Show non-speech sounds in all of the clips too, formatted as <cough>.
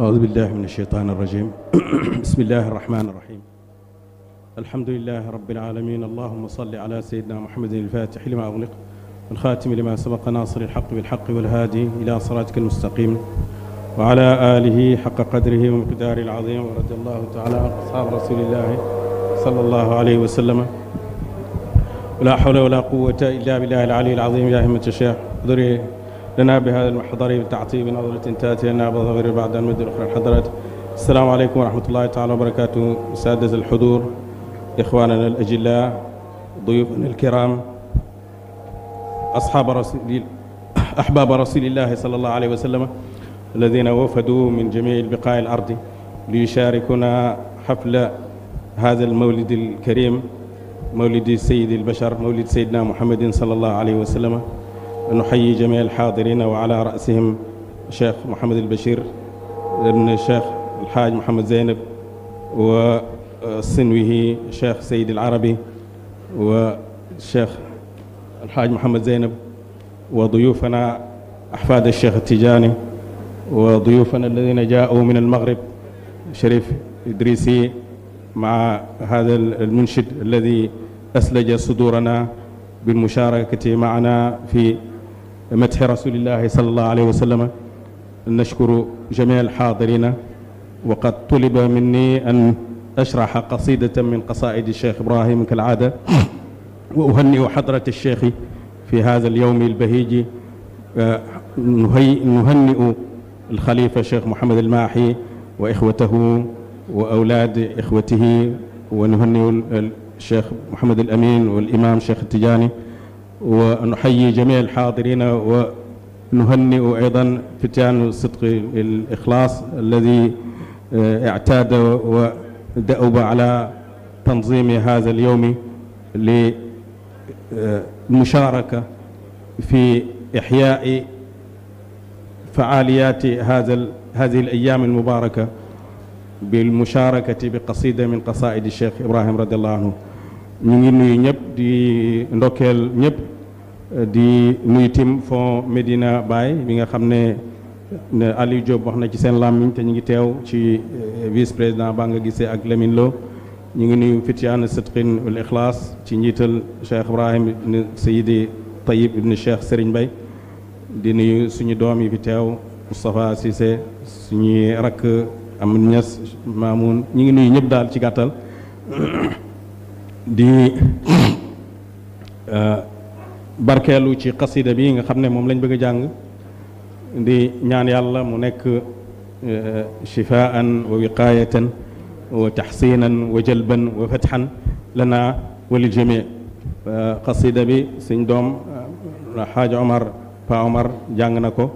أعوذ بالله من الشيطان الرجيم <clears throat> بسم الله الرحمن الرحيم الحمد لله رب العالمين اللهم صل على سيدنا محمد الفاتح لما أغلق الخاتم لما سبق ناصر الحق بالحق والهادي إلى صراطك المستقيم وعلى آله حق قدره ومقداره العظيم ورضي الله تعالى عن أصحاب رسول الله صلى الله عليه وسلم ولا حول ولا قوة إلا بالله العلي العظيم يا همة الشيخ لنا بهذا المحضر بالتعطيب بنظرة تأتي لنا بظهر بعد المدة الأخرى الحضرات السلام عليكم ورحمة الله تعالى وبركاته سادة الحضور إخواننا الأجلاء ضيوفنا الكرام أصحاب رسول أحباب رسول الله صلى الله عليه وسلم الذين وفدوا من جميع البقاع الأرض ليشاركنا حفل هذا المولد الكريم مولد سيد البشر مولد سيدنا محمد صلى الله عليه وسلم نحيي جميع الحاضرين وعلى رأسهم الشيخ محمد البشير ابن الشيخ الحاج محمد زينب وصنوه الشيخ سيد العربي والشيخ الحاج محمد زينب وضيوفنا أحفاد الشيخ التجاني وضيوفنا الذين جاءوا من المغرب شريف إدريسي مع هذا المنشد الذي أسلج صدورنا بالمشاركة معنا في مدح رسول الله صلى الله عليه وسلم نشكر جميع الحاضرين وقد طلب مني أن أشرح قصيدة من قصائد الشيخ إبراهيم كالعادة وأهنئ حضرة الشيخ في هذا اليوم البهيج آه، نهنئ الخليفة الشيخ محمد الماحي وإخوته وأولاد إخوته ونهنئ الشيخ محمد الأمين والإمام شيخ التجاني ونحيي جميع الحاضرين ونهنئ أيضا فتيان صدق الإخلاص الذي آه، اعتاد ودأب على تنظيم هذا اليوم للمشاركة في إحياء فعاليات هذا هذه الأيام المباركة بالمشاركة بقصيدة من قصائد الشيخ إبراهيم رضي الله عنه ñu ngi nuyu ñëpp di ndokkeel ñëpp di nuyu tiim fon Medina Baye bi nga xam ne ali Diop wax na ci seen làmmiñ te ñu ngi teew ci eh, vice président baa nga gisee ak leminlo ñu ngi nuyu Fityaan Sidqin wal Ixlaas ci njiital Cheikh Ibrahim ibn Sayidi Tayyib ibn Cheikh Serigne bay di nuyu suñu doom yi fi teew Moustapha Cissé suñuy rakk Amadou Niass Mamoun ñu ngi nuyu ñëpp daal ci gàttal <coughs> di barkelu ci qasida bi nga xamne mom lañ bëgg jàng di ñaan yàlla mu nekk shifaan wa wiqaayatan wa taxsinan wa jalban wa fathan lana wa lil jami qasida bi señ dom haaj omar fa omar jàng nako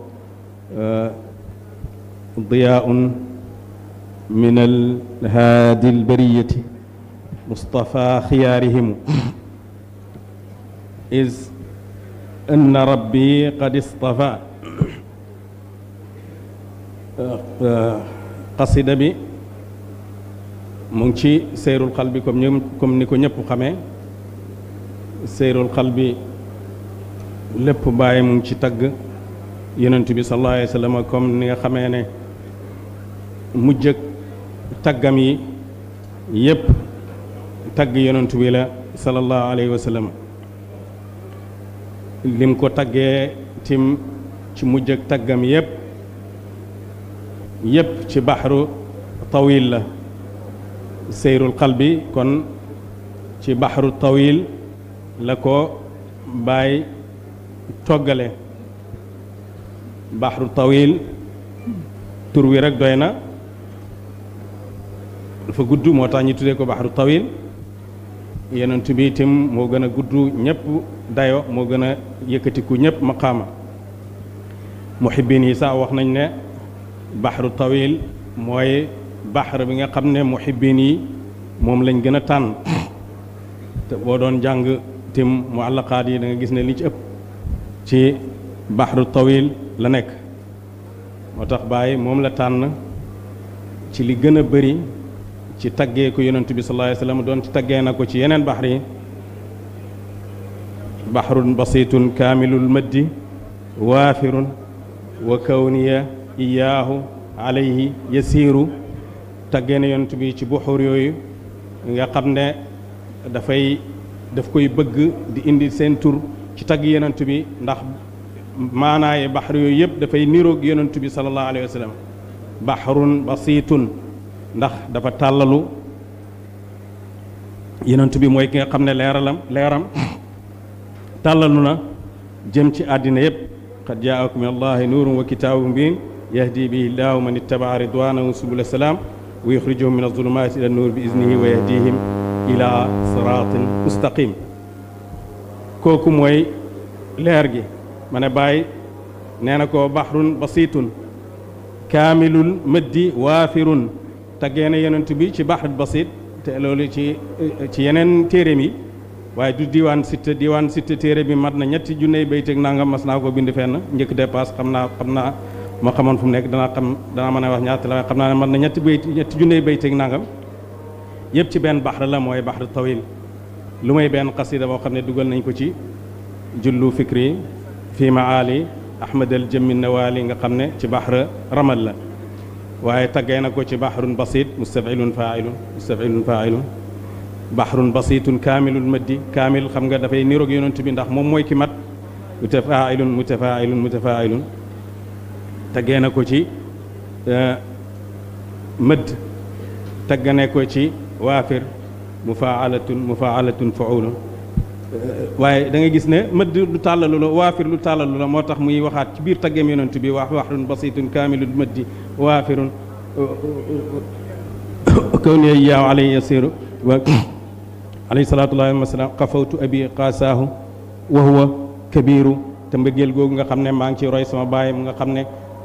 ضياء من الهادي البريه مصطفى خيارهم إذ إن ربي قد اصطفى قصيدة بي مونتي سير القلب كم كم نيكو نيب خامي سير القلب لب باي مونتي تاغ يونت صلى الله عليه وسلم كم نيغا خامي ني مجك تاغام يب tagg yonent bi la sallallahu alayhi wa lim ko taggee tim ci mujj ak taggam yépp yépp ci baxru tawil la seyrul qalbi kon ci baxru tawil la ko baay toggale baxru tawil tur wi rek doy na dafa gudd moo tax ñu tuddee ko baxru tawil yonent bi itam moo gën a gudd ñëpp dayo moo gën a yëkkatiku ñëpp maqaama muhibbin yi sax wax nañ ne baxru tawil mooy baxar bi nga xam ne muhibbin yi moom lañ gën a tànn te boo doon jàng tim muallaqaat yi danga gis ne li ci ëpp ci baxru tawil la nekk moo tax bàyyi moom la tànn ci li gën a bari ci taggee ko yonent bi sallallahu alayhi wa sallam doon ci taggee na ko ci yeneen baxar yi baxrun basitun kaamilul maddi waafirun wa kawniya iyaahu alayhi yasiiru taggee na yonent bi ci buxur yooyu nga xam ne dafay daf koy bëgg di indi seen tur ci tagg yonent bi ndax maanaaye baxar yooyu yëpp dafay niroog yonent bi sallallahu alayhi wa sallam baxrun basitun ndax dafa tàllalu yenent bi moy ki nga xamne leralam leram talalu na jëm ci adina yeb qad jaakum allahu nurun wa kitabun bin yahdi bihi allahu man ittabaa wa subul salam wa yukhrijuhum min adh-dhulumati ila an-nur bi iznihi wa yahdihim ila siratin mustaqim koku moy leer gi mané ne bàyyi ko bahrun basitun كامل المد وافر taggee na yonent bi ci bahrul basit te loolu ci ci yeneen téere mi waaye du diwaan sitta diwaan sitta téere bi mat na ñetti junney bayt ak nangam mas naa ko bind fenn njëkk dépasse xam naa xam naa moo xamoon fu nekk danaa xam danaa mën a wax xam naa ne mat na ñetti bayt ñetti junney bayt ak yëpp ci benn baxra la mooy baxra tawil lu may benn xasida boo xam ne dugal nañ ko ci jullu fikri fii ma maali ahmad al jëmmi nawaali nga xam ne ci baxra ramal la waaye taggee na ko ci bahrun basit mustafilun faailun mustafilun faailun bahrun basitun kaamilul maddi kaamil xam nga dafay niroog yonent bi ndax moom mooy ki mat mutafaailun mutafaailun mutafaailun taggee na ko ci mëdd taggane ko ci waafir mufaalatun mufaalatun faulun waaye da ngay gis ne mëdd lu tàllalu la waafir lu tàllalu la moo tax muy waxaat ci biir taggeem yonent bi wax waxrun basitun kaamilul mëddi waafirun kawni yaaw alay yasiru wa alayhi abi qaasaahu wa huwa te mbëggeel googu nga xam ne maa ngi ci roy sama baay mu nga xam ne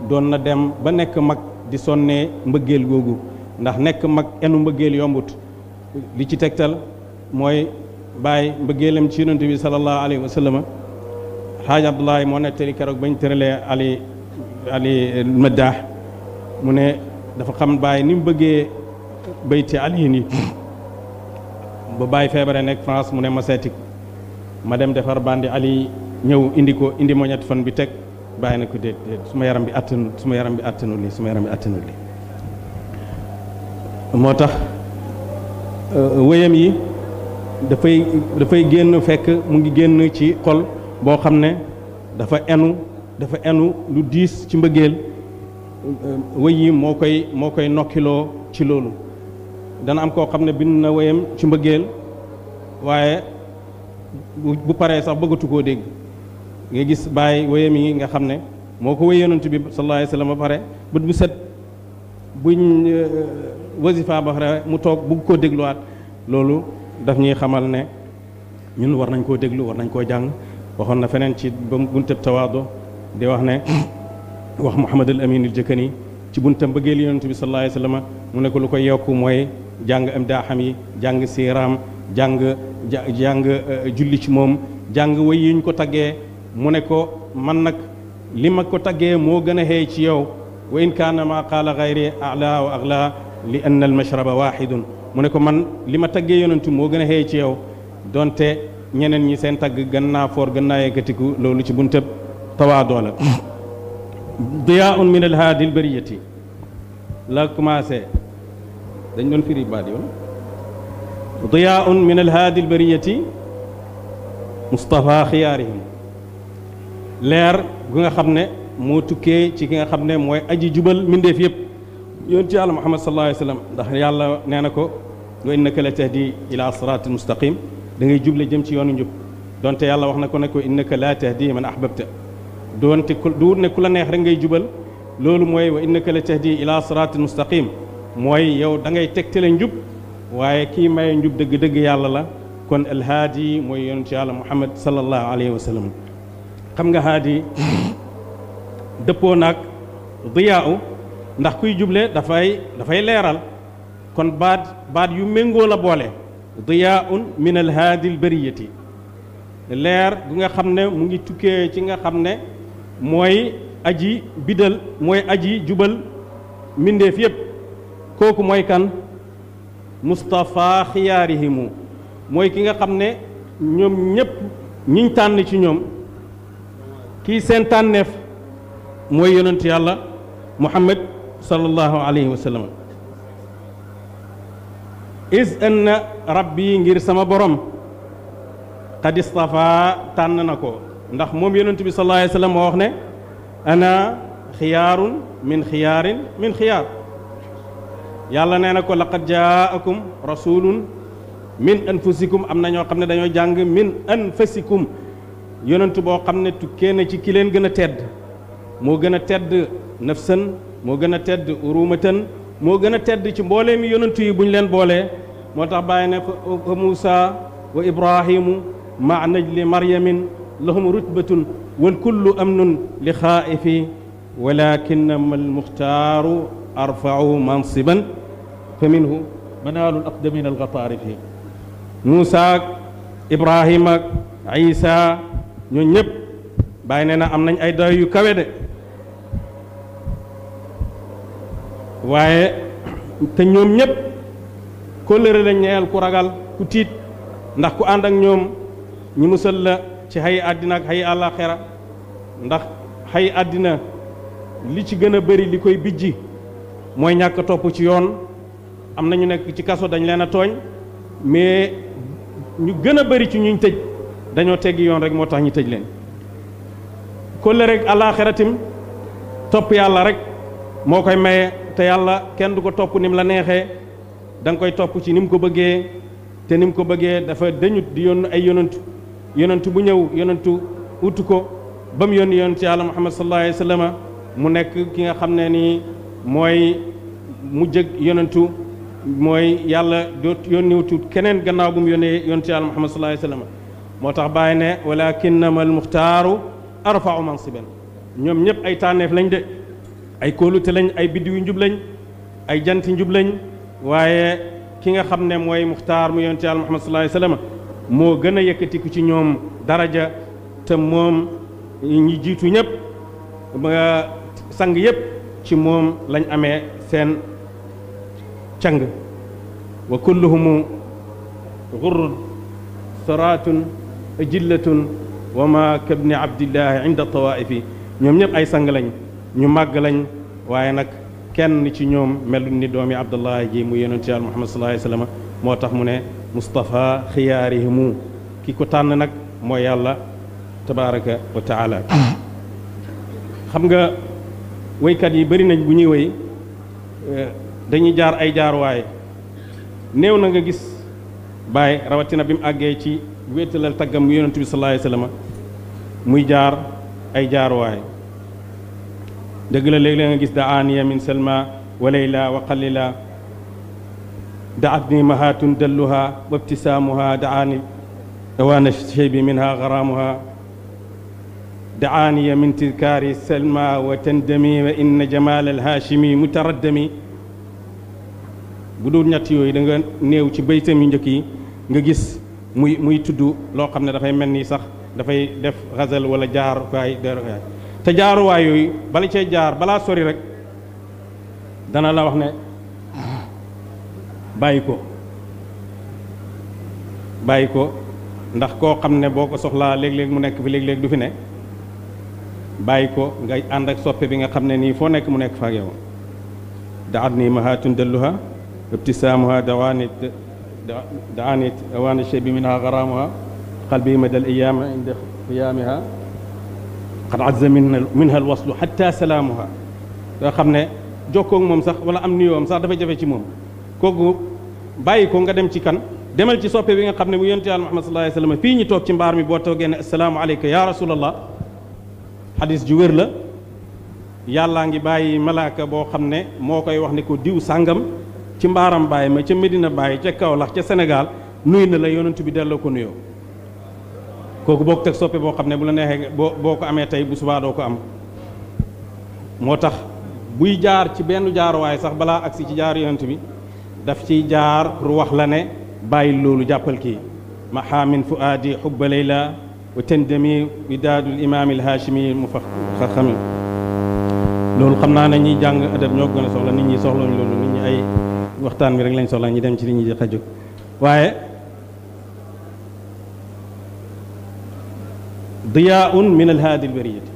doon na dem ba nekk mag di sonnee mbëggeel googu ndax nekk mag enu mbëggeel yombut li ci tegtal mooy bàyyi mbëggeelam ci yonent bi sallallahu alayhi wa sallam xaaj keroog bañ tëralee Ali Ali Maddah mu ne dafa xam bàyyi ni mu bëggee bayti Ali nii ba bàyyi feebare nekk France mu ne ma seeti ma dem defar bandi Ali ñëw indi ko indi ma ñetti fan bi teg bàyyi na ko déet déet suma yaram bi attanu suma yaram bi attanu lii suma yaram bi attanu lii moo tax euh, wéyam yi. dafay dafay génn fekk mu ngi génn ci xol boo xam ne dafa enu dafa enu lu diis ci mbëggeel euh, wëy yi moo koy moo koy nokkiloo ci loolu dana koo xam ne bind na wéyam ci mbëggeel waaye bu paree sax bëggatu koo dégg nga gis bàyyi wéyam yi nga xam ne moo ko wéy yonent bi sallallahu alayhi wa pare bët bu set euh, mu toog bugg koo dégluwaat loolu daf ñuy xamal ne ñun war nañ koo déglu war nañ koo jàng waxoon na feneen ci ba buntab di wax ne wax al Amin al Jëkkani ci buntam bëggee li bi sallallahu alayhi wa mu ne ko lu ko yokk mooy jàng am daaxam yi jàng siiraam jàng jàng julli ci moom jàng way yi ñu ko taggee mu ne ko man nag li ma ko taggee moo gën a xëy ci yow wa in kaana ma qaala gayri ala wa agla li anna almashraba waxidun mu ko man lima tagge yonentou mo gëna gën xëy ci yow donte ñeneen ñi seen tagg gëna for gëna yëkëtiku lolu ci buntab tawaadoo la diyaun min al alhaadi bariyati la commencé dañ doon firi baat yoon diyaun min al alhaadi bariyati mustafa xiyaarihim leer gu nga xamne mo tukke ci ki nga xamne moy aji jubal mbindeef yépp yonti yàlla muhammad sallallahu alayhi wa sallam ndax yàlla nee na ko wa innaka la tahdi ila siraatin mustaqim da ngay juble jëm ci yoonu njub donte yàlla wax na ko ne ko innaka la tahdi man ahbabta doonte ku duwut ne ku la neex rek ngay jubal loolu mooy wa innaka la tahdi ila siraatin mustaqim mooy yow da ngay tegtale njub waaye kii maye njub dëgg-dëgg yàlla la kon alhaadi mooy yonti yàlla muhammad sallallahu alayhi wa sallam xam nga haadi dëppoo naag diyaaw ndax kuy juble dafay dafay leeral kon baat baat yu méngoo la boole diyaaun min alhaadil bariyati leer gu nga xam ne mu ngi tukkee ci nga xam ne mooy aji bidal mooy aji jubal mbindeef yépp kooku mooy kan Mustafa xiyaarihimu mooy ki nga xam ne ñoom ñépp ñiñ tànn ci ñoom kii seen tànneef mooy yonent yàlla Muhammad sallallahu alayhi wa sallam is anna rabbi ngir sama borom qad istafaa tànn na ko ndax moom yonent bi sallallahu alayhi wa sallam moo wax ne ana xiyaarun min xiyaarin min xiyaar yàlla nee na ko laqad jaakum rasulun min anfusikum am na ñoo xam ne dañoo jàng min anfusikum yonent boo xam ne tukkee na ci ki leen gën a tedd moo gën a tedd nafsan moo gën a tedd urumatan moo gën a tedd ci mbooleem yonent yi bu ñu leen boolee moo tax bàyyi ne ko Muusa wa Ibrahimu ma najli maryamin lahum rutbatun wal kullu amnun li xaaifi walakinama almuxtaaru arfau mansiban fa minhu manaalu alaqdamin algataari fihim Muusa ak Ibrahima ak Isa ñoo ñëpp bàyyi ne na am nañ ay dayo yu kawe de waaye te ñoom ñëpp kóllëre lañ ñeel ku ragal ku tiit ndax ku ànd ak ñoom ñi musal la ci xay àddina ak xay àllaaxira ndax xay àddina li ci gën a bëri li koy bijji mooy ñàkk topp ci yoon am nañu nekk ci kaso dañ leen a tooñ mais ñu gën a bëri ci ñuñ tëj dañoo teggi yoon rek moo tax ñu tëj leen kóllëre ak àllaaxira tim topp yàlla rek moo koy maye te yàlla kenn du ko topp ni la neexee danga koy topp ci ni ko bëggee te ni ko bëggee dafa dañut di yónn ay yonantu yonantu bu ñëw yonantu utu ko yon mu yónni yonent yàlla muhammad sallallahu alayhi wa sallam mu nekk ki nga xam ne nii mooy mu jëg yonantu mooy yàlla doot yónniwutu keneen gannaaw bu mu yónnee yonent yàlla muhammad sallallahu alayhi wa sallam moo tax bàyyi ne walakinnama almuxtaaru arfau mansiban ñoom ñëpp ay tànneef lañ de ay kóolute lañ ay biddiw yu njub lañ ay jant njub lañ waye ki nga xamne moy muxtar mu yonti al muhammad sallallahu alayhi wasallam mo gëna yëkëti ku ci ñoom daraja te mom ñi jitu ñep ba sang yep ci mom lañ amé sen cang wa kulluhum gurrun saraatun jillatun wa ma kabni abdillahi inda tawaifi ñoom ñëpp ay sang lañ ñu màgg lañ waaye nag kenn ci ñoom melu ni doomi abdullahi ji mu yonent yàlla muhammad sallallahu alayhi wasallam moo tax mu ne mustafa xiyaarihimu ki ko tànn nag mooy yàlla tabaraka wa taala xam nga waykat yi bari nañ bu ñuy woy eh, dañuy jaar ay jaaruwaay néew na nga gis bàyyi rawatina bi mu àggee ci wéetalal taggam yonent bi sallallahu muy jaar ay jaaruwaay dëgg la léeg-léeg nga gis da aaniya min salma wa layla wa qalila daat ni mahaatun dalluha wa ibtisaamuha daani dawaana sheybi minha garaamuha daaniya min tizkaari salma wa tandami wa inna jamaal alhaashimi mutaraddami bu nga gis muy muy tuddu lo xamne da fay melni sax da fay def ghazal wala jaar kaay dërkaay te jaaruwaay yooyu bala cee jaar balaa sori rek dana la wax ne bàyyi ko bàyyi ko ndax koo xam ne boo mu nek fi leg leg du fi ne bayiko ngay ànd ak soppe bi nga xamne ni fo nek mu nek fa yow daat mahatun dalluha ibtisamuha dawanit da'anit awan shay bi minha garaamuha qalbi madal iyaama inda qiyamha وقد عز من منها الوصل حتى سلامها خمنا جوكم مم سخ ولا أمني يوم سادة في جفتي مم كوكو باي كونغ دم تكان دم التي سوف يبين خمنا ويان تعالى محمد صلى الله عليه وسلم فيني توك تيمبار مي بوتو جن السلام عليك يا رسول الله حديث جوير له يا الله عندي باي ملاك بو خمنا مو كي وحنا كديو سانغم تيمبارم باي ما تيمدينا باي تكا ولا تكا سنغال نوين لا يونن تبي دلوكو نيو kooku boo ko teg soppe boo xam ne bu la neexee boo boo ko amee tey bu subaa doo ko am moo tax buy jaar ci benn jaaruwaay sax balaa agsi ci jaar yonent bi daf ciy jaar wax la ne bàyyi loolu jàppal kii mahaamin fuaadi xubba layla wa tendemi widaadul imaamil haashimi mu fa xami loolu xam naa ne ñuy jàng adab ñoo gën a soxla nit ñi soxlawuñ loolu nit ñi ay waxtaan bi rek lañ soxla ñi dem ci nit ñi a xaju waaye diyaa un min alhaadi albariyati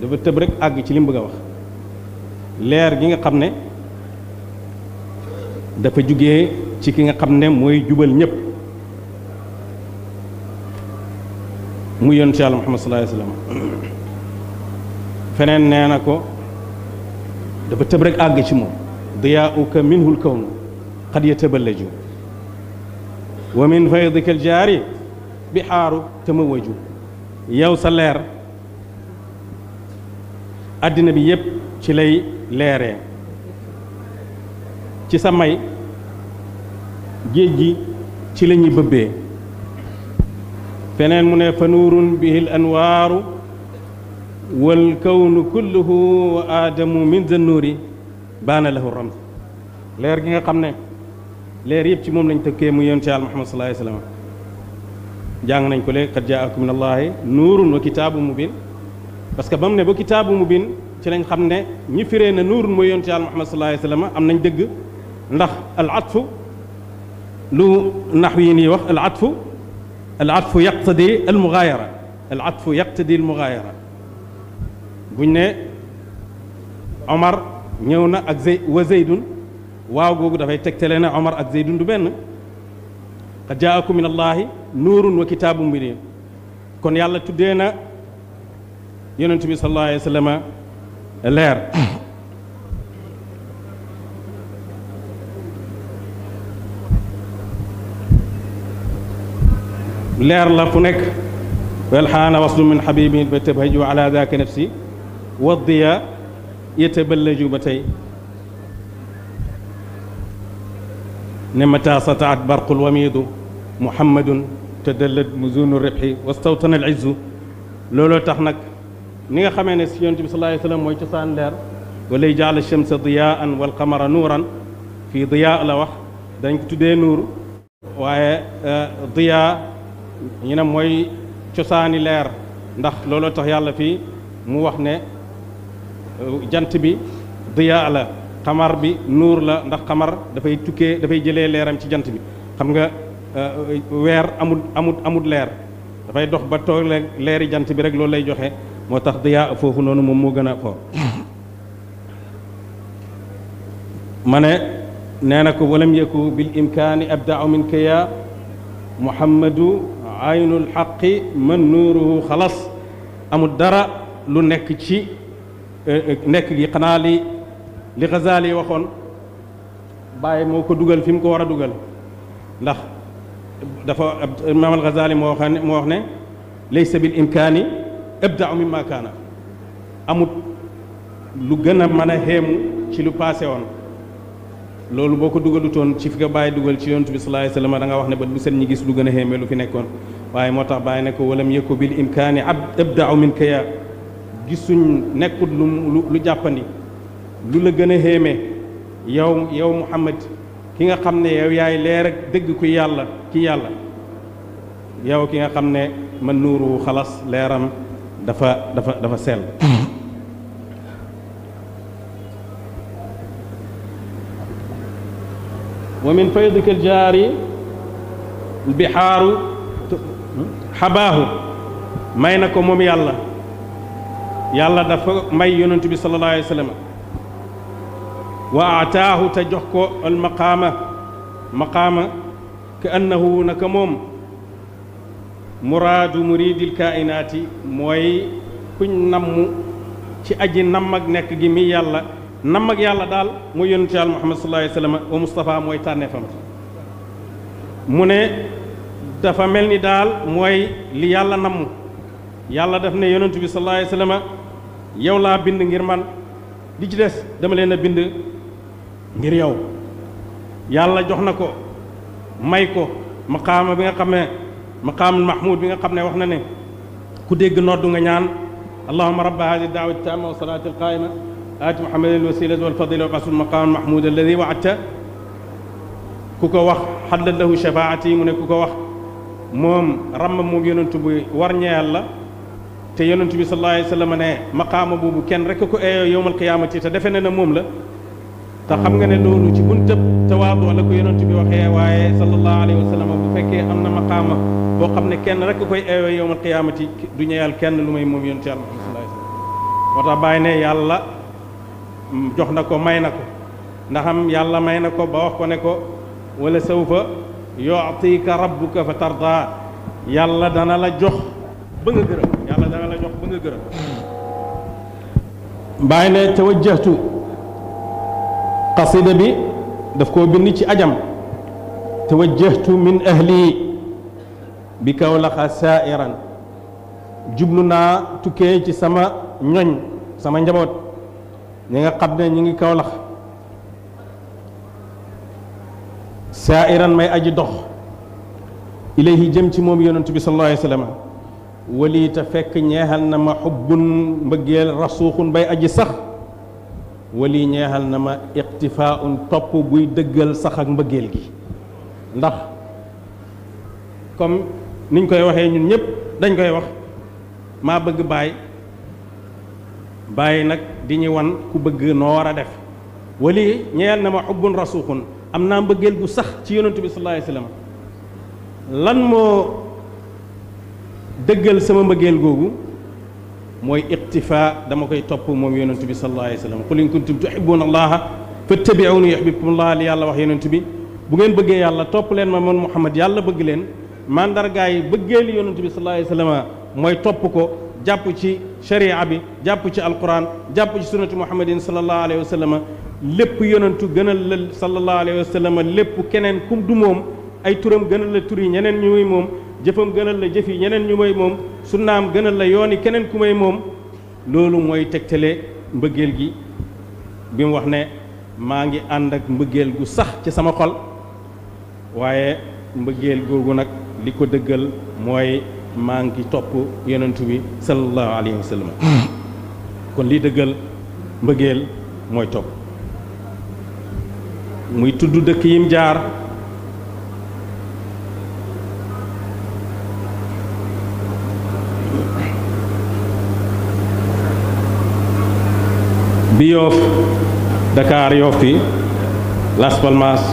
dafa tëb rek àgg ci li mu bëgg a wax leer gi nga xam ne dafa jugee ci ki nga xam ne mooy jubal ñépp mu yonent yàlla muhammad sallallahu alayhi wa sallam feneen nee na ko dafa tëb rek àgg ci moom diyaa uka minhu lkawnu qad yataballaju wa min faydika aljaari بحارو تموجو يو سالير أدنى بيب شلي لارى شسامي جيجي شليني ببي فنان من فنور به الأنوار والكون كله ادم من ذا النور بان له الرمز لير جيجي قمنا لير يبتي مملن تكيمو ينشال محمد صلى الله عليه وسلم jàng nañ ko léegi qad jaakum min allahi nuurun wa kitaabu mubin parce que ba mu ne ba kitaabu mubin ci lañ xam ne ñi firee na nuurun mooy yonte yàlla muhammad sallallahu alayhi wasallam am nañ dëgg ndax al atfu lu nax yi nii wax al atfu al atfu yaqtadi al mugaayara al atfu yaqtadi al mugaayara buñ ne omar ñëw na ak zay wa zaydun waaw googu dafay tegtale ne omar ak zaydun du benn qad jaakum min allahi nuurun wa kitaabum mubin kon yàlla tuddee na yonent bi sallallahu alayhi wa sallam leer leer la fu nekk walxaana waslu min xabibi ba tabhaju ala daka nafsi waddiya yetaballaju ba tey ne mata sataat barqul wamiidu محمد tëddalët mu zunu ribxi wastawtana al izzu looloo tax nag ni nga xamee ne si yonent bi sallallahu alayhi wa sallam mooy cosaan leer walay jaala shamsa diyaan wal qamara nuuran fii diyaa la wax dañ ko tuddee nuur waaye diyaa ñu ne mooy cosaani leer ndax looloo tax yàlla fii mu wax ne jant bi diyaa la xamar bi nuur la ndax xamar dafay tukkee dafay jëlee leeram ci jant bi xam nga weer amut amut amut leer dafay dox ba toog leeri jant bi rek loolu lay joxe moo tax diyaa foofu noonu moom moo gën a foofu ma ne nee na ko walam yeku bil imkaani abdau min kaya muhammadu aynul xaqi man nuuruhu xalas amul dara lu nekk ci nekk gi xanaa li li Ghazali waxoon bàyyi moo ko dugal fi mu ko war a dugal ndax دفع إمام الغزالي موخن موخن ليس بالإمكاني ابدأ مما كان أمد لجنا من هم شلو باسون لول بوكو دوغلو تون شي فغا باي دوغل شي يونت بي صلى الله عليه وسلم داغا واخني با بوسن نيغي سلو غنا هيمي لو في نيكون واي موتا باي نيكو ولم يكو بالامكان عبد ابدع من كيا غيسون نيكوت لو لو جاباندي لو لا غنا هيمي يوم يوم محمد ki nga xam ne yow yaay leer dégg dëgg ku yàlla ci yàlla yow ki nga xam ne man nuuru xalas leeram dafa dafa dafa sell wa min faydika aljaari albihaaru xabaahu may na ko moom yàlla yàlla dafa may yonent bi sallallahu alayhi wa sallam واعتاه تجوكو المقام مقام كانه نك موم مراد مريد الكائنات موي كن نم تي ادي نم اك نك جي مي يالا نم اك يالا دال مو يونس محمد صلى الله عليه وسلم ومصطفى موي تانفام مونے دا فا ملني دال موي لي يالا نم يالا داف ني يونس بي صلى الله عليه وسلم يولا بند غير مان دي تي ديس دام لينا بند ngir yow yàlla jox na ko may ko maqaama bi nga xam ne maqaamul mahmud bi nga xam ne wax na ne ku dégg noddu nga ñaan allahuma rabba hadi daawati taama wa salaati alqaayima aati muhammadan alwasilata walfadila wa qasul maqaamul mahmoud alladi waadta ku ko wax xaddat lahu shafaati mu ne ku ko wax moom ram moom yonentu bi war ñeyal la te yonentu bi sallallahu alayhi wa sallam ne maqaama boobu kenn rek ko eeyoo yowmal qiyaamati te defe ne na moom la تخم غن لولو سي بونتب تواضع لا كو يونت بي وخي واي صلى الله عليه وسلم بو فكي امنا مقامه بو خامني كين رك كوي ايو يوم القيامه دو نيال كين لومي موم يونت الله صلى الله عليه وسلم وتا باي ني يالا جوخ نكو ماي نكو نخم يالا ماي نكو با وخ كو نكو ولا سوف يعطيك ربك فترضى يالا دانا لا جوخ بڭا گرم يالا دانا لا جوخ بڭا گرم باي ني توجهتو qasida bi daf ko bind ci ajam tawajjahtu min ahli bi kawlaxa khasairan jubluna naa ci sama ñoñ sama njabot ñi nga xamne ñi ngi kawlax saairan may aji dox ilayhi jëm ci mom yonent bi sallallahu alayhi wasallam wali ta fek ñehal na ma xubbun mbëggeel bay aji sax wali ñeexal na ma iqtifaaun topp buy dëggal sax ak mbëggeel gi ndax comme niñ koy waxee ñun ñëpp dañ koy wax maa bëgg baay bàyyi nag di ñu wan ku bëgg noo war a def wali ñeexal na ma xubbun rasuuxun am naa mbëggeel gu sax ci yonentu bi sallallahu alayhi wasallam lan moo dëggal sama mbëggeel googu mooy iqtifa dama koy topp moom yonent bi sallallahu alayhi wa sallam qul in kuntum tuhibbuna allaha fattabi'uni yuhibbukum allah li yàlla wax yonent bi bu ngeen bëggee yàlla topp leen ma man muhammad yàlla bëgg leen mandargaay bëggee li yonent bi sallallahu alayhi wa sallam mooy topp ko jàpp ci sharia bi jàpp ci alquran jàpp ci sunnatu muhammadin sallallahu alayhi wa sallam lépp yonentu gënal la sallallahu alayhi wa lépp keneen kum du moom ay turam gënal la turi ñeneen ñuy moom jëfam gënal la jëf yi ñeneen ñu may moom sunnaam gënal la yoon yi keneen ku may moom loolu mooy tegtale mbëggeel gi bi mu wax ne maa ngi ànd ak mbëggeel gu sax ci sama xol waaye mbëggeel googu nag li ko dëggal mooy maa ngi topp yonentu bi sallallahu alayhi kon li dëggal mbëggeel mooy topp muy tudd dëkk yim jaar bi Yoff Dakar Yoff bi Las Palmas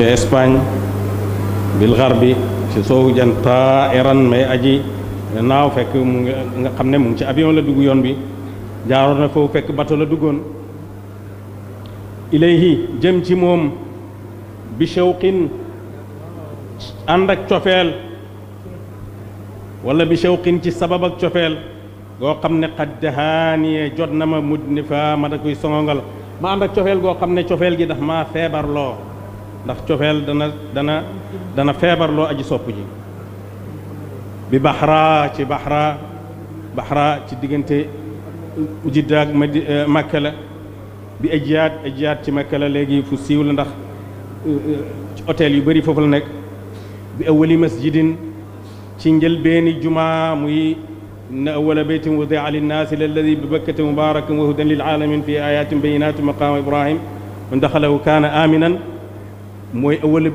ci Espagne bil gharbi ci soowu jant iran may aji naaw fekk mu nga xam ne mu ngi ci avion la dugg yoon bi jaaroon na foofu fekk bato la duggoon ilayhi jëm ci moom bi shawqin ànd ak cofeel wala bi shawqin ci sabab ak cofeel goo xam ne xaj dahaaniye jot na ma mujj ni fa ma da koy songongal ma ànd ak cofeel goo xam ne cofeel gi ndax maa feebarloo ndax cofeel dana dana feebarloo aji sopp ji bi baxra ci baxra baxra ci diggante jidda ak madi eh, la bi ajiyaat ajiyaat ci makka la léegi fu siiw la ndax eh, ci yu bari foofu la nekk bi awali masjidin ci njëlbeeni juma muy إن أول بيت وضع للناس للذي ببكة مبارك وهدى للعالمين في آيات بينات مقام إبراهيم من دخله كان آمنا موي أول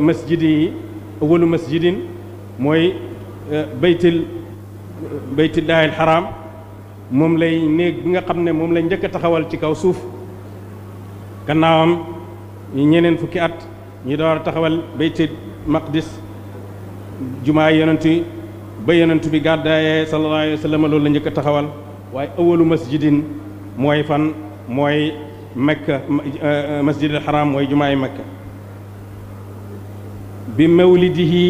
مسجده أول مسجد موي آه، بيت بيت الله الحرام موم لاي نيك بيغا خامني موم لا نجهك تخاوال تي كاو سوف كناوام نعم فوكي ات ني دار تخاوال بيت المقدس جمعه يونتي ba yonent bi gàddaayee sallallahu alayhi loolu la njëkk taxawal waaye awalu masjidin mooy fan mooy Makka masjidil haram mooy jumaay Makka bi mawlidihi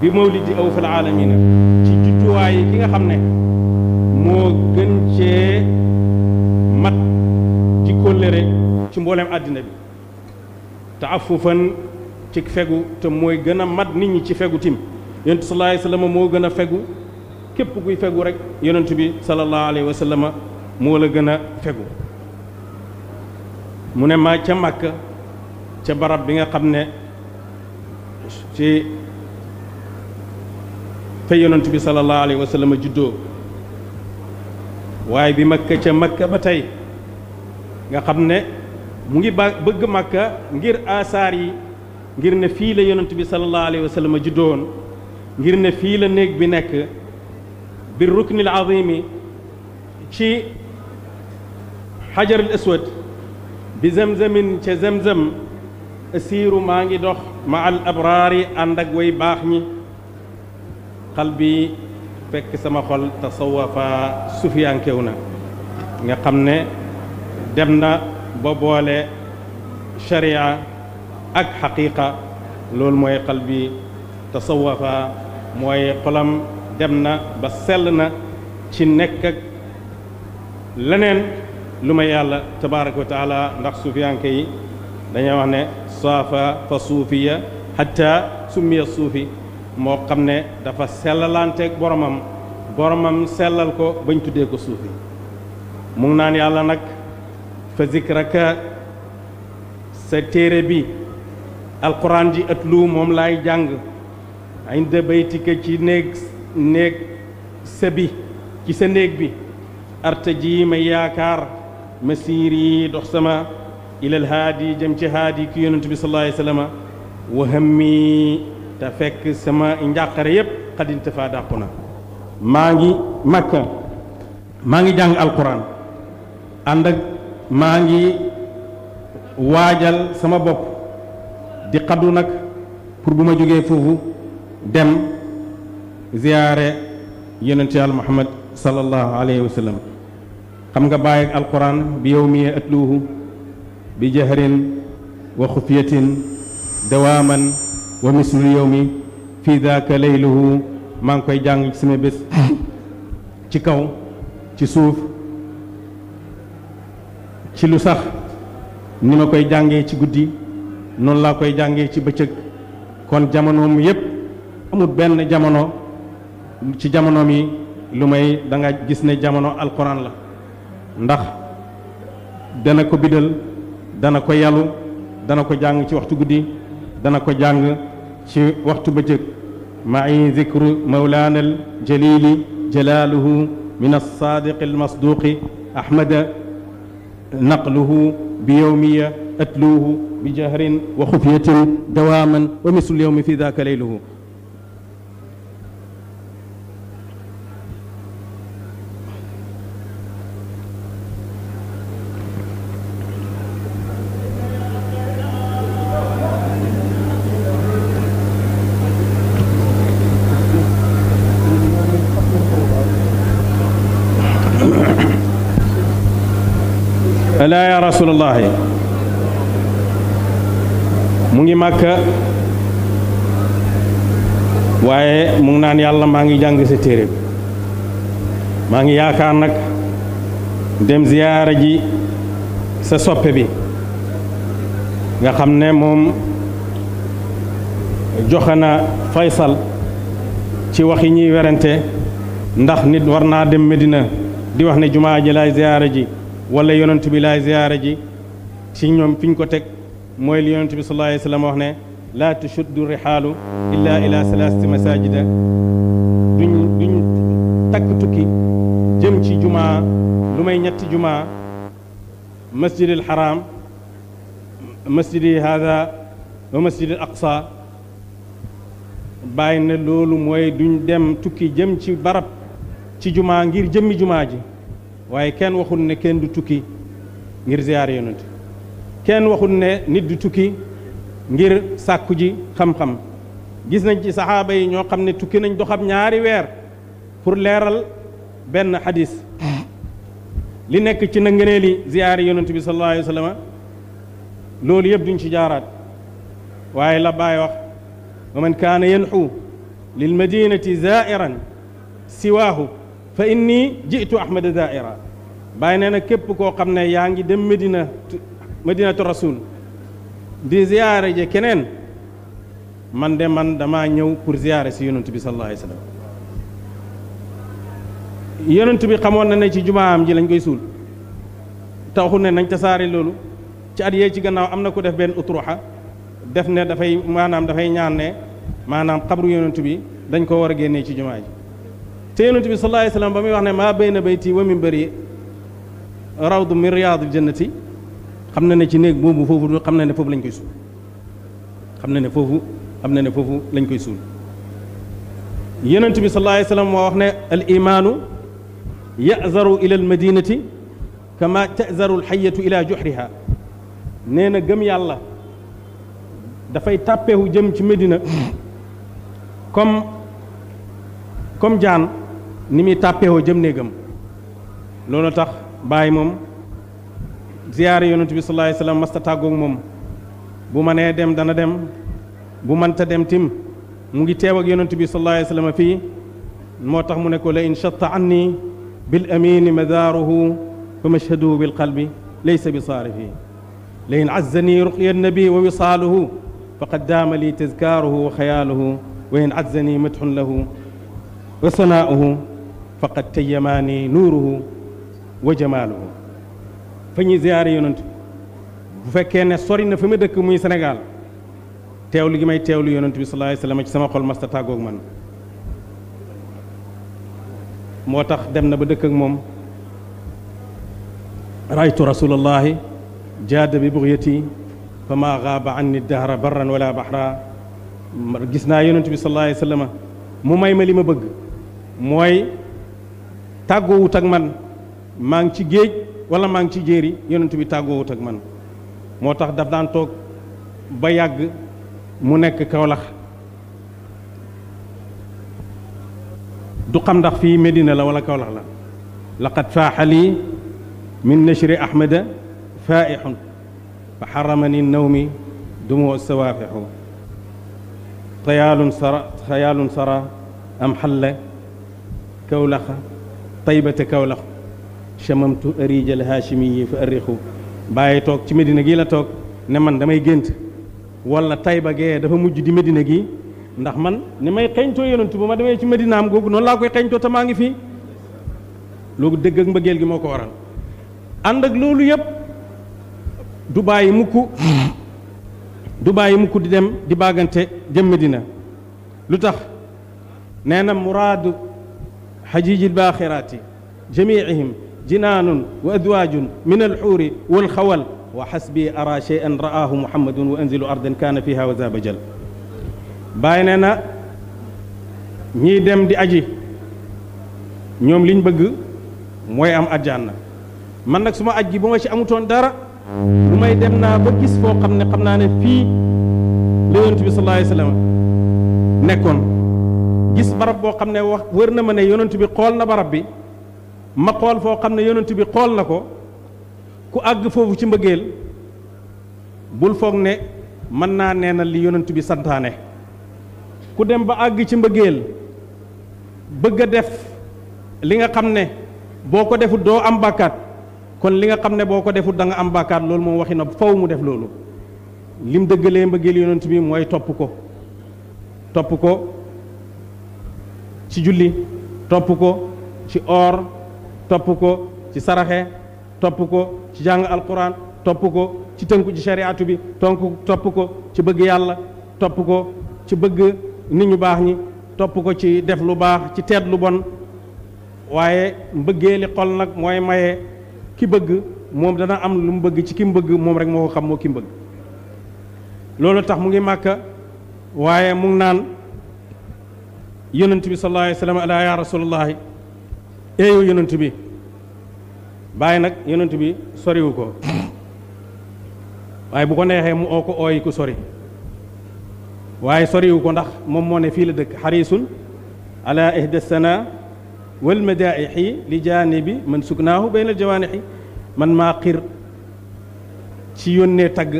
bi mawlidi aw fil aalamina ci judduwaay ki nga xam ne moo gën cee mat ci kóllëre ci mbooleem àddina bi te afufan ci fegu te mooy gën a mat nit ñi ci fegu tim yonent sallallahu alayhi wa sallam moo gën a fegu képp kuy fegu rek yonent bi sallallahu alayhi wa sallam moo la gën a fegu mu ne maa ca Makka ca barab bi nga xam ne ci fa yonent bi sallallahu alayhi wa sallam juddoo waaye bi Makka ca Makka ba tey nga xam ne mu ngi ba bëgg Makka ngir asaar yi ngir ne fii la yonent bi sallallahu alayhi wa sallam juddoon ngir ne fii la néeg bi nekk bi ruknil azimi ci xajar al aswad bi zamzamin ca zamzam asiiru maa ngi dox ma al abraari ànd ak way baax ñi xal bi fekk sama xol tasawafa sufiyankew na nga xam ne dem na ba boole sharia ak xaqiqa loolu mooy xal bi tasawafa mooy xolam dem na ba sell na ci nekk leneen lu may yàlla tabaraka wa taala ndax suufiyanke yi dañuy wax ne saafa fa suufiya hatta summiya suufi moo xam ne dafa sellalanteeg boromam boromam sellal ko bañ tuddee ko suufi mu ngi naan yàlla nag fa zikraka sa téere bi alquran ji lu moom laay jàng inda baytika ci néeg néeg sa bi ci sa néeg bi arta ji may yaakaar masiir yi dox sama ilal haadi jëm ci haadi ki yonent bi sallallahu wa sallam wa hammi te fekk sama njàqare yépp xadinte fa dàqu na maa ngi makka maa ngi jàng alquran ànd ak maa ngi waajal sama bopp di xaddu nag pour bu ma jógee foofu dem ziyaare yonent yàlla muhammad sallallahu alayhi wa xam nga bàyyi ak bi yow mi atluuhu bi jahrin wa xufiyatin dawaaman wa mislu yow mi fii daaka layluhu maa ngi koy jàng ci sama bés <coughs> ci kaw ci suuf ci lu sax ni ma koy jàngee ci guddi noonu laa koy jàngee ci bëccëg kon jamonoom yépp amul ben jamono ci jamono mi lumay da nga gis ne jamono alquran la ndax dana ko bidal dana ko yalu dana ko jàng ci waxtu gudi dana ko jàng ci waxtu bëccëg معي ذكر مولانا الجليل جلاله من الصادق المصدوق أحمد نقله بيومية أتلوه بجهر وخفية دواما ومثل اليوم في ذاك ليله mu ngi màkka waaye mu ngi naan yàlla maa ngi jàng sa téere maa ngi yaakaar nag dem ziyaara ji sa soppe bi nga xam ne moom joxe na faysal ci wax yi ñuy werante ndax nit war naa dem Medina di wax ne jumaa ji laay ziyaara ji wala yonent bi laay ziyaara ji ci ñom fiñ ko tek moy li yonent bi sallallahu alayhi wasallam wax ne la tushuddu rihalu illa ila salasati masajida duñ duñ tak tukki jëm ci juma lu may ñetti juma masjid al haram masjid hada wa masjid al aqsa bàyyi lolu moy duñ dem tukki jëm ci barab ci juma ngir jëmmi juma ji waye ken waxul ne ken du tukki ngir ziar yonent kenn waxul ne nit du tukki ngir sàkku ji xam-xam gis nañ ci saxaaba yi ñoo xam ne tukki nañ doxam ñaari weer pour leeral benn xadis li nekk ci na ngëneeli ziyaari yonent bi sallallahu alayhi wa sallam loolu yëpp duñ ci jaaraat waaye la baay wax wa man kaana yanxu lil madinati zairan siwaahu fa inni jitu ahmada zaira baay nee na képp koo xam ne yaa ngi dem medina madinatu rasul di ziyaare ji keneen man de man damaa ñëw pour ziyaare si yonent bi sallallahu alayhi wa sallam bi xamoon na ne ci jumaam ji lañ koy suul taxu ne nañ tasaare loolu ci at yee ci gannaaw am na ku def benn utruxa def ne dafay maanaam dafay ñaan ne maanaam xabru yonent bi dañ ko war a génnee ci jumaa ji te yonent bi sallallahu alayhi wa sallam ba muy wax ne maa na bayna bayti wa minbari rawdu min riyaadil jannati xamna ne ci néeg boobu foofu xam na ne foofu lañ koy suul xamna ne foofu xamna ne foofu lañ koy suul yonent bi sallallahu alayhi wasallam wax ne al imaanu yazaru ila al madinati kama tazaru al xayatu ila juhriha neena gëm yàlla da fay tàppeewu jëm ci Medina comme comme jaan ni mi tàppeewoo jëm néegam lolo tax baye mom ziyaare yonent bi sallallahu alayhi wasallam masta tagok mom bu mané dem dana dem bu man ta dem tim mu ngi tew ak yonent bi sallallahu alayhi wasallam fi motax mu ne ko la in shatta anni bil amin madaruhu fa mashhadu bil qalbi laysa bi sarifi la in azzani ruqya an nabi wa wisaaluhu faqad dama li tazkaaruhu wa khayaluhu wa in azzani madhun lahu wa sana'uhu faqad tayyamaani nuuruhu وجماله fa ziyaare yonent bu fekkee ne sori na fi ma dëkk muy Sénégal teewlu gi may teewlu yonent bi sallallahu alayhi wasallam ci sama xol masta tàggoog man moo tax dem na ba dëkk ak moom raytu rasulallahi jaada bi bugyati fa ma gaaba anni dahra barran wala bahra gis naa yonent bi sallallahu alayhi mu may ma li ma bëgg mooy tàggoowut ak man maa ngi ci géej ولا ما نجي جيري يننت بي تاغو تك مان موتاخ داف دان توك با ياغ مو نيك كاولاخ دو خام داخ في مدينه لا ولا كاولاخ لا لقد فاح لي من نشر احمد فائح فحرمني النوم دموع السوافح خيال سرى خيال سرى ام حل كولخ طيبه كولخ chamamtu arijal haachimi yi fa arriqu bàyyi toog ci Medina gi la toog ne man damay gént wala Tayba gee dafa mujj di Medina gi ndax man ne may xeñtoo yonent bu ma demee ci Medina am googu noon laa koy xeñtoo te maa ngi fi loolu dëgg ak mbëggeel gi moo ko waral ànd ak loolu yëpp du bàyyi mukk du bàyyi mukk di dem di bàggante jëm Medina lu tax nee na muraadu xajiijil baaxiraati jamiihim جنان وأزواج من الحور والخول وحسبي أرى شيئا رآه محمد وأنزل أرضا كان فيها وذاب جل bàyyi nee na ñiy dem di aji ñoom liñ bëgg mooy am àjjana man nag suma aj gi bu ma ci amutoon dara bu may dem naa ba gis foo xam ne xam naa ne fii la yonent bi sallallahu alayhi wasallam nekkoon gis barab boo xam ne wax wër na ma ne yonent bi xool na barab bi ma xool foo xam ne yonent bi xool na ko ku àgg foofu ci mbëggeel bul foog ne mën naa neenal li yonent bi santaane ku dem ba àgg ci mbëggeel bëgg a def li nga xam ne boo ko defut doo am bàkkaat kon li nga xam ne boo ko defut danga am bàkkaat loolu moom waxi na faw mu def loolu lim dëggalee mbëggeel yonent bi mooy topp ko topp ko ci julli topp ko ci or top ko ci saraxé top ko ci jang alquran top ko ci teunku ci shariatu bi tonku top ko ci bëgg yalla top ko ci bëgg nit ñu baax ñi top ko ci def lu baax ci tedd lu bon waaye li xol nak moy mayé ki bëgg mom dana am lu mu bëgg ci ki mbeug mom rek moko xam mo ki mbeug lolu tax mu ngi makka waaye mu ngi naan yonent bi sallallahu alayhi wasallam ala ya rasulullahi eeyow yonent bi bàyyi nag yonent bi soriwu ko waaye bu ko neexee mu oo ko ooyi ku sori waaye soriwu ko ndax moom moo ne fii la dëkk xarisun ala ihda sana wal madaixi li bi man sugnaahu bayna al jawaanixi man maa xir ci yónnee tagg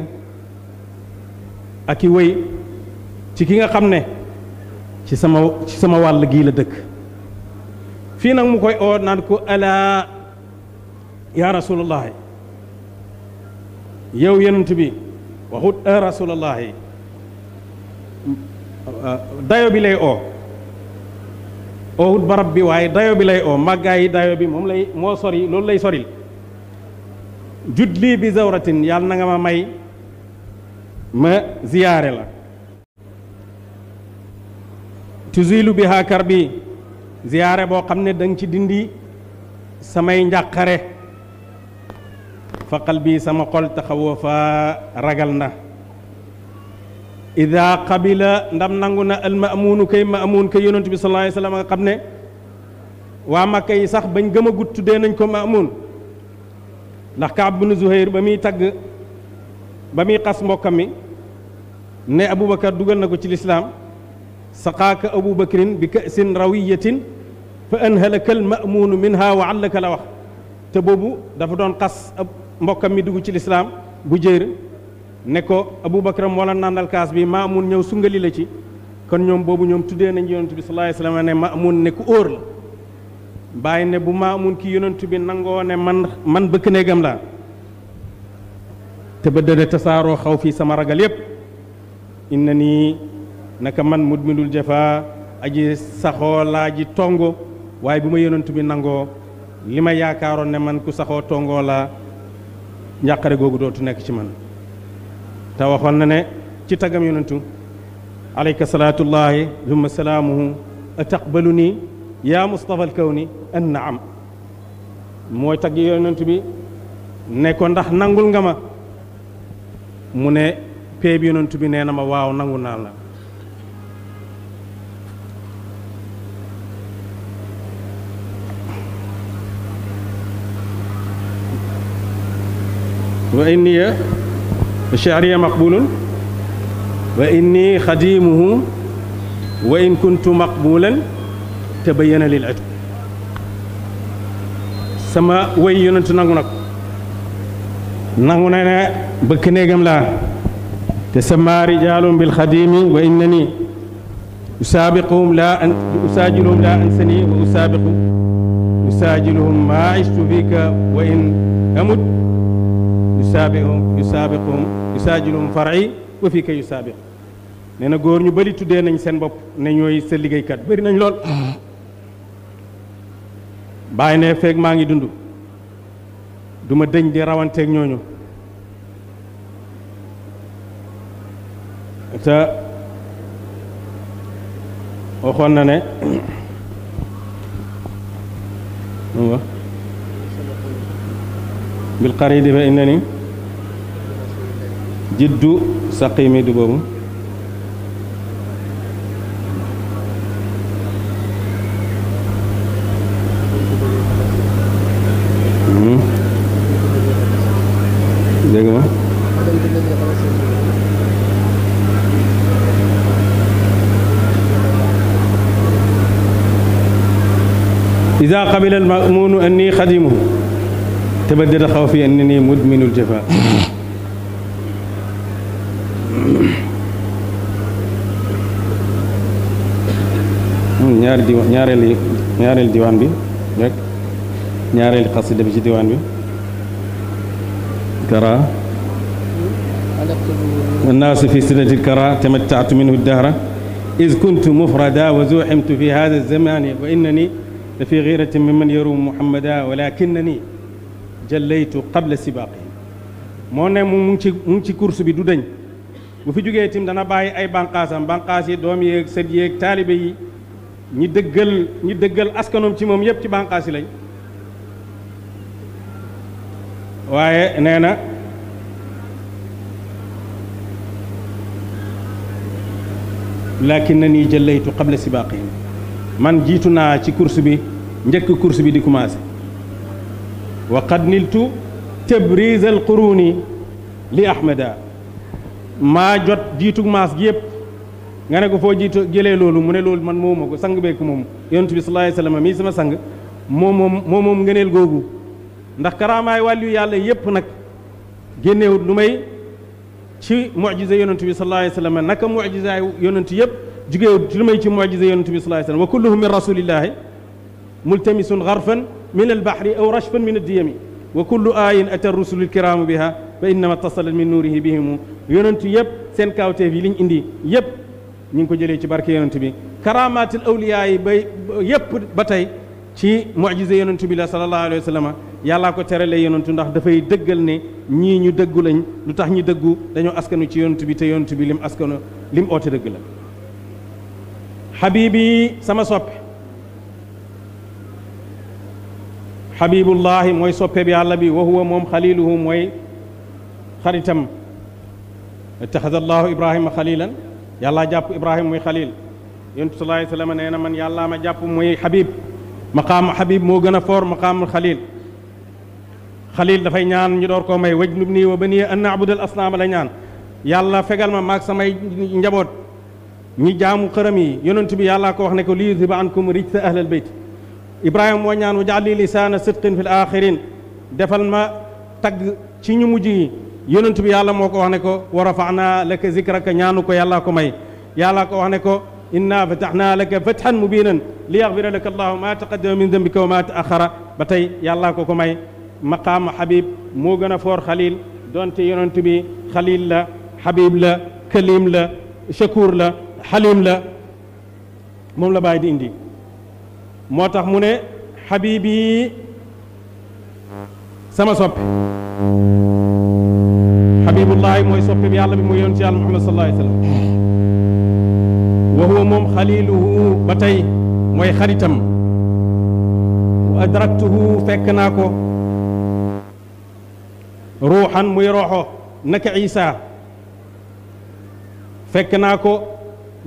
ak i wéy ci ki nga xam ne ci sama ci sama wàll gii la dëkk fii nag mu koy oo naan ko alaa yaa rasulallahi yow yonent bi waxut a rasulallahi dayo bi lay oo oowut barab bi waaye dayo bi lay oo màggaayi dayo moom lay moo sori loolu lay soril judli bi zawratin yàlla na ma may ma ziyaare la tuzilu biha karbi ziyaare boo xam ne danga ci dindi samay njàqare faqal bii sama xol taxawoo fa ragal na ida qabila ndam nangu na al maamuunu kay maamuun kay yonent bi sallallahu alayhi wasallam nga xam ne waa Makka yi sax bañ gëm a gut tuddee nañ ko maamuun ndax Kaab bin Zuhayr ba muy tagg ba muy xas mbokka mi ne Aboubacar dugal na ko ci lislaam سقاك أبو بكر بكأس روية فأنهلك المأمون منها وعلك لوح te boobu dafa doon xas ab mbokkam mi dugg ci lislaam bu jéer ne ko abubakar moo la nàndal kaas bi maamun ñëw sungali la ci kon ñoom boobu ñoom tuddee nañ yonent bi sallallahu alayhi wasallam ne maamun ne ku óor la bàyyi ne bu maamun ki yonent bi nangoo ne man man bëkk néegam laa te ba dëde tasaaroo xaw fii sama ragal yépp inna nii naka man mudminul jafa aji saxoo laa tongo waaye bu ma yonent bi nangoo li ma yaakaaroon ne man ku saxoo tongoo laa njàqare doo dootu nekk ci man te waxoon na ne ci tagam yonentu alayka salaatullahi humma salaamuhu ataqbalu nii yaa mustafa alkawni an naam mooy tagg yonent bi ne ndax nangul nga ma mu ne peeb yonent bi nee na ma waaw nangu naa la وإني شعري مقبول وإني خديمه وإن كنت مقبولا تبين لي للعتق سما وين يونت نغونك نغونانا بكني جملا تسمى رجال بالخديم وإنني أسابقهم لا أن أساجلهم لا أنسني وأسابق أساجلهم ما عشت فيك وإن أمت yusaabium yusaabiqum yusaajiluum far'i wa fii ka yusaabiq nee na góor ñu bëri tuddee nañ seen bopp ne ñooy sa liggéeykat bari nañ lool bàyyi ne feeg maa ngi dund duma ma dëñ di rawanteeg ñooñu te waxoon na ne <coughs> bil qaridi fa innani jiddu saqimi du إذا قبل المأمون أني خدمه تبدد خوفي أنني مدمن الجفاء ñaar di ñaarel ñaarel diwan bi rek ñaarel qasida bi ci diwan bi kara الناس في سنة الكراء تمتعت منه الدهر إذ كنت مفردا وزوحمت في هذا الزمان وإنني لفي غيرة ممن يروم محمدا ولكنني جليت قبل سباقه مونا مونتي مونتي كورس بدودن وفي جوجيتيم دانا باي اي بانقاسام بانقاسي دومي سديك طالبي ñi dëggal ñi dëggal askanoom ci moom yépp ci bànqaas yi lañ waaye nee na lakinani jëllaytu qabla sibaaqihim man jiitu naa ci course bi njëkk course bi di commencé wa qad niltu tabriz al quruni li ahmada maa jot jiitu maas yépp nga ne ko fo jitu gele lolou mu ne loolu man momako sang beku mom yontu bi sallallahu alayhi wasallam mi sama sang mom mom ngëneel googu ndax karaamaay walu yàlla yep nak geneew lu ci mu'jiza yonentu bi sallallahu alayhi wasallam naka mu'jiza yonentu yépp jugeewut lu may ci mu'jiza yonentu bi sallallahu alayhi wasallam wa kulluhum min rasulillahi multamisun gharfan min albahri aw rashfan min ad addiyami wa kullu ayin ata rusulu lkiramu biha fa innama tasala min nuurihi bihimu yonentu yépp seen kaawteef yi liñ indi yépp ñi ko jëlé ci barke yonent bi karamatul awliyaa yi bay yépp batay ci mujise yonent bi la sallallahu alayhi wasallam yalla ko terale yonent ndax da fay dëggal ne ñi ñu dëggu lañ lu tax ñu dëggu dañu askanu ci yonent bi te yonent bi lim askanu lim oté dëgg la habibi sama soppe habibullah moy soppe bi yàlla bi wa huwa mom khaliluhum mooy kharitam اتخذ الله ابراهيم خليلا yàllaa jàpp ibrahima muy xalil yontu salaay salaam nee na man yàllaa ma jàpp muy xabib maqaamu xabib moo gën a foor maqaamu xalil xalil dafay ñaan ñu door koo may waj nub nii wa bani an naabudal asnaama la ñaan yàlla fegal ma maag samay njaboot ñi jaamu xërëm yi yonent bi yàllaa ko wax ne ko li yudhiba ankum rijsa ahlal beyt ibrahima moo ñaan wajaal li lisaana sidqin fi l axirin defal ma tagg ci ñu mujj yi yonent bi yàlla moko ko wax ne ko wa rafaana laka zikraka ñaanu ko yalla ko may yalla ko wax ne ko inna fatahna laka fathan mubinan li yaghfir laka allah ma taqaddama min dhanbika wa ma taaxara batay yalla ko ko may maqam habib mo gëna for khalil donte yonent bi khalil la habib la kalim la shakur la halim la mom la bàyyi di indi motax tax mu ne xabib sama soppi حبيب الله موي سوبيم يالا الله موي يونس يالله محمد صلى الله عليه وسلم وهو موم خليله باتاي موي خريتم وادركته فكناكو روحا موي روحو نك عيسى فكناكو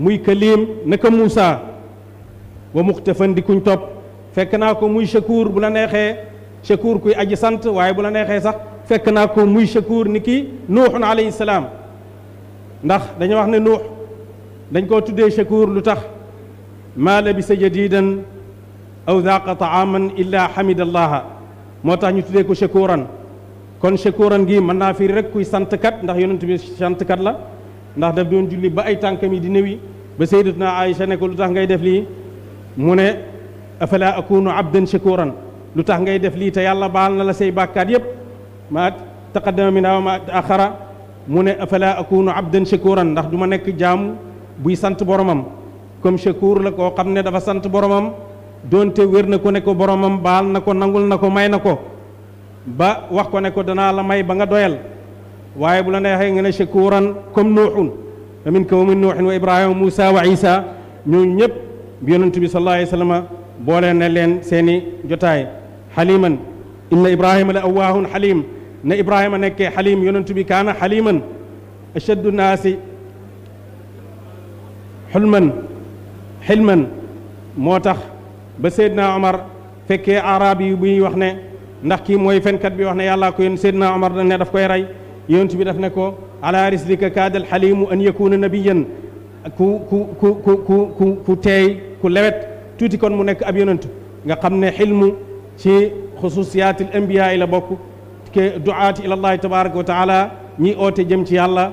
موي كليم نك موسى ومختفا دي كون توب فكناكو موي شكور بولا نيهي شكور كوي اجي سانت واي بولا نيهي صاح fekk naa ko muy shakur niki ki alayhi salam ndax dañ wax ne nuux dañ ko tuddé shakur lutax tax maa labisa jadidan aw dhaqa taaman illa hamidallah motax ñu tuddé ko shakuran kon shakuran gi man na fi rek kuy sant kat ndax yonent bi sant kat la ndax daf doon julli ba ay tankami di néwi ba sayyidatuna aisha ne ko lutax ngay def li mune afala akunu abdan shakuran lutax ngay def li te yàlla baal na la sey bakkat yeb ما تقدم من وما تاخر من افلا اكون عبدا شكورا ندخ دوما نيك جام بوي سانت بوروم كوم شكور لا كو خامن دا فا سانت بوروم دونت وير نكو نكو بوروم بال نكو نانغول نكو ماي نكو با واخ نكو دانا لا ماي باغا دويل واي بولا نهي غنا شكورا كوم نوح من كوم نوح وابراهيم وموسى وعيسى ñoo ñëpp bi yonent bi sallallahu alayhi wasallam boole ne leen seeni jotaay haliman inna ibrahima la awahun ne ibrahima nekke halim yonentu bi kaana xaliman ashaddu nasi hulman hilman motax ba sayyidna umar fekke arabiy yi bu ñuy wax ne ndax kii mooy fenkat bi wax ne yàllaa ko yon sayyidna umar ne daf koy ray yonentu bi daf ne ko ala rislika al halim an yakuna nabiyan ku ku ku ku ku ku ku ku lewet tuti kon mu nek ab yonentou nga xamne hilmu ci xususiyaatil ambiyaa yi la bokk ke duaati ilallahi tabaraka wa taala ñi oote jëm ci yàlla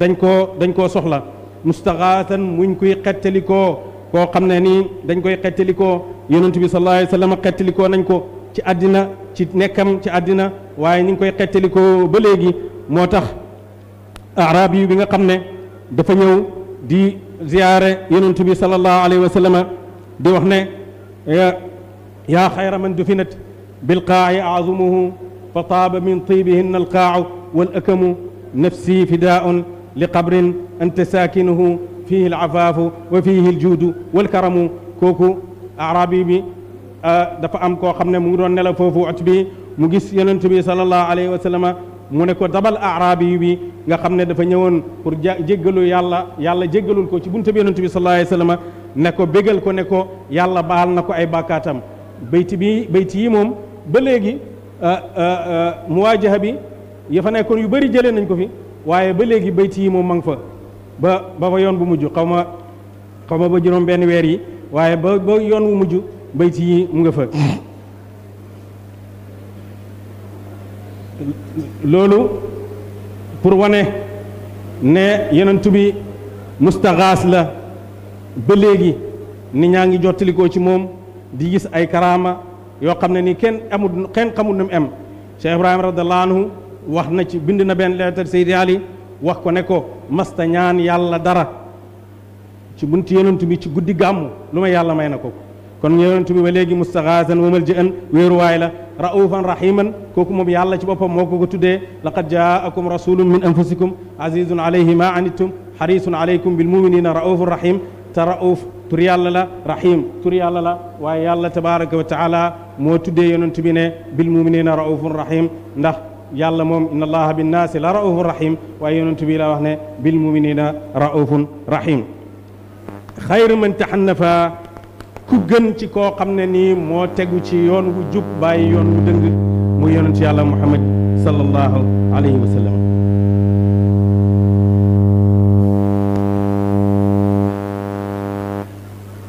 dañ koo dañ koo soxla mustaxaasan muñ kuy xettalikoo koo xam ne nii dañ koy xettalikoo yonent bi sallallahu alayhi wa sallam xettalikoo nañ ko ci àddina ci nekkam ci àddina waaye ni ngi koy xettalikoo ba léegi moo tax bi nga xam dafa ñëw di ziyaare yonent bi sallallahu alayhi wa di wax ne yaa xayra man dufinat bilqaa'i azumuhu فطاب من طيبهن القاع والأكم نفسي فداء لقبر أنت ساكنه فيه العفاف وفيه الجود والكرم كوكو أعرابي بي دفع am koo xam ne mu ngi doon nelaw foofu at bi mu gis yonent bi sallallahu alayhi nga xamne dafa ñëwoon pour jéggelu yàlla yàlla jéggelul ko ci buntu bi yonent bi sallallahu alayhi wasallam ne ko bégal ko ne ko yàlla baal na ko ay bakatam beyti bi beyti yi mom ba légui Euh, euh, euh, muwaajaha bi ya fa nekkoon yu bëri jëlee nañ ko fi waaye ba léegi bayti yi moom ma nga fa ba ba fa yoon bu mujj xawma ma xaw ba juróom benn weer yi waaye ba ba yoon wu mujj bayti yi mu nga fa loolu pour wane ne yonent bi mustaxaas la ba léegi nit ñaa ngi jottalikoo ci moom di gis ay karaama yo xamne ni ken amul ken xamul num am Cheikh ibrahim radiyallahu anhu wax na ci bind na ben lettre Seydi Ali wax ko ne ko masta ñaan yàlla dara ci bunti yonent bi ci guddi gàmmu lu ma yàlla may na ko kon yonent bi ba léegi mustaxaasan wa maljian wéeruwaay la raufan rahiman koku mom yàlla ci bopam moko ko ko laqad jaakum rasulun min anfusikum azizun alayhi ma anittum harisun alaykum bil muminina raufur rahim ta rauf tur yàlla la rahim tur yàlla la waaye yàlla tabaraka wa taala moo tuddee yonent bi ne bil muminina raufun rahim ndax yàlla moom inna allaha bin naasi la raufun rahim waaye yonent bi la wax ne bil muminina raufun rahim xayru man taxannafa ku gën ci koo xam ne nii moo ci yoon wu jub bàyyi yoon wu dëng mu yonent yàlla muhammad sallallahu alayhi wa sallam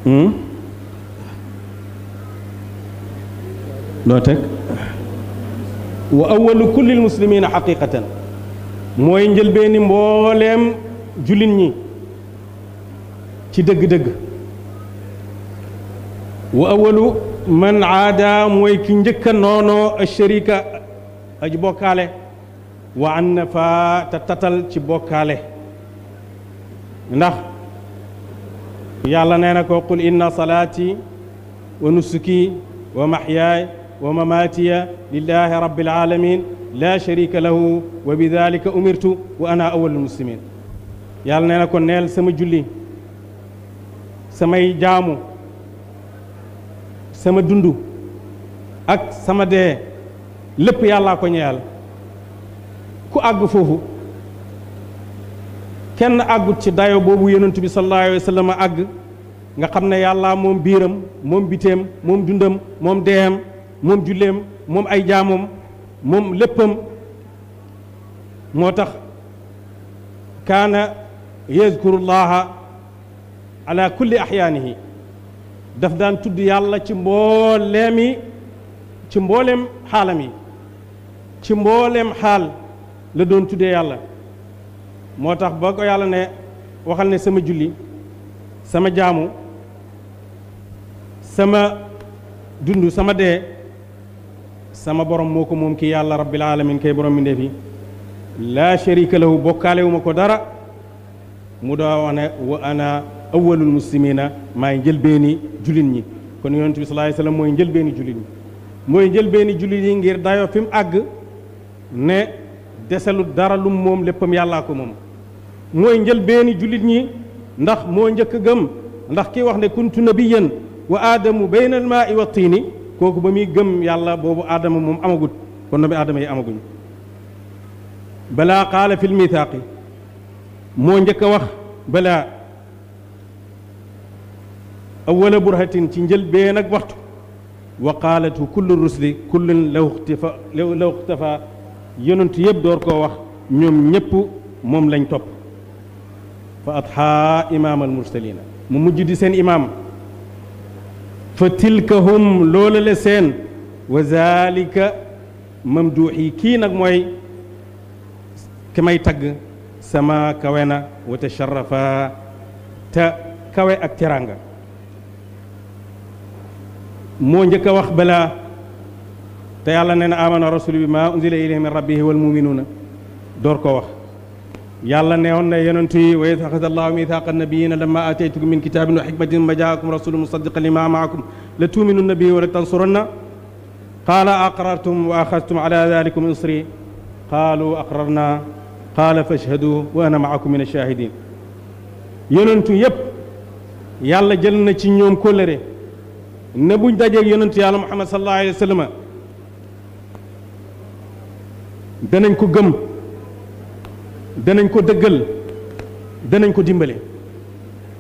hmm? loo teg wa awalu kulli muslimina xaqiqatan mooy njëlbeeni mbooleem jullit ñi ci dëgg-dëgg wa awalu man aada mooy ki njëkk a noonoo asharika aji bokkaale wa an nafa te tatal ci bokkaale ndax yàlla nee na ko qul inna salaati wa nusuki wa mahyaay ومماتي لله رب العالمين لا شريك له وبذلك أمرت وأنا أول المسلمين يالنا نكون نيل سما جولي سماي جامو سما دوندو اك سما دي لب يالا كو نيال كو اغ فوفو كين اغوت سي دايو بوبو يونت بي صلى الله عليه وسلم اغ nga xamne yalla mom biram mom bitem mom dundam mom dem mom julleem mom ay jamom mom léppam motax kana kaana yazkuru ala kulli ahyanihi daf dan tudd yàlla ci mbolemi ci mbolem halami ci mbolem hal la don tudde yàlla motax bako yàlla ne waxal ne sama julli sama jamu sama dundu sama de sama borom moo ko moom ki yàlla rabbil alamin kay borom mbindéef yi laa sharika lahu bokkaale wu ma ko dara mu doo wane wa ana awwalul muslimina maay njëlbeeni julin ñi kon yonent bi sallallahu alayhi wasallam mooy njëlbeeni julin ñi mooy njëlbeeni julin yi ngir dayo fi mu ne desalut dara lum moom léppam yàllaa ko moom mooy njëlbeeni julin ñi ndax moo njëkk gëm ndax kii wax ne kuntu nabiyan wa aadamu bayna al maa'i wa tiini koku ba muy gëm yàlla bobu aadama mom amagut kon nabi aadama yi amaguñ bala qala fil mithaqi mo njëkk wax bala awwala burhatin ci njël be nak waxtu wa qalat kullu rusli kullun law ikhtafa law ikhtafa yonent yeb door ko wax ñom ñëpp mom lañ top fa atxaa imaam al mursalin mu mujj di seen imaam فتلك هم لولا لسان وذلك ممدوحي كينك موي كما يتق سما كوينة وتشرفا تا كوي اكترانغا مو نجك بلا تا يالا نين آمن رسول بما انزل إليه من ربه والمؤمنون دور كوخ yàlla ne woon na yonentu yi wa id axada allahu mithaqa annabiyina lama ateytukum min kitabin wa xikmatin ma jaakum rasulu musaddiqan lima maakum la tuuminunna bihi wa la tansurunna qaala aqrartum wa axadtum ala dalikum isri qaalu aqrarna qaala fashhadu wa ana maakum min ashahidin yonentu yépp yàlla jël na ci ñoom kóllëre ne buñ dajeeg yonentu yàlla muhammad sallallahu alayhi wa sallam danañ ko gëm danañ ko dëggal danañ ko dimbale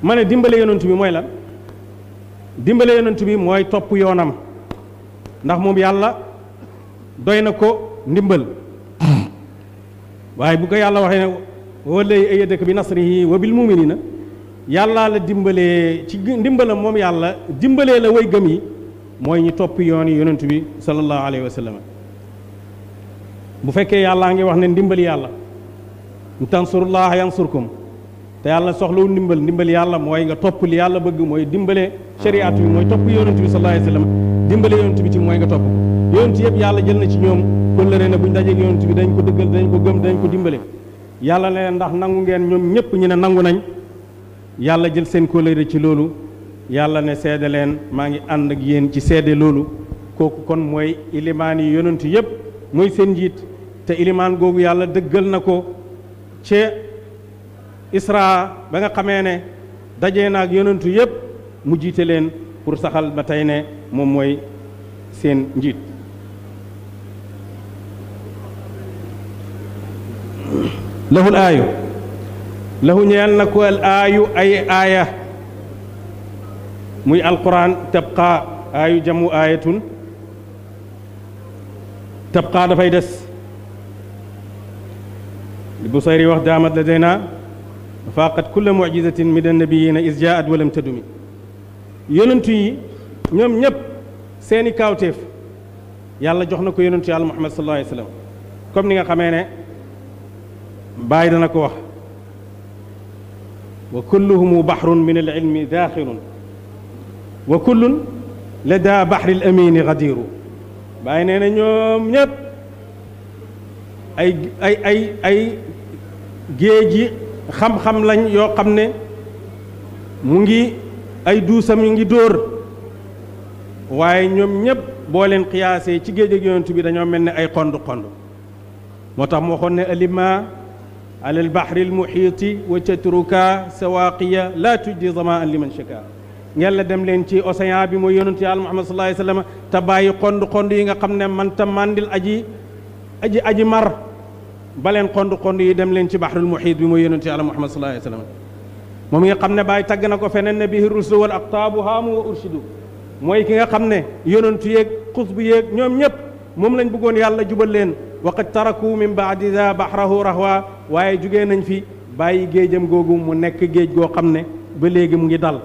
mane ne dimbale bi mooy lan dimbale bi mooy topp yoonam ndax moom yàlla doy na ko ndimbal waaye bu ko yàlla waxee ne walay ayyadaka bi nasrihi wa bil muminina yàlla la dimbalee ci ndimbalam moom yàlla dimbalee la way gëm yi mooy ñu topp yoon yi yonent bi sallallahu alayhi wa bu fekkee yàllaa ngi wax ne ndimbali yàlla in tansurullaha yansurkum te yàlla soxlawul ndimbal ndimbal yàlla mooy nga topp li yàlla bëgg mooy dimbale shariat bi mooy topp yonent bi sallallahu alayhi wa sallam dimbale yonent bi ci mooy nga topp yonent yëpp yàlla jël na ci ñoom kóllëre na bu ñu dajeeg bi dañ ko dëggal dañ ko gëm dañ ko dimbale yàlla ne ndax nangu ngeen ñoom ñëpp ñu ne nangu nañ yàlla jël seen kóllëre ci loolu yàlla ne seede leen maa ngi ànd ak yéen ci seede loolu kooku kon mooy ilimaan yi yonent yëpp mooy seen njiit te ilimaan googu yàlla dëggal na ko ci isra ba nga xamee ne daje naag yonentu yépp mu jiite leen pour saxal ba tey ne moom mooy seen njiit lahul aayu lahu ñeel na ko al aayu ay aaya muy alquran tabqa aayu jamu aayatun tabqa dafay des البصيري وقت دامت لدينا فاقت كل معجزة من النبيين إذ جاءت ولم تدمي يننتي نم نب سيني كاوتيف يالا جوخنا كو يننتي على محمد صلى الله عليه وسلم كم نيغا خامينه باي دا وكلهم بحر من العلم داخل وكل لدى بحر الامين غدير باي نينا نيوم اي اي اي اي géej gi xam-xam lañ yoo xam ne mu ngi ay duusam yu ngi dóor waaye ñoom ñëpp boo leen xiyaasee ci géej ak yonent bi dañoo mel ay xond xond moo tax mu waxoon ne alima ala albahri almuhiiti wa tatruka sawaqiya la tujdi zamaan liman shaka ngella dem leen ci océan bi mooy yonent yàlla muhammad sallallahu alayhi wa sallam te bàyyi yi nga xam man ta aji aji aji mar balen leen xond xond yi dem leen ci baxrul muxiit bi mooy yonente yàlla muhammad sallallahu alayhi wa sallam moom nga xam ne bàyyi tagg na ko feneen ne bihi rusdu wal aqtaabu haamu wa urshidu mooy ki nga xam ne yonentu yeeg xutbu yeeg ñoom ñëpp moom lañ bëggoon yàlla jubal leen waqad taraku min baadi da baxrahu rahwa waaye jugee nañ fi bàyyi géejam googu mu nekk géej goo xam ba léegi mu ngi dal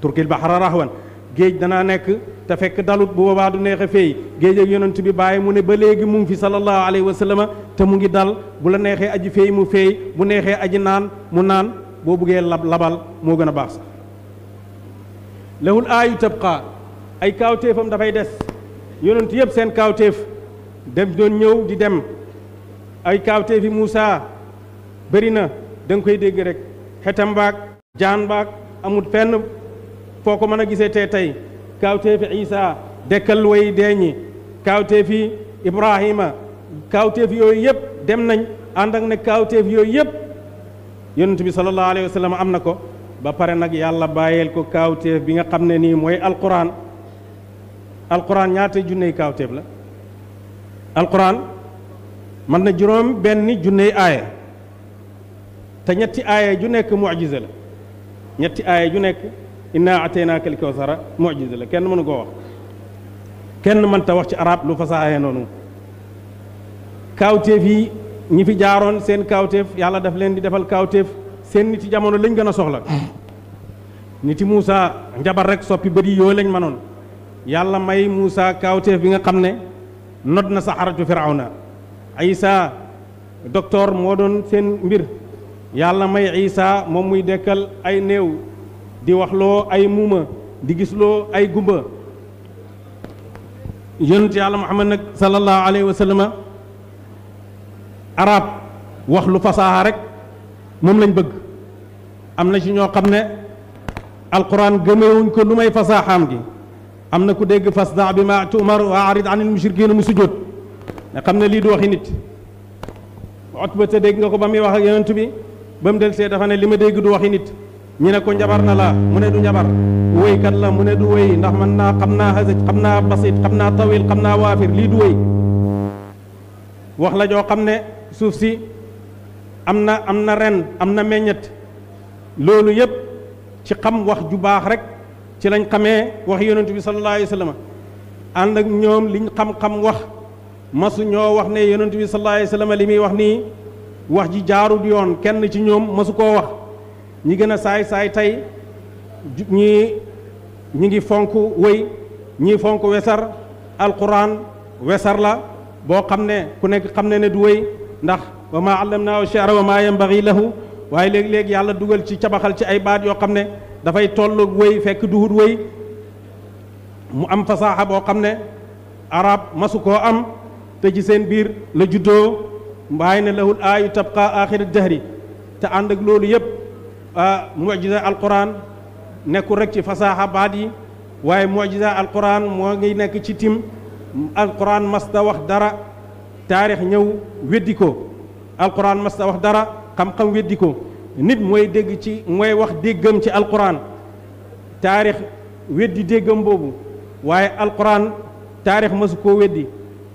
turkil bahra rahwan géej danaa nekk te fekk dalut bu boobaa du neex a géej ak yonent bi bàyyi mu ne ba léegi mu fi sallallahu alayhi wa te mu ngi dal bu la neexee aji feey mu feey bu neexee aji naan mu naan boo buggee lab labal moo gën a baax sax lahul ay kaawteefam dafay des yonent yëpp seen kaawteef dem doon ñëw di dem ay kaawteefi Muusa bëri na da koy dégg rek xetam baag jaan baag amul fenn foo ko mën a gisee tey tey kaawteefi Isa dekkal way deeñi kaawteefi Ibrahima kaawteef yooyu yëpp dem nañ ànd ak ne kaawteef yooyu yëpp yonent bi sallallahu alayhi wa am na ko ba pare nag yàlla bàyyeel ko kaawteef bi nga xam ne nii mooy alquran ñaate ñaata junney kaawteef la alquran mën na juróom benn junney aaya te ñetti aaya ju nekk mucjisa la ñetti aaya ju nekk naa ataynaaka al kawsara mucjisa la kenn mënu koo wax kenn mënta wax ci arab lu fasaaxee noonu kawtef yi ñi fi jaaroon seen kawtef yàlla daf leen di defal kawtef seen nit yi jamono lañ gën a soxla nit yi Moussa njabar rek soppi bëri yooyu lañ manoon yàlla may Moussa kawtef bi nga xam ne nod na saxaratu firawna Isa docteur moo doon seen mbir yàlla may Isa moom muy dekkal ay néew di waxloo ay muuma di gisloo ay gumba yonent yàlla Muhammad nag sallallahu alayhi wa arab wax lu fasaha rek mom lañ bëgg amna ci ño xamne alquran gëme wuñ ko lu may fasaaxaam gi amna ku dégg fasda bi ma tumar wa arid an al mushrikeen musujud sujjóot xamne li ne du waxi nit utba te dégg nga ko ba wax ak yonent bi bam del se dafa ne lima dégg du waxi nit ñi ne ko njabar na la mu ne du njabar wéykat la mu ne du way ndax man na xamna hazaj xamna basit xamna tawil xamna wafir li du way wax la jo xamne suuf si am na am na ren am na meññet loolu yëpp ci xam wax ju baax rek ci lañ xamee wax yonent bi sallallahu alayhi wa ànd ak ñoom liñ xam-xam wax masu ñoo wax ne yonent bi sallallahu alayhi wa li muy wax nii wax ji jaarut yoon kenn ci ñoom masu koo wax ñi gën a saay-saay tey ñi ñi ngi fonk wëy ñii fonk wesar alquran wesar la boo xam ne ku nekk xam ne ne du wëy ndax wa maa allamnaahu shi'ra wama yanbaghi lahu way leg leg yàlla duggal ci tabaxal ci ay baat yo xamne da fay tollu way fek duhut way mu am fasaaxa boo xamne arab masuko am te ci sen bir la juddo mbayna lahul ayu tabqa akhir ad-dahr ta ànd ak lolu yeb mu'jiza al-quran neku rek ci fasaha baat yi mu'jiza al-quran mo ngi nek ci tim al-quran da wax dara taarix ñëw weddi ko alquran mas ta wax dara xam-xam weddi ko nit mooy dégg ci mooy wax déggam ci alquran taarix weddi déggam boobu waaye alxuraan taarix masu ko weddi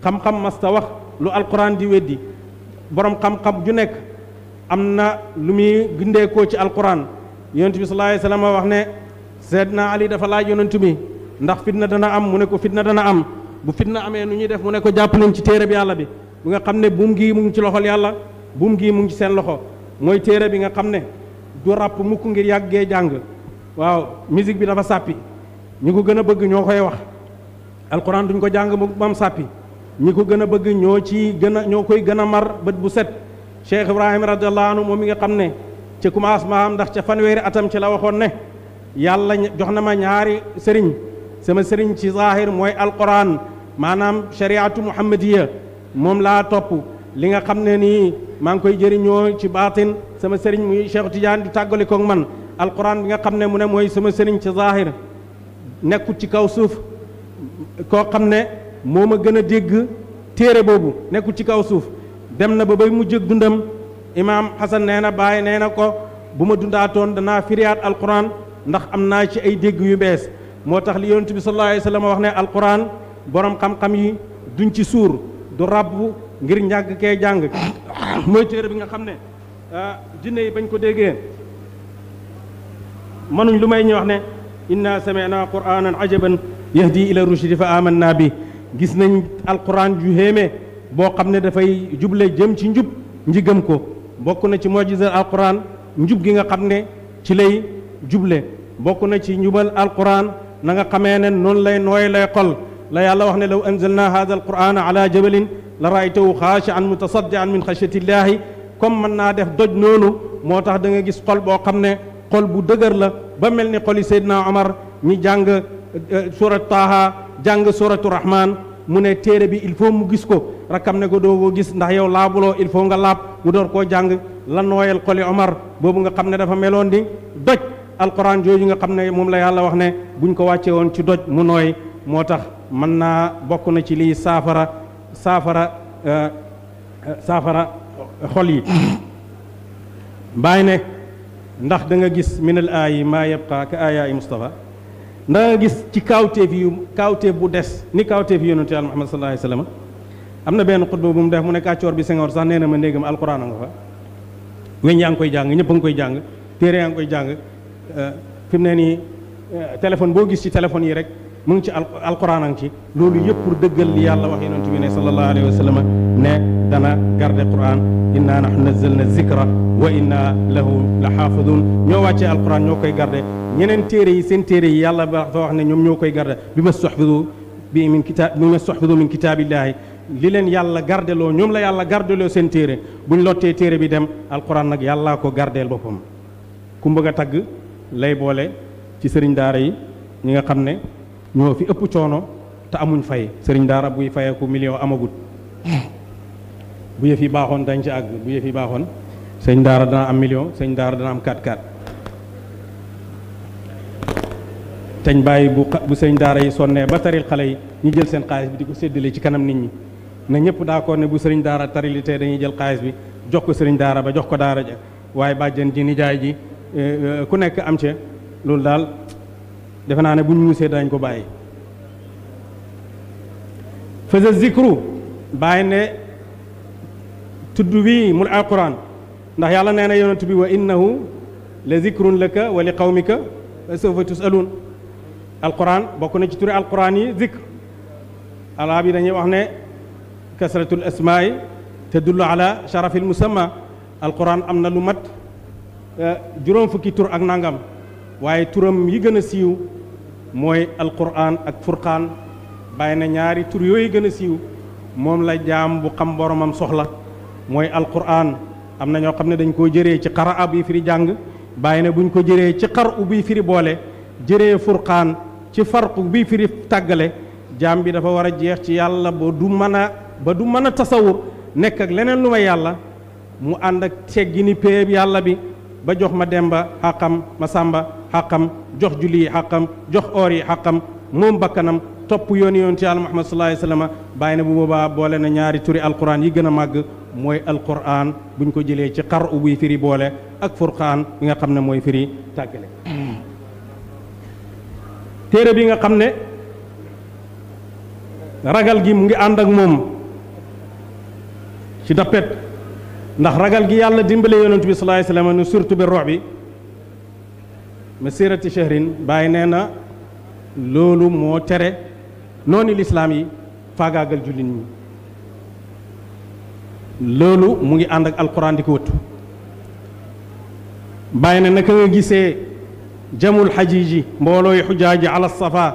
xam-xam masta wax lu alxuraan di weddi borom xam-xam ju nekk am na lu muy gindeekoo ci alquran yonent bi sallallahu alayhi wax ne naa ali dafa laaj yonent bi ndax fitna dana am mu ne ko fitna dana am bu fitna amee nu ñuy def mu nekk ko jàpp leen ci téere bi yàlla bi bu nga xam ne buum gii mu ngi ci loxol yàlla buum gii mu ngi ci seen loxo mooy téere bi nga xam ne du ràpp mukk ngir yàggee jàng waaw musique bi dafa sàppi ñi ko gën a bëgg ñoo koy wax alxuraan duñ ko jàng mu bam sàppi ñi ko gën a bëgg ñoo ci gën a ñoo koy gën a mar bët bu set Cheikh Ibrahima radiallahu anhu moom mi nga xam ne ci commencement am ndax ca fanweeri atam ci la waxoon ne yàlla jox na ma ñaari sëriñ sama sëriñ ci mooy alxuraan manam chariatu muhammadiya mom la top li nga xamne ni mang koy jeriño ci batin sama serigne muy Cheikh Tidiane di tagali ko man alquran bi nga xamne mune moy sama serigne ci zahir neku ci kaw suuf ko xamne moma gëna deg téré bobu neku ci kaw suuf dem na ba bay mu jëg dundam imam hasan neena baye neena ko buma ma dundaatoon danaa firiyaat alquran ndax amna ci ay deg yu bes motax li yonnabi sallallahu alayhi wasallam waxne alquran borom xam-xam yi duñ ci suur du ràbbu ngir njàgg kee jàng mooy bi nga xam ne ah, jinne yi bañ ko déggee mënuñ lu may ñu wax ne inna sami'na qur'anan ajaban yahdi ila rushdi fa amanna bi gis nañ alquran ju xéeme boo xam ne dafay juble jëm ci njub njigam ko bokk na ci mojisal alquran njub gi nga xam ne ci lay juble bokk na ci njubal alquran na nga xamee ne noonu lay nooy lay xol la yàlla wax ne law anzalna hada alqurana ala jabalin la raaytahu xaashian mutasaddian min xashyatillaahi comme mën naa def doj noonu moo tax da nga gis xol boo xam ne xol bu dëgër la ba mel ni xoli Seydina Omar mi jàng surat Taaha Rahman mu ne téere bi il faut mu gis ko rakkam ne ko doo ko gis ndax yow laabuloo il faut nga laab mu door koo jàng la nooyal xoli Omar boobu nga xam dafa meloon di doj alquran jooju nga xam ne la yàlla wax ne buñ ko wàcce woon ci doj mu nooy moo man naa bokk na ci lii saafara saafara euh, euh, saafara xol yi <coughs> bàyyi ne ndax danga nga gis min al aayi maa yabqa ka aayaayi Mustafa ndax nga gis ci kaawteef yu kaawteef bu des ni kaawteef yu yonente yàlla Muhammad sallallahu alayhi wa am na benn xutba bu mu def mu ne bi Senghor sax nee na ma néegam alquran a nga fa weñ yaa ngi koy jàng ñëpp a ngi koy jàng téere yaa ngi koy jàng euh, fi mu ne nii téléphone boo gis ci téléphone yi rek من القرآن أنت لولي يبكر دجال لي الله وحي نبي من صلى الله عليه وسلم نا دنا قرد القرآن إننا نحن نزلنا الذكر وإنا له لحافظون نواجه القرآن نوكي قرد ينن تيري سن تيري يلا بعثوا إحنا يوم نوكي قرد بما استحفظوا بمن كتاب بما استحفظوا من كتاب الله لين يلا قرد لو يوم لا يلا قرد لو سن تيري تيري بدم القرآن نجي يلا كو قرد البحوم كم بعتق لا يبولي تسرين داري نيجا كم ñoo fi ëpp coono te amuñ fay sëriñ daara buy fayeeku million amagut bu yëf yi baaxoon dañ ci àgg bu yëf yi baaxoon sëñ daara dana am million sëñ daara dana am 4-4 teñ bàyyi bu bu sëñ daara yi sonnee ba taril xale yi ñu jël seen xaalis bi di ko séddale ci kanam nit ñi na ñëpp d'accord ne bu sëriñ daara tarilitee dañuy jël xaalis bi jox ko sëriñ daara ba jox ko daara ja waaye bàjjen ji nijaay ji eh, eh, ku nekk am ca loolu daal دفنا أنا بني موسى دان كوباي فذا ذكره باين تدوي من القرآن نهي الله نعنا يوم تبي وإنه لذكر لك ولقومك سوف تسألون القرآن بكون تقرأ القرآن ذكر الله بي دان يوحنا كسرة الأسماء تدل على شرف المسمى القرآن أمن لومات جرون فكي تور أغنانغام waaye turam yi gën a siiw mooy alquran ak furqaan bàyyi na ñaari tur yooyu gën a siiw moom la jaam bu xam boromam soxla mooy alquran am na ñoo xam ne dañ koo jëree ci xara bi firi jàng bàyyi na buñ ko jëree ci xar u bi firi boole jëree furqaan ci farqu bi firi tàggale jaam bi dafa war a jeex ci yàlla ba du mën a ba du mën a tasawur nekk ak leneen lu may yàlla mu ànd ak teggini péeb yàlla bi ba jox ma demba xaqam ma sàmba xaqam jox julli yi xaqam jox oor yi xaqam moom bakkanam topp yooni yoon ci àl muhammad sallallahu alayhi wasallam bàyyi na bu boobaa boole na ñaari turi alquran yi gën a màgg mooy alquran buñ ko jëlee ci xar u buy firi boole ak furqaan bi nga xam ne mooy firi tàggale téere bi nga xam ne ragal gi mu ngi ànd ak moom ci dappet ndax ragal gi yàlla dimbale yonent bi sallallahu alayhi wasallam surtout bi rox bi masirati shahrin bàyyi nee na loolu moo tere noonu lislaam yi faagaagal jullit ñi loolu mu ngi ànd ak alquran di ko wëttu bàyyi na naka nga gisee jamul xajiji mboolooy xujaaji ala safa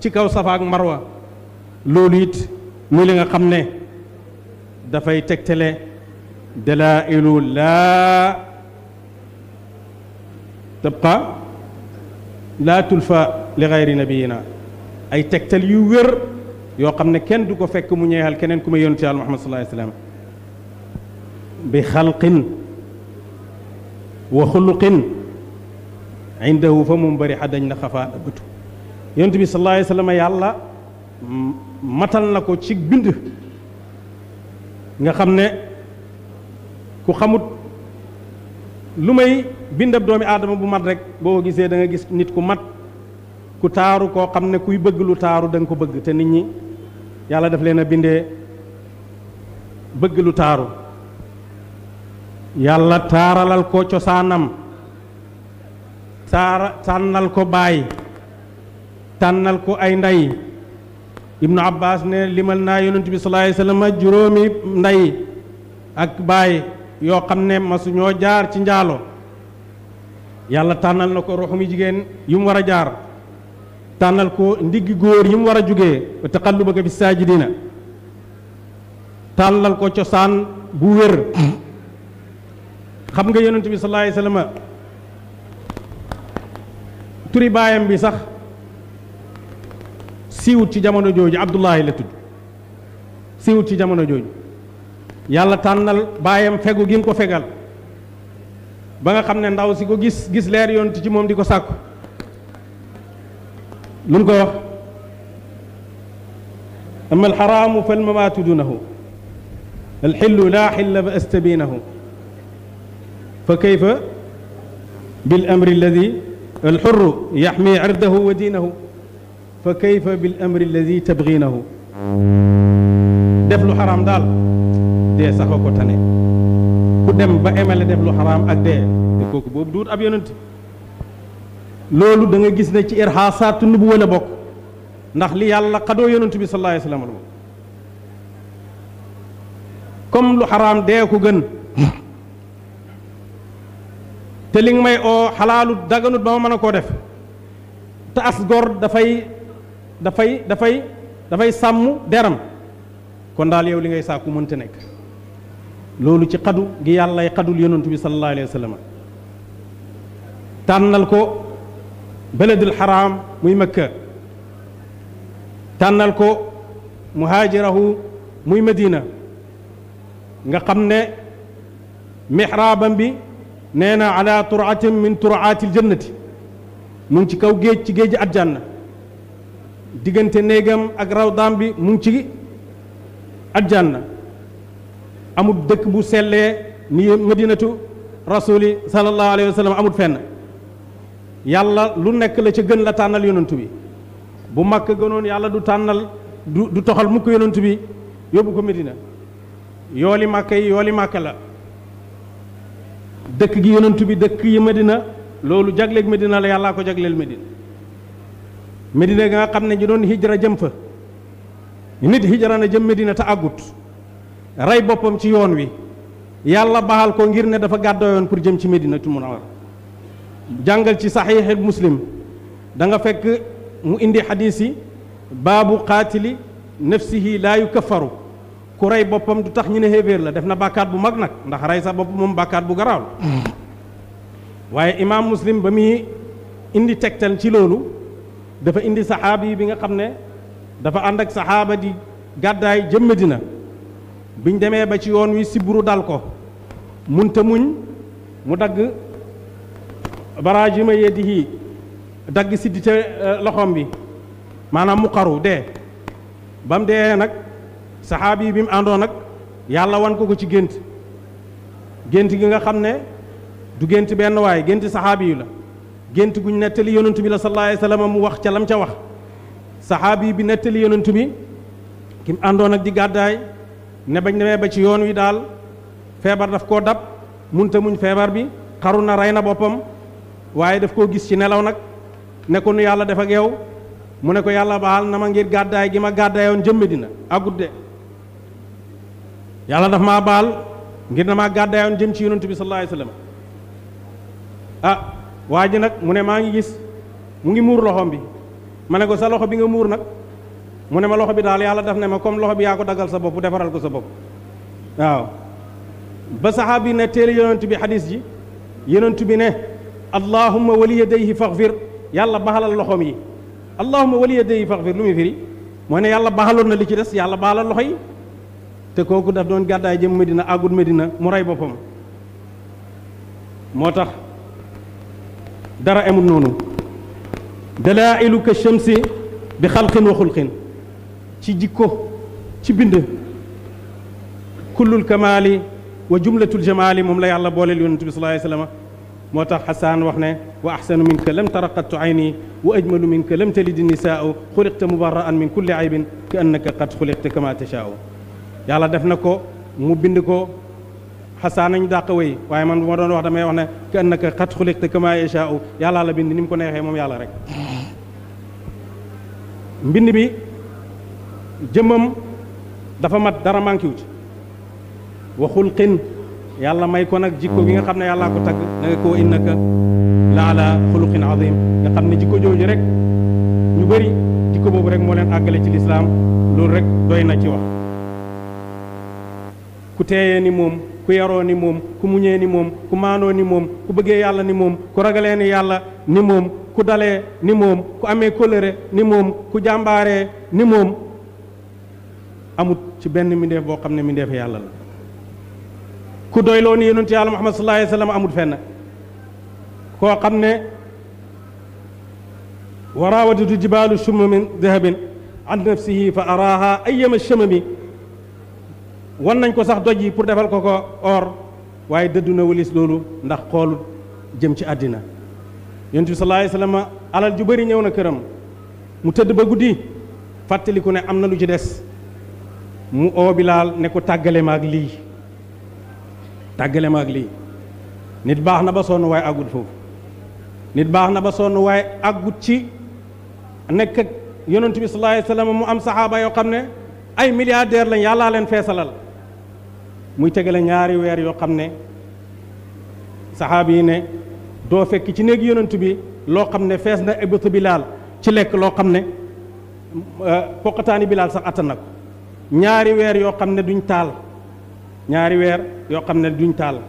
ci kaw safa ak marwa loolu it muy li nga xam ne dafay tegtale dalailu laa laa tulfa li xayri nabiyina ay tegtal yu wér yoo xam ne kenn du ko fekk mu ñeexal keneen ku may yonent yàlla muhammad sallallahu alayhi wasallam bi xalqin wa xuluqin indahu fa mu bari xadañ na xafaa abatu yonent bi sallallahu alayhi wasallam yàlla matal na ko ci bind nga xam ne ku xamut lu may bindab doomi aadama bu mat rek boo gisee da gis nit ku mat ku taaru koo xam ne kuy bëgg lu taaru da nga ko bëgg te nit ñi yàlla def leen a bindee bëgg lu taaru yàlla taaralal ko cosaanam taara tànnal ko baay tànnal ko ay ndey ibnu abbas ne limal naa yonent bi sallallahu alayhi nday ak baay yoo xam ne masuñoo jaar ci njaalo yàlla tànnal na ko ruxumi jigéen yu mu war a jaar tànnal ko ndigg góor yi war a jógee wa taqallubaka fi saajidina tànnal ko cosaan bu wér xam nga yonent bi sallallahu alayhi wasallam turi baayam bi sax siiwut ci jamono jooju Abdullahi la tudd siiwut ci jamono jooju yàlla tànnal baayam fegu gi mu ko fegal ba nga xam ne ndaw si ko gis gis leer yoon ci moom di ko sàkku lu mu koy wax ama alxaraamu fal mamaatu dunahu alxillu laa xilla ba astabiinahu fa kayfa bil amri alladi alxurru yaxmi irdahu wa diinahu fa kayfa bil amri alladi tabgiinahu def lu xaraam daal dee sax ko tane ku dem ba emale def lu xaraam ak dee te kooku boobu duut ab yonent loolu da nga gis ne ci irxaasaatu nubu wala bokk ndax li yàlla xadoo yonent bi sallallahu alayhi wasallam la comme lu xaraam dee ko gën te li nga may oo xalaalut daganut ba ma mën a koo def te as gor dafay dafay dafay dafay sàmm deram kon daal yow li ngay sàkku mënta nekk lolu ci xadu gi yalla ay xadul yonantu bi sallallahu alayhi wasallam tanal ko baladul haram muy makka tanal ko muhajirahu muy medina nga xamne mihrabam bi neena ala turatin min tur'atil jannati mun ci kaw géej ci geej aljanna diggante negam ak rawdam bi mun ci aljanna amut dëkk bu sellee ni madinatu rasuli sallallahu alayhi wa sallam fenn yàlla lu nekk la ca gën la tànnal yonent bi bu makk gënoon yàlla du tànnal du du toxal mukk yonent bi yóbbu ko medina yooli màkk yi yooli màkk la dëkk gi yonent bi dëkk yi medina loolu jagleeg medina la yàllaa ko jagleel medina medina nga xam ne ñu doon hijra jëm fa nit hijra na jëm medina te àggut rey boppam ci yoon wi yàlla baxal ko ngir ne dafa gàddoo pour jëm ci Medinatul Munawwara jàngal ci saxiix muslim danga fekk mu indi xadiis yi baabu qaatili nafsihi laa yukaffaru ku rey boppam du tax ñu ne xéeféer la def na bàkkaat bu mag nag ndax rey sa bopp moom bàkkaat bu garaaw la waaye imaam muslim ba muy indi tegtal ci loolu dafa indi saxaabi bi nga xam ne dafa ànd ak saxaaba di gàddaay jëm Medina biñ demee ba ci yoon wi siburu dal ko munta muñ mu dagg barajima yadihi dagg siddi te eh, loxoom bi maanaam mu xaru dee ba mu dee nag saxaabi yi bi mu àndoon nag yàlla wan ko ko ci gént gént gi nga xam ne du gént benn waaye gént saxaabi yu la gént guñ nettali yonent bi la sallallahu alayhi wa sallam mu wax ca lam ca wax saxaabi bi nettali yonent bi ki mu àndoon nag di gàddaay ne bañ ba ci yoon wi daal feebar daf koo dab munta muñ feebar bi xaru na rey na boppam waaye daf koo gis ci nelaw nag ne yàlla def ak yow mu ne ko yàlla baal na ma ngir gàddaay gi ma gàddaayoon jëm Medina agut de yàlla daf maa baal ngir na maa gàddaayoon jëm ci yonent bi sallallahu alayhi wasallam ah waa ji mu ne maa ngi gis mu ngi muur loxoom bi ma ne ko sa loxo bi nga muur nag mu ne ma loxo bi daal yàlla daf ne ma comme loxo bi yaa ko dagal sa bopp defaral ko sa bopp waaw ba saxaabi ne teel yonent bi xadis ji yonent bi ne allahumma wali yadayhi faxfir yàlla baxalal loxoom yi allahumma wali yadayhi faxfir lu muy firi mooy ne yàlla baxaloon na li ci des yàlla baxalal loxo yi te kooku daf doon gàddaay jëm Medina àggut Medina mu rey boppam moo tax dara amul noonu dalailuka shamsi bi xalqin wa xulqin ci jikko ci bind kullul kamaali wa jumlatul jamaali moom la yàlla booleel yonent bi sallallahu alayhi wa sallam moo tax xasaan wax ne wa axsanu minka lam taraqattu ayni wa ajmalu minka lam talidi nisaau xuliqta mubarraan min kulli aybin ka annaka qad xuliqta kama tashaau yàlla def na mu bind ko xasaan nañu dàq way waaye man bu ma wax damay wax ne ka qad xuliqta kama yashaau yàlla la bind ni ko neexee moom yàlla rek mbind bi jëmmam dafa mat dara manqué wu ci yàlla may ko nag jikko bi nga xam ne yàllaa ko tagg da nga koo innaka la ala xuluqin azim nga xam ne jikko jooju rek ñu bëri jikko boobu rek moo leen àggale ci lislaam loolu rek doy na ci wax ku ni moom ku yaroo ni moom ku muñee ni moom ku maanoo ni moom ku bëggee yàlla ni moom ku ragalee ni yàlla ni moom ku dalee ni moom ku amee kóllëre ni moom ku jàmbaaree ni moom amut ci benn mindeef boo xam ne mbindeef yàlla la ku doyloo ni yonent yàlla muhammad sallallahu alayhi wa sallam amut fenn koo xam ne wa raawadatu jibaalu shumma min dahabin an nafsihi fa araaha ayyama shamami wan nañ ko sax doj yi pour defal ko ko or waaye dëddu na walis loolu ndax xoolut jëm ci àddina yonent bi sallallahu alayhi wa sallam alal ju bëri ñëw na këram mu tëdd ba guddi fàttaliku ne am na lu ci des mu oo Bilaal ne ko tàggale ma lii tàggale ma ak lii nit baax na ba sonn waaye àggut foofu nit baax na ba sonn waaye àggut ci nekk ak yonent bi sallallahu alayhi mu am saxaaba yoo xam ne ay milliardaire lañ yàllaa leen feesalal muy tegale ñaari weer yoo xam ne saxaaba yi ne doo fekk ci néeg yonent bi loo xam ne fees na bi laal ci lekk loo xam ne euh, poqataani Bilaal sax attan na ñaari weer yoo xam ne duñ taal ñaari weer yoo xam ne duñ taal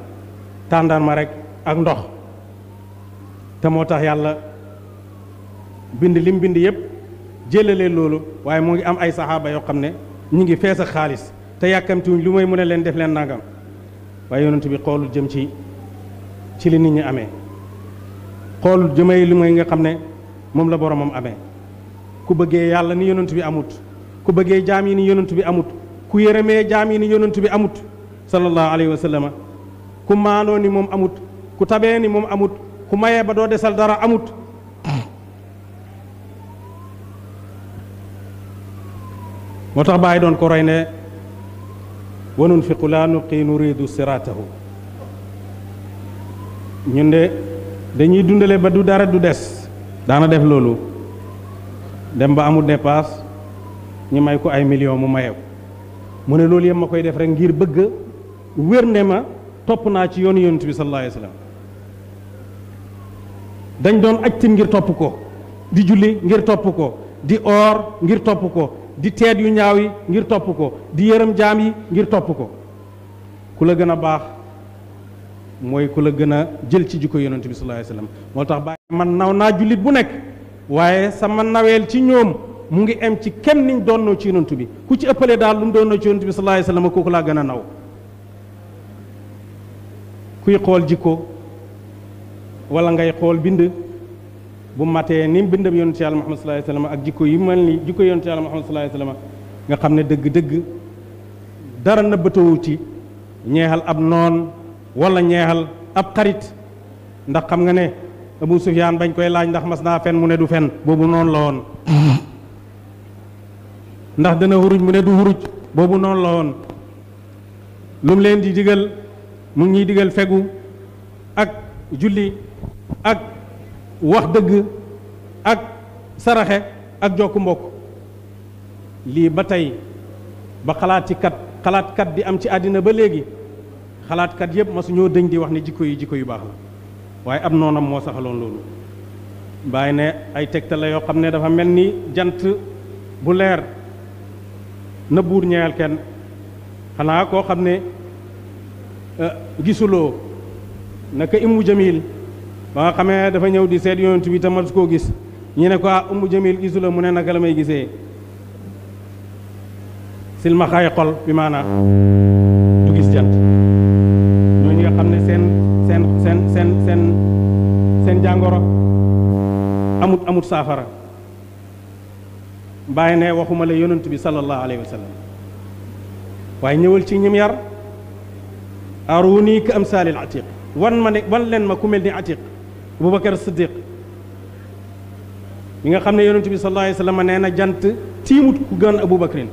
tàndarma rek ak ndox te moo tax yàlla bind lim bind yëpp jëlalee loolu waaye mu ngi am ay saxaaba yoo xam ne ñu ngi fees ak xaalis te yàkkamtiwuñ lu may mën a leen def leen nangam waaye yonent bi xoolul jëm ci ci li nit ñi amee xoolul jëmay lu may nga xam ne moom la moom ame ku bëggee yàlla ni yonent bi amut ku bëggee jaam yi ni yonent bi amut ku yërëmee jaam yi ni yonent bi amut sallallahu alayhi wa sallam ku maandoo moom amut ku tabee ni moom amut ku mayee ba doo desal dara amut moo tax bàyyi doon ko roy ne wa nunfiqu laa nuqi nuridu siratahu ñun de dañuy dundale ba du dara du des daana def loolu dem ba amul dépasse ñu may ko ay million mu maye mu ne loolu yëpp ma koy def rek ngir bëgg wér ne ma topp naa ci yoonu yonent bi sallallahu alayhi dañ doon aj ngir topp ko di julli ngir topp ko di oor ngir topp ko di teet yu ñaaw yi ngir topp ko di yërëm jaam yi ngir topp ko ku la gën a baax mooy ku la gën a jël ci jikko yonent bi sallallahu alayhi moo tax bàyyi man naw naa jullit bu nekk waaye sama naweel ci ñoom mu ngi am ci kenn niñ doonnoo ci yonent bi ku ci ëppalee daal lu mu doonnoo ci yonent bi sallallahu alayhi wasallam laa gën a naw kuy xool jikko wala ngay xool bind bu matee ni mu bindam yonent yàlla Muhammad sallallahu alayhi wasallam ak jikko yu mel ni jikko yonent yàlla Muhammad sallallahu alayhi nga xam ne dëgg-dëgg dara nëbbatowu ci ñeexal ab noon walla ñeexal ab xarit ndax xam nga ne Abu Sufyaan bañ koy laaj ndax mas naa fen mu ne du fen boobu noonu la woon ndax dana xuruj mu ne du xuruj boobu noonu la woon lu mu leen di digal mu ngi ñuy digal fegu ak julli ak wax dëgg ak saraxe ak jokku mbokk lii ba tey ba xalaatikat xalaatkat di am ci àddina ba léegi xalaatkat yëpp masuñoo dëñ di wax ne jikko yi jikko yu baax la waaye am noonam moo saxaloon loolu bàyyi ne ay tegtal la yoo xam ne dafa mel ni jant bu leer na buur ñeyal kenn xanaa koo xam ne euh, gisuloo naka Ummu Jamil ba nga xamee dafa ñëw di seet yonent bi tamat koo gis ñu ne ko ah Ummu Jamil gisuloo mu ne naka la may gisee silmaxaay xol bi maanaa du gis jant ñoo nga xam ne seen seen seen seen seen seen jàngoro amut amut saafara bayne waxuma la yonent bi sallallahu alayhi wasallam way waaye ñëwal ci ñim yar aruni ka al atiq wan man wan len ma ku melni atiq atiq bakkar siddiq mi nga xamne yonent bi sallallahu alayhi wasallam neena jant timut ku abou abubakrin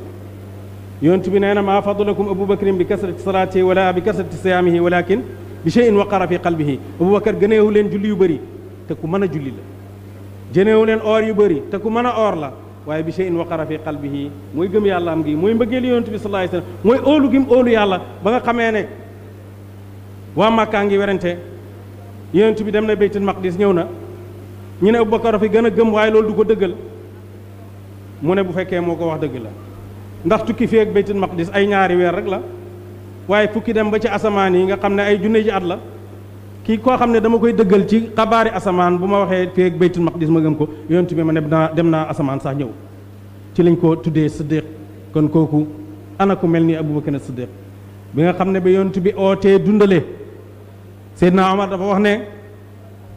yonent bi neena ma maa abou abubakrin bi kasrati salati wala bi kasrati siyaamihi walakin bi cheyin waqara fi qalbihi abubakar gëneewu leen julli yu bari te ku mën julli la gëneewu leen yu bari te ku mën or la waye bi shay'in waqara fi qalbihi moy gëm yàlla am gi moy mbëggeel yonnte bi sallallahu alayhi wasallam moy olu gim olu yàlla ba nga xamee ne waa Màkkaa ngi werante yonnte bi dem na baytul maqdis ñëw ñu ne Abubakar fi gën gëm waaye loolu du ko dëggal mu ne bu fekkee moo wax dëgg la ndax tukki fii ak baytul maqdis ay ñaari weer rek la waaye fukki dem ba ci asamaan yi nga xam ay junne ji at la kii koo xam ne dama koy dëggal ci xabaari asamaan bu ma waxee fii ak baytul maqdis ma gëm ko yonent bi ma ne naa dem naa asamaan sax ñëw ci lañ ko tuddee siddiq kon kooku ana ku mel ni abubakar siddiq bi nga xam ne ba yoontu bi ootee dundale seydna omar dafa wax ne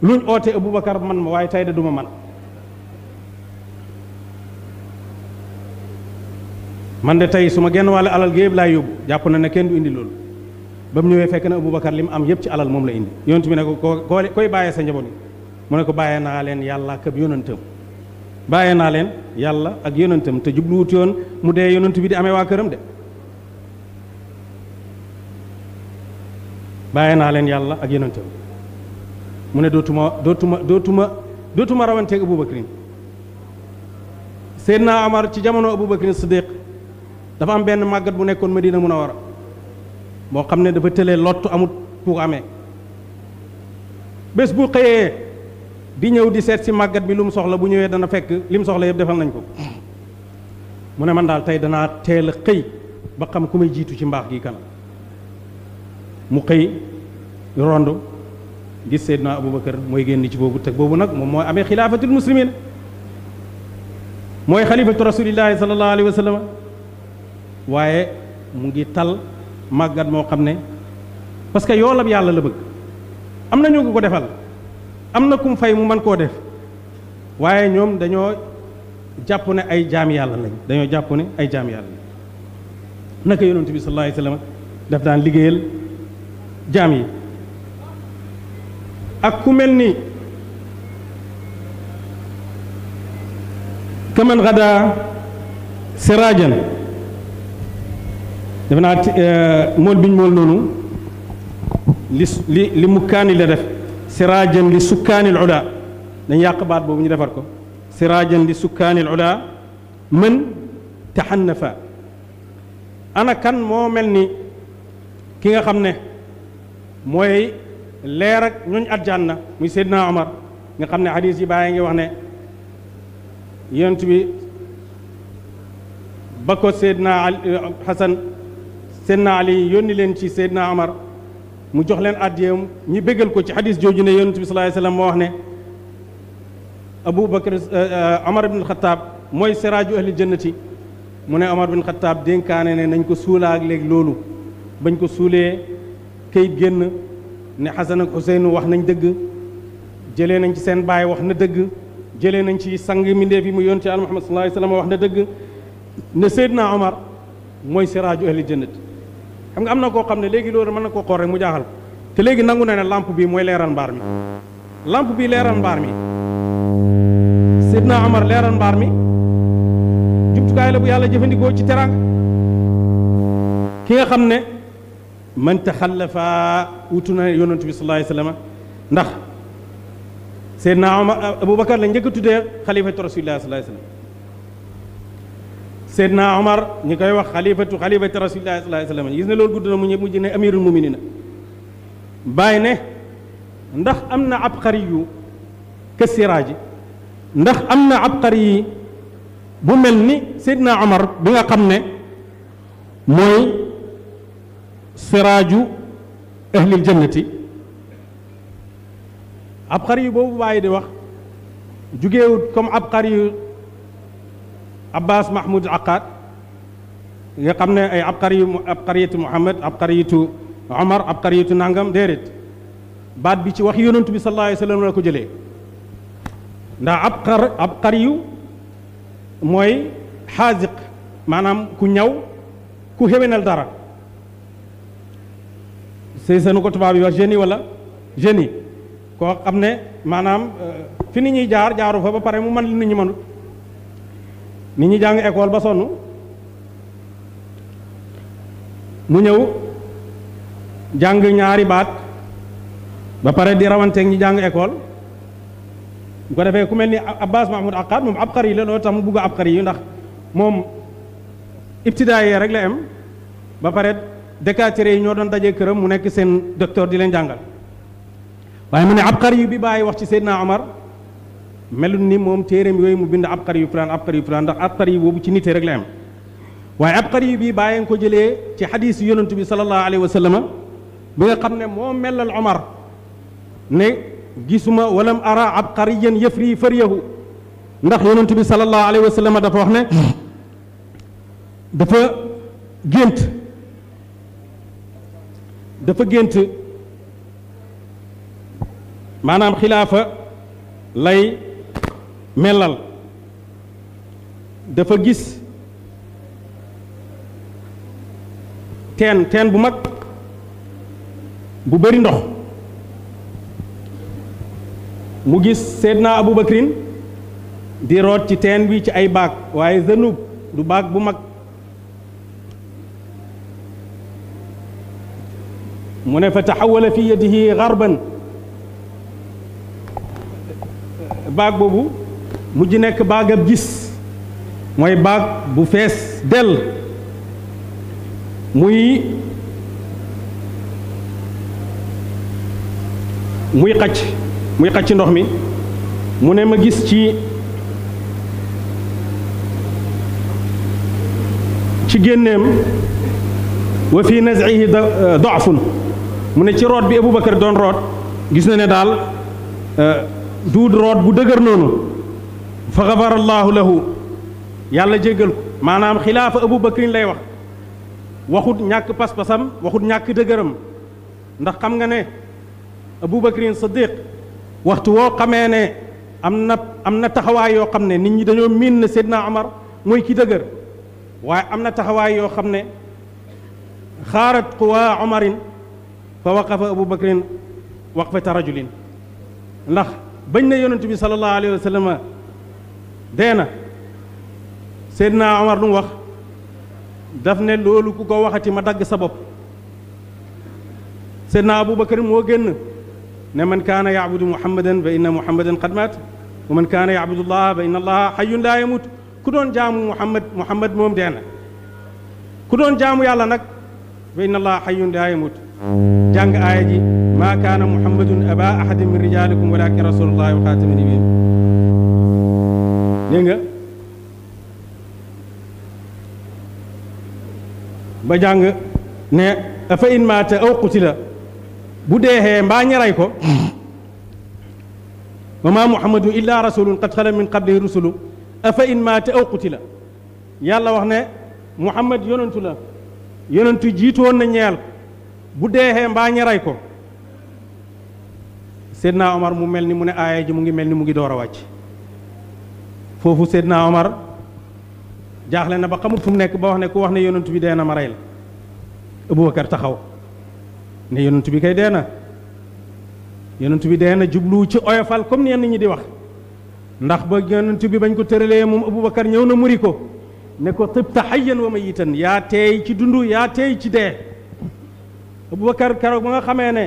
luñ ootee abubakar man ma waaye tey de ma man man de tey su ma genn wàll alal gi laay yóbbu jàpp na ne kenn du indi loolu ba mu ñëwee fekk na Aboubacar li mu am yëpp ci alal moom la indi yonent na ne ko koo koy bàyyee sa njaboot mu ne ko bàyyee naa leen yàlla ak yonentam bàyyee naa leen yàlla ak yonentam te jubluwut yoon mu dee yonent bi di amee waa këram de bàyyee naa leen yàlla ak yonentam mu ne dootuma dootuma dootuma dootuma rawanteeg Aboubacrine Seydina Amar ci jamono Aboubacrine Siddiq dafa am benn màggat bu nekkoon Madina Munawara moo xam ne dafa tëlee lottu amut pour amee bés bu xëyee di ñëw di seet si màggat bi lu mu soxla bu ñëwee dana fekk li soxla yëpp defal nañ ko mu ne man daal tey danaa teel a xëy ba xam ku may jiitu ci mbaax gi kan mu xëy rond gis Seydina Aboubacar mooy génn ci boobu teg boobu nag moom mooy amee xilaafatul muslimin mooy xalifatu rasulillahi sallallahu alayhi wa waaye mu ngi tal màggat moo xam ne parce que yoolam yàlla la bëgg am na ñu ko defal am na kum fay mu mën koo def waaye ñoom dañoo jàpp ne ay jaam yàlla lañ dañoo jàpp ne ay jaam yàlla lañ naka yonent bi sallallahu alayhi wasallam daf daan liggéeyal jaam yi ak ku mel ni kaman gada defe naa mool bi ñu mool noonu li li li mukkaani la def siraajan li sukkaanil ula dañ yàq baat boobu ñu defar ko siraajan li sukkaanil ula mën taxannafa ana kan moo mel ni ki nga xam ne mooy leer ak ñooñ aljanna muy Seydina Omar nga xam ne xadis yi bàyyi ngi wax ne yonent bi ba ko Seydina Xasan seydna ali yónni leen ci seydna amar mu jox leen addiyam ñi béggal ko ci xadis jooju ne yonent bi sallallahu alayhi wasallam moo wax ne abu bakar amar ibn xataab mooy siraaju ahli jannati mu ne amar ibn xataab dénkaane ne nañ ko suulaa ak léegi loolu bañ ko suulee kayit génn ne xasan ak xuseyn wax nañ dëgg jëlee nañ ci seen baay wax na dëgg jëlee nañ ci sang mindee fi mu yonent yàlla muhammad sallallahu alayhi wasallam wax na dëgg ne seydna amar mooy siraaju ahli jannati xam nga am na koo xam ne léegi loolu mën na koo xool rek mu jaaxal ko te léegi na ne lampe bi mooy leeral mbaar mi lampe bi leeral mbaar mi Seydina mbaar mi jumtukaay bu yàlla jëfandikoo ci teraanga ki nga xam ne man taxallafa wutu na yonantu bi sallallahu alayhi wasallam ndax Seydina Omar Aboubacar la njëkk tuddee xalifatu rasulillah sallallahu سيدنا عمر نيكاي واخ خليفه خليفه رسول الله صلى الله عليه وسلم غيس نه لول غودنا مو ني مو ني امير المؤمنين باي نه ندخ امنا عبقري كسراج ندخ امنا عبقري بو ملني سيدنا عمر بيغا خامني موي سراج اهل الجنه عبقري بو باي دي واخ جوغي كوم عبقري Abbas Mahmoud Akkad nga xamne ay abqari abqariyatu Muhammad abqariyatu Omar abqariyatu Nangam deret baat bi ci wax yonentou bi sallallahu alayhi wasallam lako jele nda abqar abqariyu moy haziq manam ku ñaw ku xéwénal dara sëy sanu ko tubaab yi wax jeni wala jeni ko xamne manam fini ñi jaar jaaru fa ba pare mu man li ñi mënut nit ñi jàng école ba sonn mu ñëw jàng ñaari baat ba pare di rawanteeg ñi jàng école bu ko defee ku mel ni Abbas Mahmoud Aqad moom abqar yi la loolu tax mu bugg abqar yi ndax moom ibtidaay rek la am ba pare décatéré yi ñoo doon dajee këram mu nekk seen docteur di leen jàngal waaye mu ne abqar yi bi bàyyi wax ci Seydina Omar melut ni moom téereem yooyu mu bind ab xari yu fulaan ab xari yu fulaan ndax ab xari boobu ci nite rek la am waaye ab xari bii bàyyi nga ko jëlee ci xadiis yonantu bi sallallahu alayhi wa sallam bi nga xam ne moo melal Omar ne gisuma walam ara ab xariyan yëfri fariyahu ndax yonantu bi sallallahu alayhi wa sallam dafa wax ne dafa gént dafa gént maanaam xilaafa lay melal dafa gis teen teen bu mag bu bari ndox mu gis Seydina Aboubacrin di root ci teen bi ci ay baag waaye zanub du baag bu mag mu ne fa taxawala fi yadihi garban baag boobu mu mujj nekk baag gis mooy baag bu fees dell muy muy xacc muy xacc ndox mi mu ne ma gis ci ci génneem wa fi nazihi doafun mu ne ci root bi Abubakar doon root gis na ne daal euh, duud root bu dëgër noonu فغفر الله allaahu lahu yàlla jéggal ko maanaam xilaafa abu bakrin lay wax waxut ñàkk pas-pasam waxut ñàkk dëgëram ndax xam nga ne abu bakrin saddiq waxtu woo xamee ne am na am na taxawaay yoo xam nit ñi dañoo miin na seydna omar ki dëgër waaye am na taxawaay yoo xam ne xaarat fa waqafa abu bakrin waqfata rajulin ndax bañ na yonent bi sallallahu alayhi wa دينا سيدنا عمر لو واخ داف نه لولو كوكو واختي ما دغ سبب سيدنا ابو بكر مو ген نمن كان يعبد محمدا فان محمدا قد مات ومن كان يعبد الله فان الله حي لا يموت كودون جام محمد محمد موم دينا كودون جام يالا نك فان الله حي لا يموت جانغ ايجي ما كان محمد ابا احد من رجالكم ولكن رسول الله وخاتم النبيين dégg nga ba jàng ne fa in maata aw qutila bu deexee mbaa ñaray ko wa ma muhammadu illa rasulun qad xala min qablihi rusulu afa in maata aw qutila yàlla wax ne muhammad yonentu la yonentu jiitoon na ñeel bu deexee mbaa ñaray ko seydna omar mu mel ni mu ne aaya ji mu ngi mel ni mu ngi door a wàcc foofu naa Omar jaaxle na ba xamut fu mu nekk ba wax ne ku wax ne yonent bi dee na ma la Abubakar taxaw ne yonent bi kay dee na yonent bi dee na jublu ci oyofal comme ni yenn ñi di wax ndax ba yonent bi bañ ko tëralee moom Abubakar ñëw na muri ko ne ko tibta hayyan wa mayitan yaa teey ci dund yaa teey ci dee Abubakar keroog ba nga xamee ne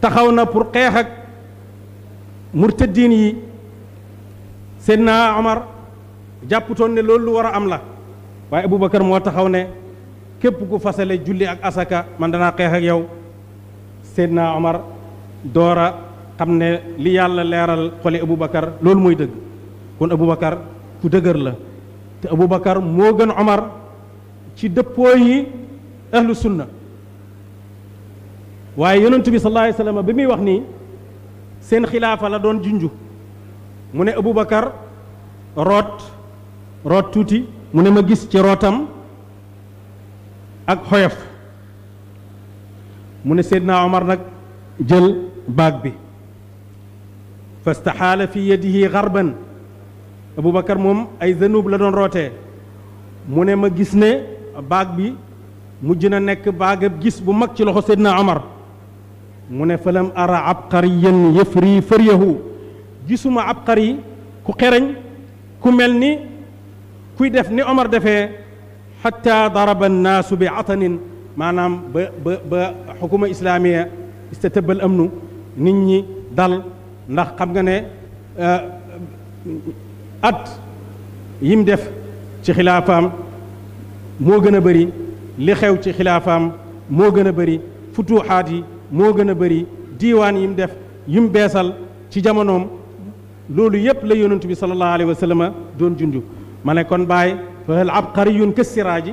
taxaw na pour xeex ak murtaddiin yi Seydina Omar jàpputoon ne loolu lu war a am la waaye Aboubacar moo taxaw ne képp ku fasale julli ak asaka man danaa xeex ak yow Seydina Omar door a xam ne li yàlla leeral xoli Aboubacar loolu mooy dëgg kon Aboubacar ku dëgër la te Aboubacar moo gën Omar ci dëppoo yi ahlu sunna waaye yonentu bi bi muy wax nii seen xilaafa la doon junju mu ne Aboubacar root root tuuti mu ne ma gis ci rootam ak xoyof mu ne Seydina Omar nag jël baag bi fastahala fi yadihi xarban Aboubacar moom ay zanub la doon rootee mu ne ma gis ne baag bi mujj na nekk baagab gis bu mag ci loxo Seydina Omar mu ne falam ara abqariyan yafri faryahu gisuma abqari ku xereñ ku melni ni kuy def ni omar defé hatta daraba annaasu bi atanin manam ba ba hukuma islamiyya istatabal amnu nit ñi dal ndax xam nga ne at yim def ci khilafam mo gëna bari li xew ci khilafam mo gëna bari futuhati mo gëna bari diwan yim def yim beesal ci jamonoom lolu yep la yonent bi sallallahu alayhi wa sallam doon junju ma kon bay fa hal abqariyun kasiraji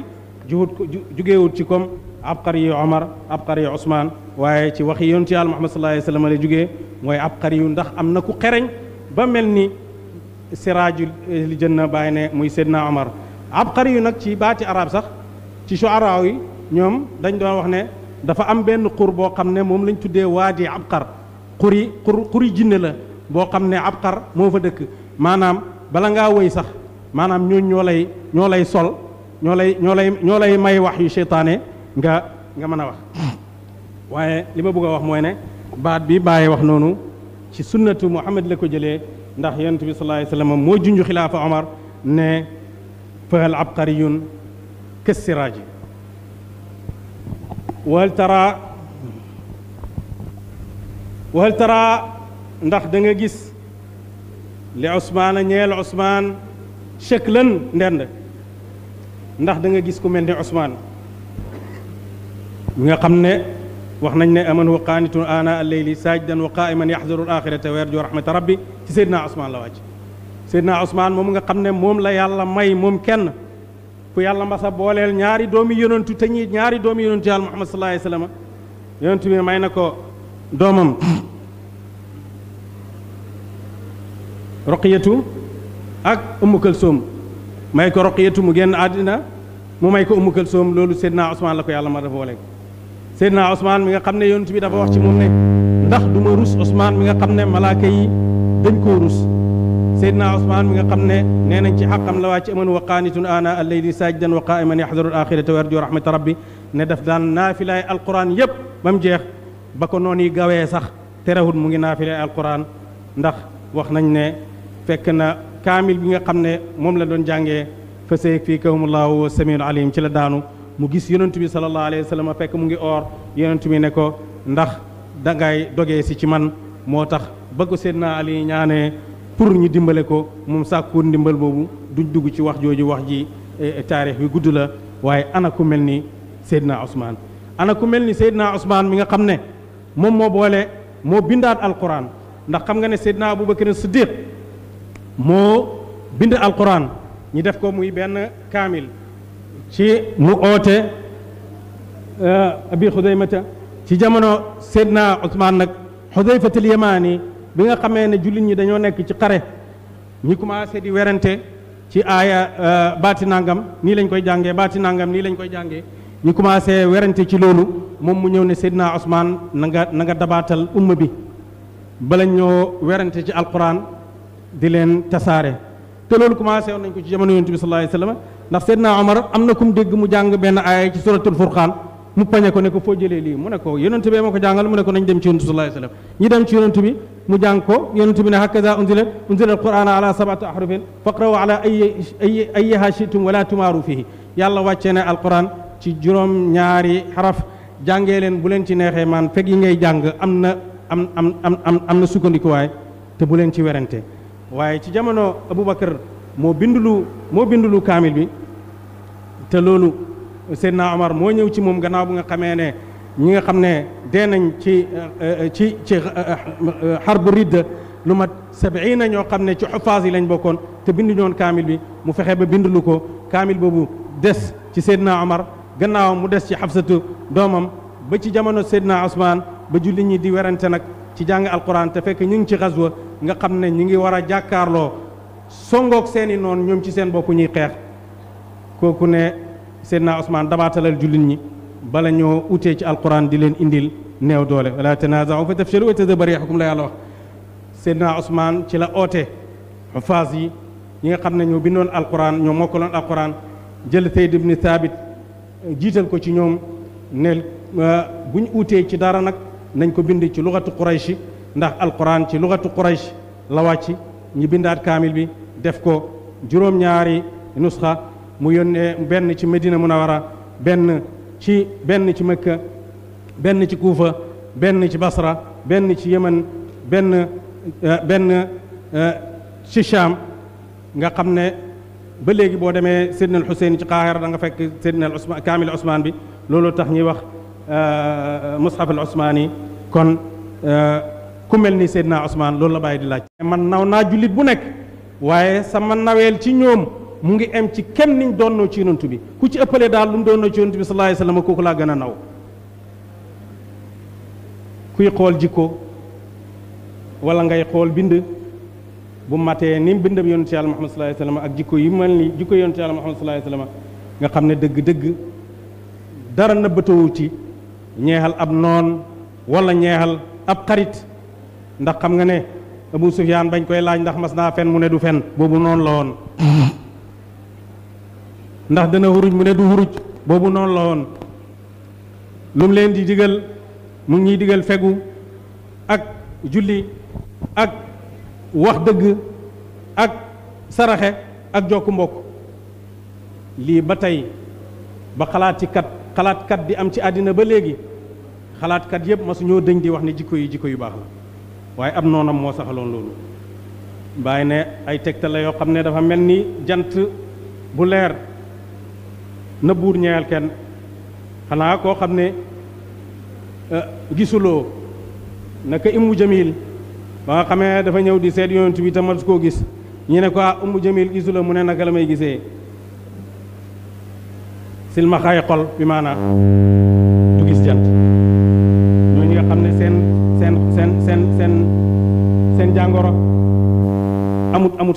juhud jugeewut ci kom abqari umar abqari usman waye ci waxi yonent yal muhammad sallallahu alayhi wa sallam la jugge moy abqari yu ndax amna ku xereñ ba melni siraju li janna bàyyi ne muy sayyidna umar abqari yu nag ci bati arab sax ci shuaraaw yi ñoom dañ doon wax ne dafa am ben qur bo xamne mom lañ tuddé wadi abqar quri quri xuri jinne la bo xamne ne mo fa dëkk manam bala nga way sax manam ñoo ñolay ñolay sol ñolay ñolay ñolay may wax yu sheytane nga nga mëna wax waye lima bëgg wax moy ne baat bi baye wax nonu ci sunnatu muhammad lako jëlé ndax yantu bi sallallahu alayhi wasallam mo junj khilafa umar ne fahal abqariyun kasiraj wal tara wal tara ndax danga nga gis li Ousmane ñeel Ousmane shaklan ndend ndax danga gis ku mel ni Ousmane mi nga xam ne wax nañ ne aman wa qaanitun ana alleyli saajidan wa qaaiman yaxdaru alaxirata weer yarju rahmata rabbi ci Seydina Ousmane la wàcc Seydina Ousmane moom mu nga xam ne moom la yàlla may moom kenn ku yàlla masa booleel ñaari doomi yonentu te ñaari doomi yonentu yàlla Muhammad sallallahu alayhi wa sallam may na ko doomam roqiyatu ak ummu kalsoom may ko roqiyatu mu génn àddina mu may ko ummu kalsoom loolu Seydina Ousmane la ko yàlla ma dafa waleeg Seydina Ousmane mi nga xam ne yonent bi dafa wax ci moom ne ndax du ma rus Ousmane mi nga xam ne malaaka yi dañ koo rus Seydina Ousmane mi nga xam ne nee nañ ci xàqam la waa ci aman wa qaanitun ana alleyli saajidan wa qaaiman yaxdaru alaxirata wa yarju rahmata rabbi ne daf daan naafilaay alquran yépp ba mu jeex ba ko fekk na kaamil bi nga xam ne moom la doon jàngee fa sayakfikahumullahu samiun alim ci la daanu mu gis yonent bi sallallahu alayhi wa sallam fekk mu ngi oor yonent bi ne ko ndax dangay dogee si ci man moo tax bëgg Seydina Ali ñaanee pour ñu dimbale ko moom sàkkuur ndimbal boobu duñ dugg ci wax jooju wax ji eh, eh, taarix wi gudd la waaye ana ku mel ni Seydina Ousmane ana ku mel ni Seydina Ousmane mi nga xam ne moom moo boole moo bindaat alquran ndax xam nga ne Seydina Aboubacar Siddiq moo bind alquran ñi def ko muy benn kaamil ci mu oote euh, abi xudaymata ci jamono seydna Ousmane nag xudayfatul yamaani bi nga xamee ne jullit ñi dañoo nekk ci xare ñi commencé di werante ci aaya euh, baati nangam nii lañ koy jàngee baati nangam nii lañ koy jàngee ñu commencé werante ci loolu moom mu ñëw ne seydna Ousmane na nga na nga dabaatal umma bi bala ñoo werante ci alquran di leen tasaare te loolu commencé woon nañ ko ci jamono yonent bi sallallahu alayhi wasallam ndax Seydina Omar am na ku mu dégg mu jàng benn aaya ci suratul furqaan mu pañe ko ne ko foo jëlee lii mu ne ko yonent ma ko jàngal mu ne ko nañ dem ci yonent bi sallallahu ñi dem ci yonent mu jàng ko yonent bi ne hakaza unzila unzila alqur'ana ala sab'ati ahrufin ay ay ayyi ayyiha shi'tum wala tumaaru fihi yàlla wàccee ne alquran ci juróom ñaari xaraf jàngee leen bu leen ci neexee maan fekk yi ngay jàng am na am am am am na sukkandikuwaay te bu leen ci werante waaye ci jamono Aboubacar moo bindulu moo bindulu kaamil bi te loolu Seydina Omar moo ñëw ci moom gannaaw bu nga xamee ne ñi nga xam ne dee nañ ci euh, ci ci xarbu euh, euh, ridda lu mat sabiina ñoo xam ne ci xufaas yi lañ bokkoon te bindu ñoon kaamil bi mu fexe ba bindulu ko kaamil boobu des ci Seydina Omar gannaawam mu des ci xafsatu doomam ba ci jamono Seydina Ousmane ba jullit ñi di werante nag ci jàng alquran te fekk ñu ngi ci xaswa nga xam ne ñu ngi war a jàkkaarloo songook seeni noonu ñoom ci seen bopp ñuy xeex kooku ne Seydina Ousmane dabaatalal jullit ñi bala ñoo utee ci alquran di leen indil néew doole wala tanaaza'u fa tafshalu wa tadhhaba riihukum la yàlla wax Seydina Ousmane ci la oote xufaas yi ñi nga xam ne ñoo bindoon alquran ñoo loon alquran jël Zayd ibn Thabit jiital ko ci ñoom ne euh, buñ uutee ci dara nag نانكو بيندي سي لغه قريشي نده القران سي لغه قريش لواتي ني بيندات كامل بي ديف كو جوروم نياري نسخه مو يوني بن سي مدينه منوره بن سي بن سي مكه بن سي كوفه بن سي بصره بن سي يمن بن بن سي شام nga xamne ba legi bo deme sidna al-husayn ci qahira da nga fek sidna al-usman kamil usman bi lolo tax ñi wax euh mushaf al-usmani kon euh, ku mel ni Seydina Ousmane loolu la bàyyi di laaj. man naw naa jullit bu nekk waaye sama naweel ci ñoom mu ngi em ci kenn niñ doonnoo ci yonent bi ku ci ëppalee daal lu mu doonnoo ci yonent bi sallallahu alayhi wa sallam kooku naw kuy xool jikko wala ngay xool bind bu matee ni bindam yonent yàlla Muhammad sallallahu ak jikko yu mel ni jikko yonent yàlla Muhammad nga xam ne dëgg-dëgg dara nëbbatowu ci ñeexal ab noon wala ñeexal ab xarit ndax xam nga ne Abu Sufyaan bañ koy laaj ndax mas naa fen mu ne du fen boobu noonu la woon ndax dana xuruj mu ne du xuruj boobu noonu la woon lu leen di digal mu ngi digal fegu ak julli ak wax dëgg ak saraxe ak jokku mbokk lii ba tey ba xalaat kat xalaat kat di am ci àddina ba léegi xalaatkat yëpp masuñoo dëñ di wax ne jikko yi jikko yu baax la waaye am noonam moo saxaloon loolu bàyyi ne ay tegtal la yoo xam ne dafa mel ni jant bu leer na buur ñeyal kenn xanaa koo xam ne euh, gisuloo naka Ummu Jamil ba nga xamee dafa ñëw di seet yonent bi tamat koo gis ñu ne ko ah, Ummu Jamil gisuloo mu ne naka la may gisee silmaxaay xol bi maanaam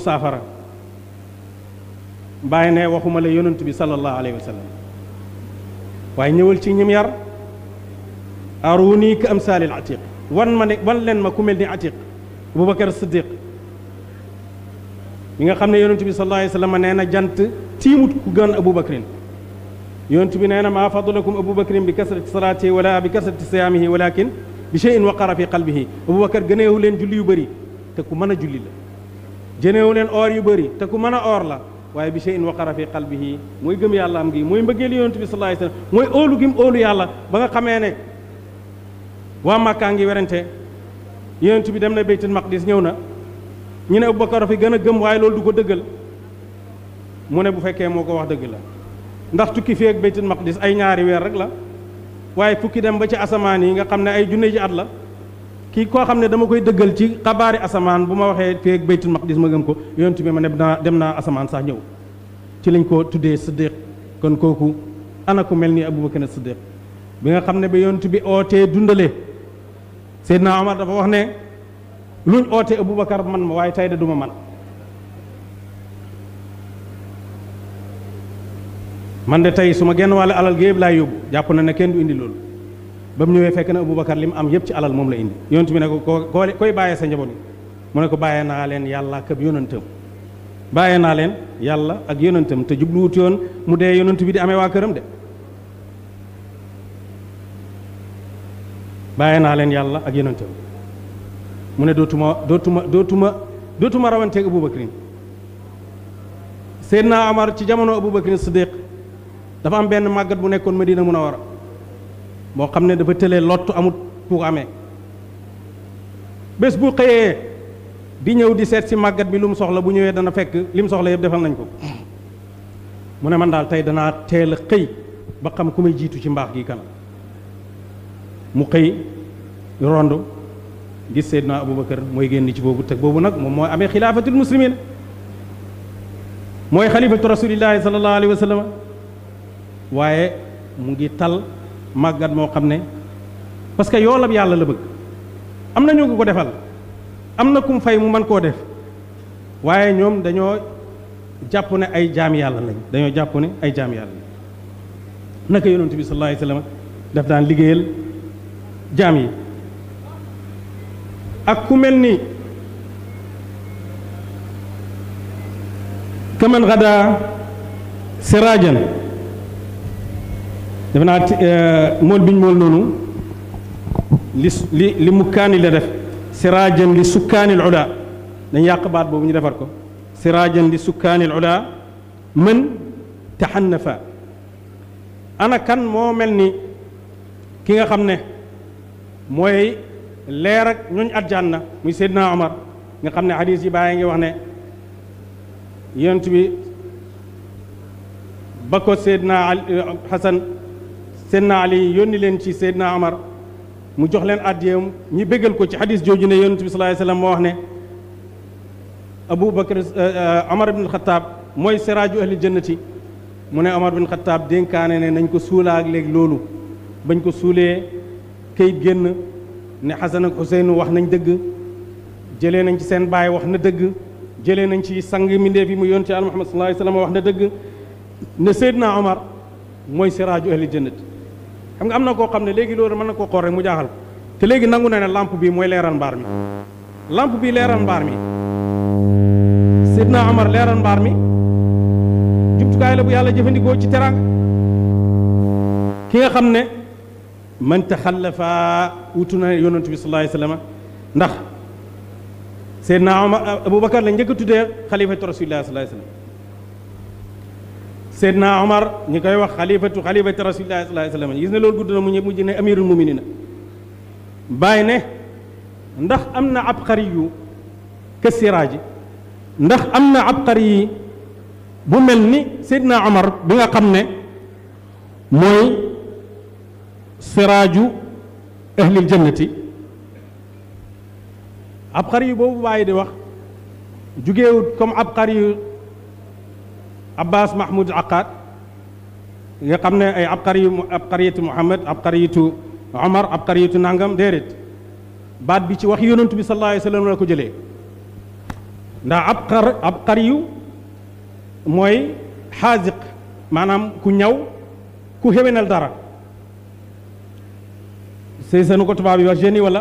saafara bàyyi ne waxuma la yonent bi sallallahu alayhi wa sallam waaye ñëwal ci ñim yar aruni ka amsaalil atiq wan ma wan leen ma ku ni atiq aboubacar siddiq mi nga xam ne yonent bi sallallahu alayhi wa sallam nee na jant tiimut ku gën aboubacrin yonent bi nee na maa fadlakum aboubacrin bi kasrati salaati wala bi kasrati siyaamihi walakin bi cheyin waqara fi qalbihi aboubacar gëneewu leen julli yu bëri te ku mën julli la jënewu leen or yu bëri te ku mën a or la waaye bi shay'in waqara fi qalbihi mooy gëm yàlla am gi mooy mbëggeel yonent bi sallallahu alayhi wasallam mooy óolu gi mu óolu yàlla ba nga xamee ne waa Màkkaa ngi werante yonent bi dem na beytul maqdis ñëw na ñu ne Abubakar fi gën a gëm waaye loolu du ko dëggal mu ne bu fekkee moo ko wax dëgg la ndax tukki fii ak beytul maqdis ay ñaari weer rek la waaye fukki dem ba ci asamaan yi nga xam ne ay junne ji at la kii koo xam ne dama koy dëggal ci xabaari asamaan bu ma waxee fii ak baytul maqdis ma gëm ko yonent bi ma ne naa dem naa asamaan sax ñëw ci lañ ko tuddee siddiq kon kooku ana ku mel ni abubakar siddiq bi nga xam ne ba yonent bi ootee dundale seydna omar dafa wax ne luñ ootee abubakar man ma waaye tey de ma man man de tey su ma genn wàll alal géeb laay yóbbu jàpp na ne kenn du indi loolu ba mu ñëwee fekk na Aboubacar li mu am yëpp ci alal moom la indi yonent bi ne ko koo koy bàyyee sa njaboot mu ne ko bàyyee naa leen yàlla ak yonentam bàyyee naa leen yàlla ak yonentam te jubluwut yoon mu dee yonent bi di amee waa këram de bàyyee naa leen yàlla ak yonentam mu ne dootuma dootuma dootuma dootuma rawanteeg Aboubacrine Seydina Omar ci jamono Aboubacrine Siddiq dafa am benn màggat bu nekkoon Madina Munawara moo xam ne dafa tëlee lottu amut pour amee bés bu xëyee di ñëw di seet si màggat bi lu mu soxla bu ñëwee dana fekk li soxla yëpp defal nañ ko mu ne man daal tey danaa teel a xëy ba xam ku may jiitu ci mbaax gi kanam mu xëy rond gis Seydina Aboubacar mooy génn ci boobu teg boobu nag moom mooy amee xilaafatul muslimin mooy xalifatu rasulillahi sallallahu alayhi wa waaye mu ngi tal màggat moo xam ne parce que yoolam yàlla la bëgg am na ñu ngi ko defal am na kum fay mu mën koo def waaye ñoom dañoo jàpp ne ay jaam yàlla lañ dañoo jàpp ne ay jaam yàlla lañ naka yonent bi sallallahu alayhi wasallam daf daan liggéeyal jaam yi ak ku mel ni kaman gada sirajan defe naa mool bi ñu mool noonu li li li mukkaani la def siraajan li sukkaanil ulaa dañ yàq baat boobu ñu defar ko siraajan li sukkaanil ulaa mën taxannafa ana kan moo mel ni ki nga xam ne mooy leer ak ñooñ àjjana muy Seydina Omar nga xam ne xadis yi bàyyi ngi wax ne yonent bi ba ko Seydina Xasan سيدنا علي يوني لين شي سيدنا عمر مو جوخ لين اديوم ني بيغل كو حديث جوجي يونس صلى الله عليه وسلم واخ ابو بكر عمر بن الخطاب موي سراج اهل الجنتي مو ني عمر بن الخطاب دين كان ني نانكو سولا ليك لولو بنكو سولي كي ген ني حسن حسين واخ نان دغ جيلي نان سين باي واخ نا دغ جيلي نان سي سانغ ميندي مو يونس محمد صلى الله عليه وسلم واخ نا دغ ني سيدنا عمر موي سراج اهل الجنتي xam nga am na koo xam ne léegi loolu mën na koo xool rek mu jaaxal ko te léegi nangu na ne lampe bii mooy leeral mbaar mi lampe bii leeral mbaar mi mbaar mi jumtukaay bu yàlla jëfandikoo ci teraanga ki nga xam ne man taxallafa wutu na yonent bi sallallahu alayhi wasallam ndax Seydina Omar Aboubacar la njëkk tuddee xalifatu rasulillah sallallahu سيدنا عمر نيكاي واخ خليفه خليفه رسول الله صلى الله عليه وسلم يزن لول غود مو ني مجي امير المؤمنين باي نه ندخ امنا عبقري كسراج ندخ امنا عبقري بو ملني سيدنا عمر بيغا خامني موي سراج اهل الجنه عبقري بو باي دي واخ جوغي كوم عبقري abbas mahmoud aqad nga xam ne ay abqari abqariyatu muhammad abqariyatu omar abqariyatu nangam déedéet baat bi ci wax yonantu bi sallallahu alayhi wa sallam la ko jëlee ndax abqar abqariyu mooy xaasiq maanaam ku ñaw ku xéwénal dara sëy sanu ko tubaab yi wax génie wala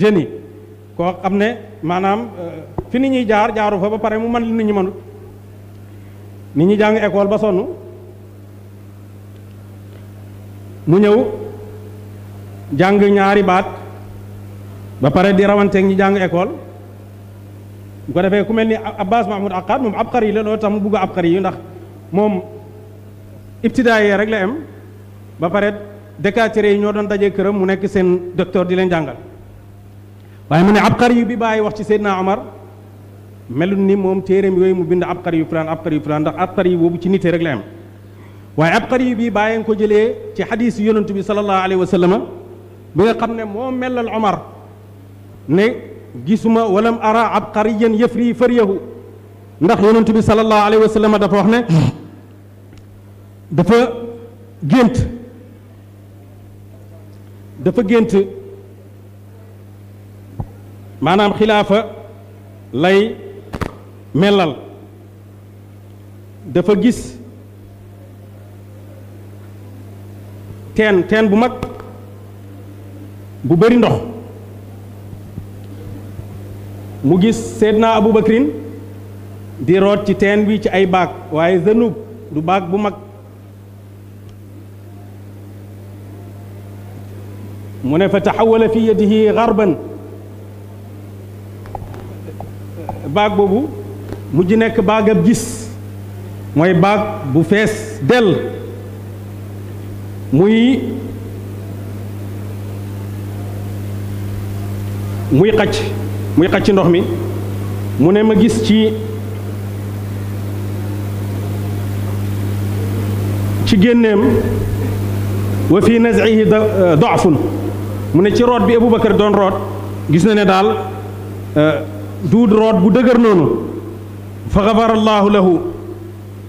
génie koo xam ne maanaam euh, fi ni ñuy jaar jaaru fa ba pare mu man li nit ñi mënut nit ñi jàng école ba sonn mu ñëw jàng ñaari baat ba pare di rawanteeg ñi jàng école bu ko defee ku mel ni Abbas Mahmoud Aqad moom abqari la loolu tax mu bugg abqari yu ndax moom ibtidaayee rek la am ba pare décatire yi ñoo doon dajee këram mu nekk seen docteur di leen jàngal waaye mu ne abqari yu bi bàyyi wax ci Seydina Omar melut ni moom téeréem yooyu mu bind abqari yu fulaan abqari yu fulaan ndax abqari yi boobu ci nite rek la am waaye abqari yi bii bàyyi nga ko jëlee ci xadiis yonent bi sallallahu alayhi wa sallam bi nga xam ne moo melal Omar ne gisuma walam ara abqariyan yafri fariyahu ndax yonent bi sallallahu alayhi wa sallam dafa wax ne dafa gént dafa gént maanaam xilaafa lay melal dafa gis teen teen bu mag bu bari ndox mu gis Seydina Aboubacrin di root ci teen bi ci ay baag waaye Zanub du baag bu mag mu ne fa taxawala fi yadihi garban baag boobu mu mujj nekk baag gis mooy baag bu fees dell muy muy xacc muy xacc ndox mi mu ne ma gis ci ci génneem wa fi nazihi doafun euh, mu ne ci root bi Abubakar doon root gis na ne daal euh, duud root bu dëgër noonu fa xafara allaahu lahu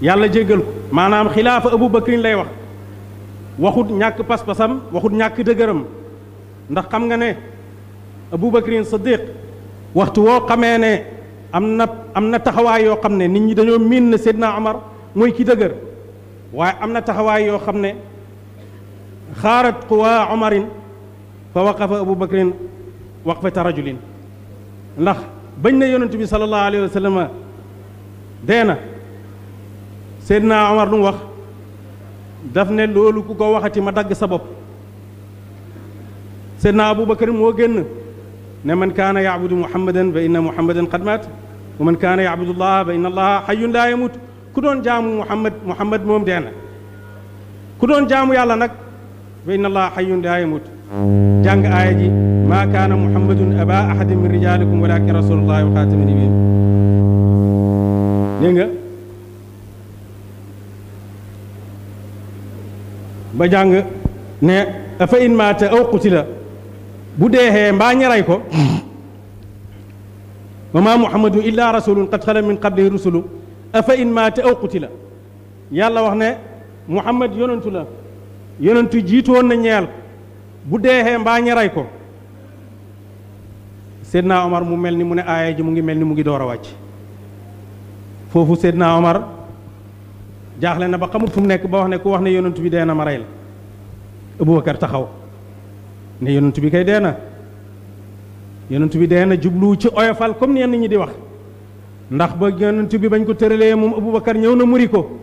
yàlla jéggal ko maanaam xilaafa abu bakrin lay wax waxut ñàkk pas-pasam waxut ñàkk dëgëram ndax xam nga ne abu bakrin siddiq waxtu woo xamee ne am na am na taxawaay yoo xam ne nit ñi dañoo miin ne Seydina Omar mooy ki dëgër waaye am na taxawaay yoo xam ne xaarat quwaa omarin fa waqafa abu bakrin waqfata rajulin ndax bañ na yonent bi sallallahu alayhi wa sallam dee na Seydina Omar lu mu wax daf ne loolu ku ko waxati ma dagg sa bopp Seydina Aboubacar moo génn ne man kaana yaabudu muhammadan fa inna muhammadan qad maat wa man kaana yaabudu allah fa inna allah xayun laa yamut ku doon jaamu muhammad muhammad moom dee na ku doon jaamu yàlla nag fa inna allah xayun laa yamut jàng aaya ji maa kaana muhammadun aba ahadin min rijaalikum walakin rasulullahi wa xaatama nabiyin dégg nga ba jàng ne fa in maata aw qutila bu deexee mbaa ñaray ko <laughs> wa maa muhammadu illa rasulun qad xala min qablihi rusulu afa in maata aw qutila yàlla wax ne muhammad yonentu la yonentu jiitoon na ñeel bu deexee mbaa ñaray ko Seydina Omar mu mel ni mu ne aaya ji mu ngi mel ni mu ngi door a wàcc foofu naa Omar jaaxle na ba xamut fu mu nekk ba wax ne ku wax ne yonent bi dee na maray la Abubakar taxaw ne yonent bi kay dee na yonent bi dee na jublu ci oyofal comme ni yenn ñi di wax ndax ba yonent bi bañ ko tëralee moom Abubakar ñëw na muri ko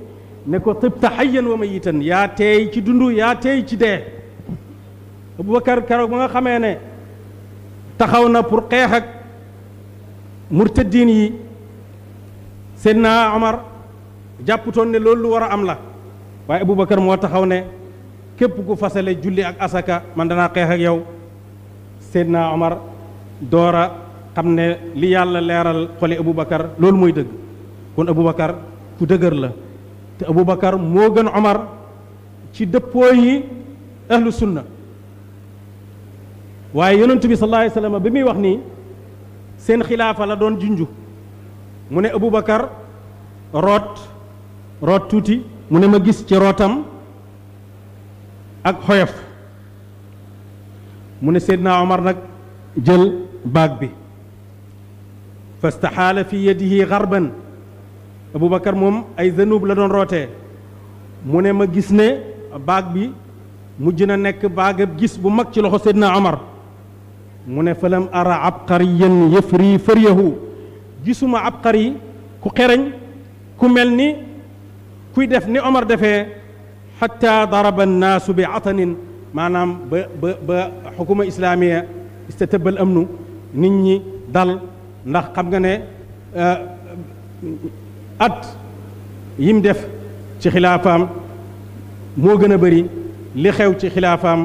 ne ko tibta hayyan wa mayitan yaa teey ci dund yaa teey ci dee Abubakar keroog ba nga xamee ne taxaw na pour xeex ak murtaddiin yi Seydina Omar jàpputoon ne loolu war a am la waaye Aboubacar moo taxaw ne képp ku fasale julli ak asaka man danaa xeex ak yow Seydina Omar door a xam ne li yàlla leeral xoli Aboubacar loolu mooy dëgg kon Aboubacar ku dëgër la te Aboubacar moo gën Omar ci dëppoo yi ahlu sunna waaye yonentu bi bi muy wax nii seen xilaafa la doon junju mu ne Aboubacar root root tuuti mu ne ma gis ci rootam ak xoyof mu ne na Omar nag jël baag bi fastaxaala fi yadihi garban Aboubacar moom ay zanub la doon rootee mu ne ma gis ne baag bi mujj na nekk baagab gis bu mag ci loxo na Omar mu ne falam ara abqariyan yafri fariyahu gisuma abqari ku xereñ ku mel ni kuy def ni omar defee xatta daraba annaasu bi atanin maanaam ba ba ba xukuma islaamiya istatabal amnu nit ñi dal ndax xam nga ne at yim def ci xilaafaam moo gën a bëri li xew ci xilaafaam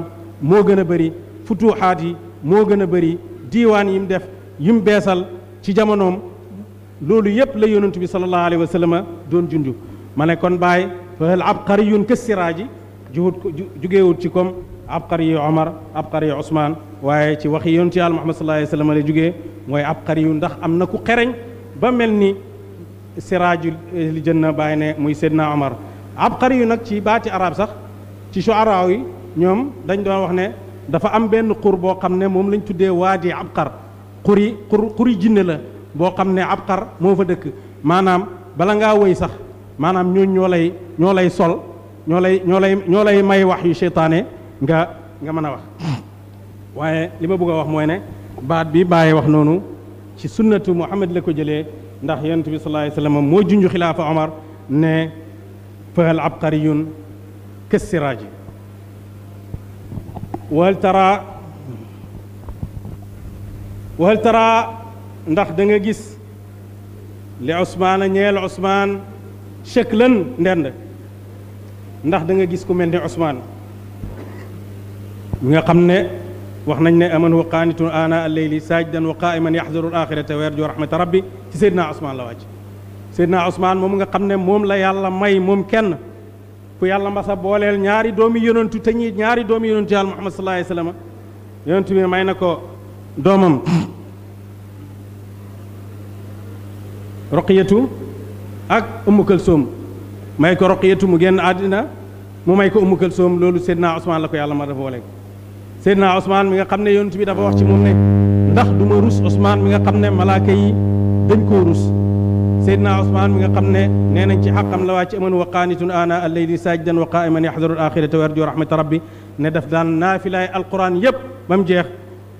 moo gën a bëri futuuxaat yi moo gën a bëri diiwaan yim def yim beesal ci jamonoom loolu yëpp la yonent bi sallallahu alayhi wa sallam doon junju ma ne kon baay bàyyi fahal abqariyun ka siraaji juhut jugeewut ci comme abqari yu omar abqari yu ousmane waaye ci waxi yonent ci muhammad sallallahu alayhi wa sallam la jugee mooy abqari yu ndax am na ku xereñ ba mel ni siraaju li jën na bàyyi ne muy seydna omar abqari yu nag ci baati arab sax ci shuaraa yi ñoom dañ doon wax ne dafa am benn xur boo xam ne moom lañ tuddee waadi abqar xuri xur xuri jinne la bo xamne ne mo fa dëkk manam bala nga way sax manam ñoo ñolay ñolay sol ñolay ñolay ñolay may wax yu sheytane nga nga mëna wax waye lima bëgg wax moy ne baat bi baye wax nonu ci sunnatu muhammad lako jëlé ndax yantu bi sallallahu alayhi wasallam mo junj khilafa umar ne fahal abqariyun kassiraaji wal tara wal tara ndax danga gis li Ousmane a ñeel Ousmane shaklan ndend ndax danga gis ku mel ni Ousmane mi nga xam ne wax nañ ne aman wa qaanitun ana alleyli saajidan wa qaaiman yaxdaru alaxirata wa yarju rahmata rabbi ci Seydina Ousmane la wàcc Seydina Ousmane moom nga xam ne moom la yàlla may moom kenn ku yàlla masa booleel ñaari doomi yonentu te ñi ñaari doomi yonentu yàlla Muhammad sallallahu alayhi wa may na ko doomam roqiyatu ak ummu kalsoom may ko roqiyatu mu génn àddina mu may ko ummu kalsoom loolu Seydina Ousmane la ko yàlla ma dafa waleeg Seydina Ousmane mi nga xam ne yonent bi dafa wax ci moom ne ndax du ma rus Ousmane mi nga xam ne malaaka yi dañ koo rus Seydina Ousmane mi nga xam ne nee nañ ci xàqam la waa ci aman wa qaanitun ana alleyli saajidan wa qaaiman yaxdaru al axirata wa yarju rahmata rabbi ne daf daan naafilaay alquran yépp ba mu jeex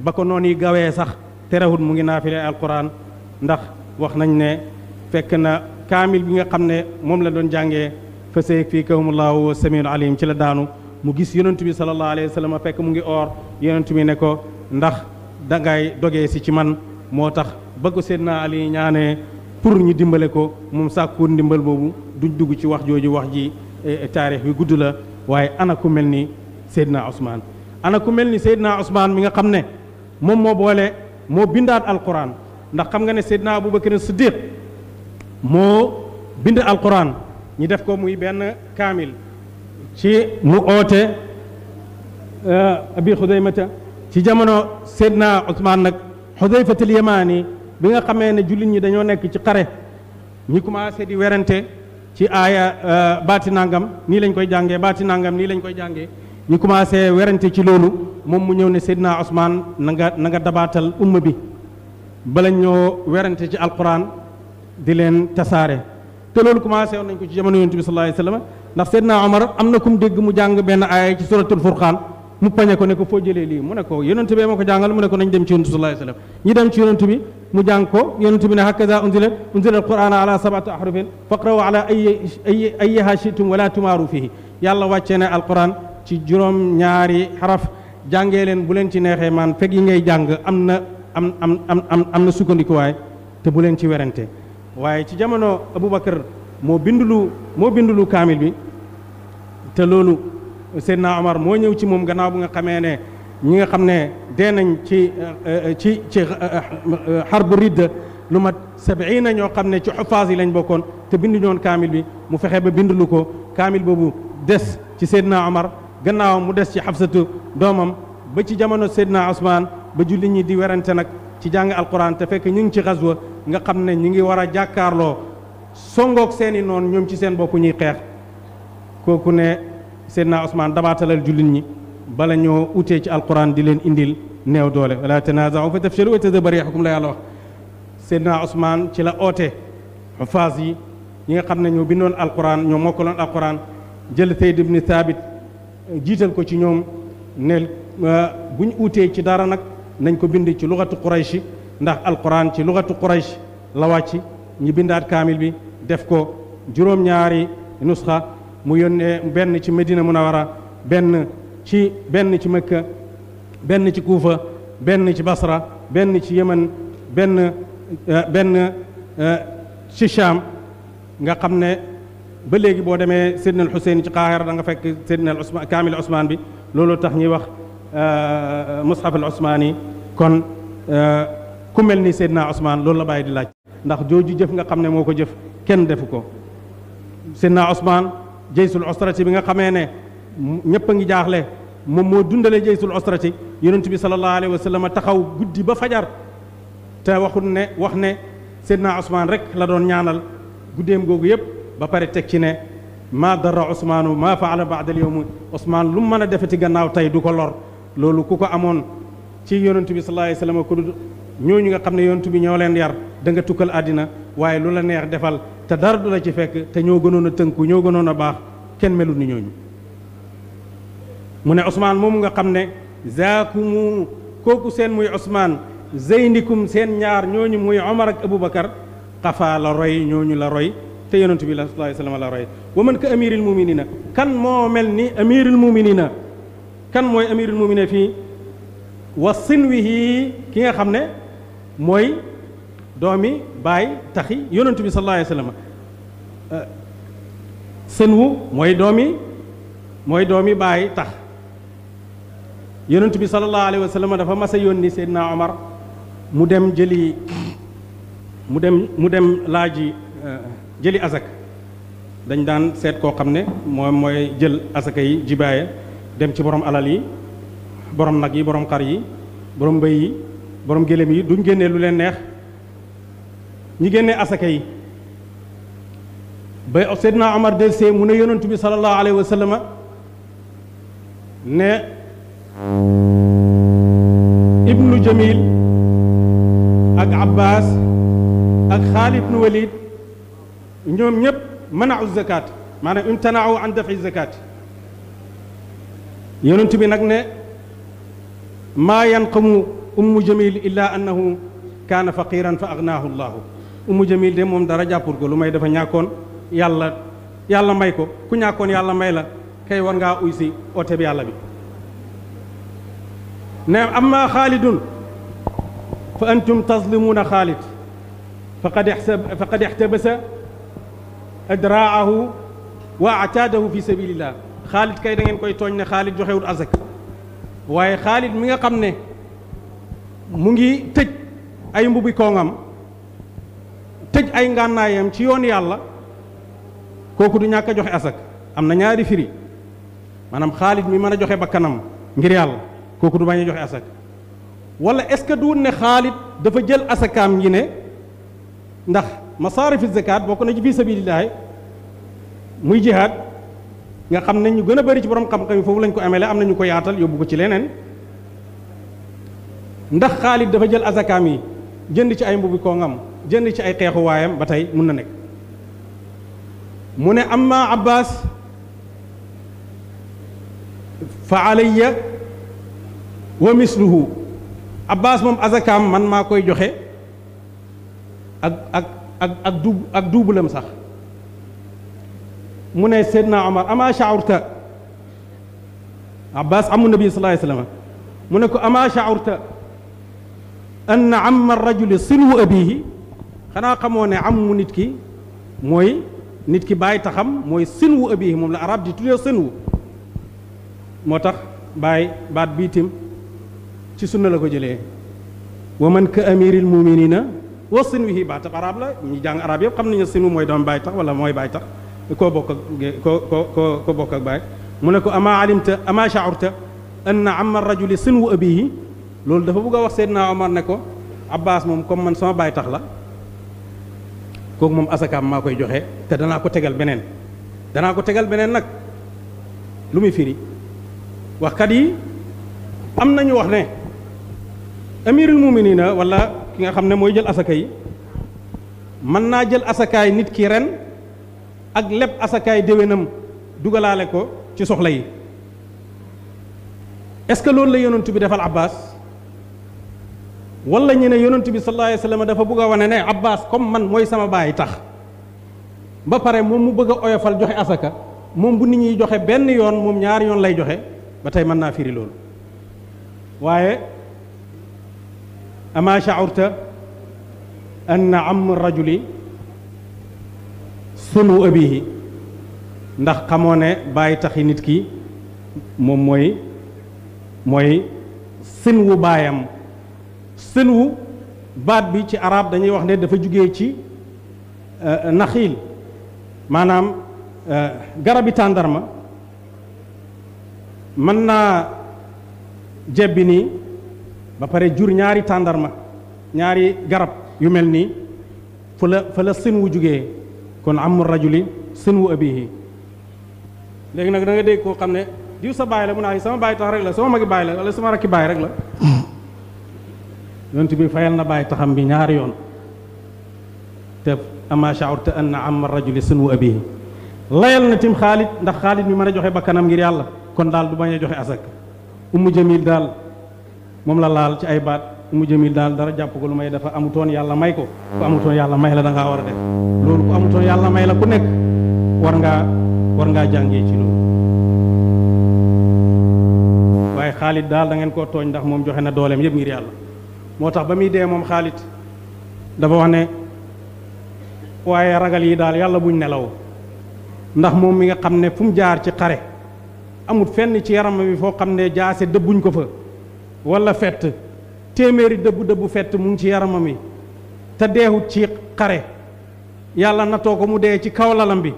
ba ko noonu yi gawee sax terewul mu ngi naafilaay alquran ndax wax nañ ne fekk na kaamil bi nga xam ne moom la doon jàngee fa sayakfiikahumullaahu samiul aliim ci la daanu mu gis yonent bi sallallahu alayhi wa sallam fekk mu ngi oor yonent bi ne ko ndax dangay dogee si ci man moo tax ba ko Seydina Ali ñaanee pour ñu dimbale ko moom sàkkuur ndimbal boobu duñ dugg ci wax jooju wax ji eh, eh, taarix bi gudd la waaye ana ku mel ni Seydina Ousmane ana ku mel ni Seydina Ousmane mi nga xam ne moom moo boole moo bindaat alquran ndax xam nga ne Seydina Aboubacar Siddiq moo bind alquran ñi def ko muy benn kaamil ci mu oote euh, abi xudaymata ci jamono seydna Ousmane nag xudayfatul yamaani bi nga xamee ne jullit ñi dañoo nekk ci xare ñi commencé di werante ci aaya euh, baati nangam nii lañ koy jàngee baati nangam nii lañ koy jàngee ñu commencé werante ci loolu moom mu ñëw ne seydna Ousmane na nga na nga dabaatal umma bi bala ñoo werante ci alquran di leen tasaare te loolu commencé woon nañ ko ci jamono yonent bi sallallahu ndax Seydina Omar am na ku mu dégg mu jàng benn aaya ci suratul furqaan mu pañe ko ne ko foo jëlee lii mu ne ko yonent bi ma ko jàngal mu ne ko nañ dem ci yonent bi mu jàng ko yonent bi ne hakaza unzila unzila alqur'ana ala sab'ati ahrufin faqra'u ala ayyi ayyiha shi'tum wala tumaaru fihi yàlla wàccee ne alquran ci juróom ñaari xaraf jàngee leen bu leen ci neexee maan fekk yi ngay jàng am na am am am am am na sukkandikuwaay te bu leen ci werante waaye ci jamono Aboubacar moo bindulu moo bindulu kaamil bi te loolu Seydina Omar moo ñëw ci moom gannaaw bu nga xamee ne ñi nga xam ne dee nañ ci euh, ci ci euh, euh, ridda lu mat sabiina ñoo xam ne ci xufaas yi lañ bokkoon te bindu ñoon kaamil bi mu fexe ba bindulu ko kaamil boobu des ci Seydina Omar gannaawam mu des ci xabsatu doomam ba ci jamono Seydina Ousmane ba julli ñi di werante nag ci jàng alquran te fekk ñu ngi ci xaswa nga xam ne ñu ngi war a jàkkaarloo songoog seeni noon ñoom ci seen bopp ñuy xeex kooku ne Seydina Ousmane dabaatalal jullit ñi bala ñoo utee ci alquran di leen indil néew doole wala tanaza'u fa tafshalu wa tadhhaba riihukum la yàlla wax Seydina Ousmane ci la oote xufaas yi ñi nga xam ne ñoo bindoon alquran ñoo loon alquran jël Zayd ibn Thabit jiital ko ci ñoom ne euh, buñ utee ci dara nag nañ ko bind ci lugatu quraysh ndax alquran ci lugatu quraysh la wàcc ñi bindat kamil bi def ko juróom-ñaari nuskha mu yonne ben ci medina munawara ben ci ben ci makka ben ci kufa ben ci basra ben ci yemen ben ben ci sham nga xamne ba legi bo deme sidna al husayn ci qahira da nga fek sidna al usman kamil usman bi lolu tax ñi wax mushaf al osmaani kon ku mel ni Seydina Osmaan loolu la bàyyi di laaj ndax jooju jëf nga xam ne moo ko jëf kenn defu ko Seydina Osmaan jaysul osrati bi nga xamee ne ñëpp a ngi jaaxle moom moo dundale jaysul osrati yonent bi sallallahu alayhi wa sallam taxaw guddi ba fajar te waxul ne wax ne Seydina Osmaan rek la doon ñaanal guddeem googu yëpp ba pare teg ci ne maa dara Osmaanu maa faala baadal yowmu Osmaan lu mu mën a defati gannaaw tey du ko lor loolu ku ko amoon ci yonent bi sallallahu la wasallam ko dul ñooñu nga xam ne yonent bi ñoo leen yar danga tukkal àddina waaye lu la neex defal te dara du la ci fekk te ñoo gënoon a tënku ñoo gënoon a baax kenn melul ni ñooñu mu ne Ousmane moomu nga xam ne zaakumu kooku seen muy Ousmane zeynikum seen ñaar ñooñu muy Omar ak Aboubacar xafaa la roy ñooñu la roy te yonent bi la alayhi wasallam la roy wa man ka amiril na kan moo mel ni amiril muminina kan mooy amirul ne fii wa sinwihi ki nga xam ne mooy doomi baay taxi yonentu bi sallallahu alayhi wa sallam eh, sinwu mooy doomi mooy doomi baay tax yonentu bi sallallahu alayhi wa sallam dafa mase a yónni Seydina Omar mu dem jëli mu dem mu dem laaji eh, jëli asak dañ daan seet koo xam ne moom mooy jël asaka yi jibaaya dem ci borom alal yi borom nag yi borom xar yi borom mbéy yi borom gëléem yi duñ génnee lu leen neex ñi génnee asaka yi ba Seydina Omar delsee mu ne yonent bi sallallahu alayhi wa sallam ne ibnu jamil ak abbas ak xaalid ibnu walid ñoom ñëpp manau zakat maanaam imtanaaw an dafi zakat يونت بي نك ما ينقم ام جميل الا انه كان فقيرا فاغناه الله ام جميل دي موم دراجا بور لو ماي دافا نياكون يالا يالا ماي كو كو نياكون يالا ماي لا كاي وونغا اويسي اوتي بي يالا بي نعم اما خالد فانتم تظلمون خالد فقد احسب فقد احتبس ادراعه واعتاده في سبيل الله xaalit kay da ngeen koy tooñ ne xaalit joxewut azak waaye xaalit mi nga xam ne mu ngi tëj ay mbubi koongam tëj ay ngànnaayam ci yoon yàlla kooku du ñàkk a joxe azak am na ñaari firi maanaam xaalit mi mën a joxe bakkanam ngir yàlla kooku du bañ a joxe azak wala est-ce que du ne xaalit dafa jël asakaam yi ne ndax masaarifi zakat bokk na ci fi sabilillahi muy jihaad nga xam ne gën a bari ci borom xam-xam yi foofu lañ ko amele am nañu ñu ko yaatal yóbbu ko ci leneen ndax Xaalid dafa jël azakaam yi jënd ci ay mbubu koo ngam jënd ci ay xeexu waayam ba tey mun na nekk mu ne am amma Abbas fa alayya wa misluhu Abbas moom azakaam man maa koy joxe ak ak ak ak du ak duubulam sax من سيدنا عمر أما شعرت عباس عم النبي صلى الله عليه وسلم منك أما شعرت أن عم الرجل صلو أبيه خنا قمون عم نتكي موي نتكي باي تخم موي صلو أبيه مم العرب دي تلو صلو موتخ باي بعد بيتم تي سنة لكو جلي ومن كأمير المؤمنين وصنوه باتق عرب لا نجان عرب يبقى من يصنو موي دون باي تخ ولا موي باي تخ koo ko ko ko bokk ak bay mu ko ama alimta ama shaarta anna amma rajuli sinwu abihi loolu dafa bëgg wax Seydina Omar ne Abbas moom comme man sama baay tax la kooku moom asakaam maa joxe te danaa ko tegal beneen danaa ko tegal beneen nag lu muy firi waxkat yi am nañu wax ne amirul muminina wala ki nga xam ne jël asaka yi mën naa jël asakaay nit ki ren ak lépp asakaay déwénam dugalaale ko ci soxla yi est-ce que loolu la yonent bi defal abbas wala ñu ne yonent bi sallallahu alayhi wa sallam dafa bugg a wane ne abbas comme man mooy sama baay tax ba pare moom mu bëgg a oyofal joxe asaka moom bu nit ñi joxe benn yoon moom ñaari yoon lay joxe ba tey mën naa firi loolu waaye ama shaurta anna am rajuli sunu abihi ndax xamoo ne bàyyi taxi nit ki moom mooy mooy sën wu baayam sën wu baat bi ci arab dañuy wax ne dafa jóge ci euh, naxiil maanaam euh, garabi tàndarma mën naa jebbi nii ba pare jur ñaari tàndarma ñaari garab yu mel nii fa la fa la sën wu jugee kon amul rajuli sinwu abihi léegi nag da nga dégg koo xam ne diw sa baay la mun naa sama baay tax rek la sama magi baay la wala sama rakki baay rek la yonent bi fayal na baay taxam bi ñaari yoon te ama sha'urta anna amma rajuli sinwu abihi layal na tim xaalit ndax xaalit mi mën a joxe kanam ngir yàlla kon daal du bañ a joxe asak umu jamil daal moom la laal ci ay baat mu jëmil daal dara jàpp ko lu may dafa amutoon yàlla may ko ku yàlla may la da ngaa war a def loolu ku amutoon yàlla may la ku nekk war ngaa war ngaa jàngee ci loolu waaye xaalit daal dangeen koo tooñ ndax moom joxe na dooleem yëpp ngir yàlla moo tax ba muy dee moom xaalit dafa wax ne waaye ragal yi daal yàlla buñ nelaw ndax moom mi nga xam ne fu mu jaar ci xare amut fenn ci yaram bi foo xam ne jaase dëbbuñ ko fa wala fett téeméeri dëbb dëbb fett mu ngi ci yaramam yi te deexut ci xare yàlla natoo ko mu dee ci kaw lalam bi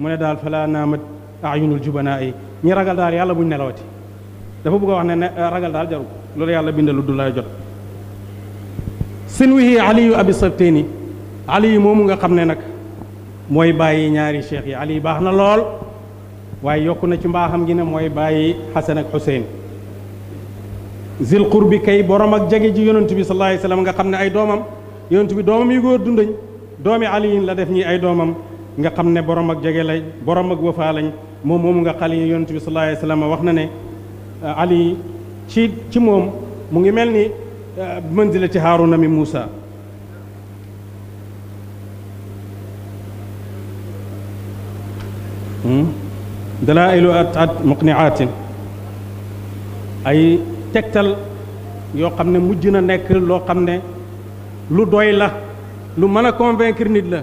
mu ne daal falaa naamat ayunul jubanaa yi ñi ragal daal yàlla buñ nelawati dafa bugg a wax ne eh, ragal daal jaru loolu yàlla bindalu du lay jot sin wixi aliyu abi sabtayni aliyu moomu nga xam ne nag mooy bàyyi ñaari cheikh yi aliyu baax na lool waaye yokk na ci mbaaxam ngi ne mooy bàyyi xasan ak xuseyn zil qurbi kay borom ak jage ji yonent bi sallallahu alayhi wasallam nga xamne ay domam yonent bi domam yu góor dundagn domi ali la def ñi ay domam nga xamne borom ak jage lay borom ak wafa lañ mom mom nga xali yonent bi sallallahu alayhi wasallam wax na ne ali ci ci mom mu ngi melni ni manzila ci haaruna mi musa dalailu at at muqniatin ay tektal yo xamne mujjuna nek lo xamne lu doy la lu meuna convaincre nit la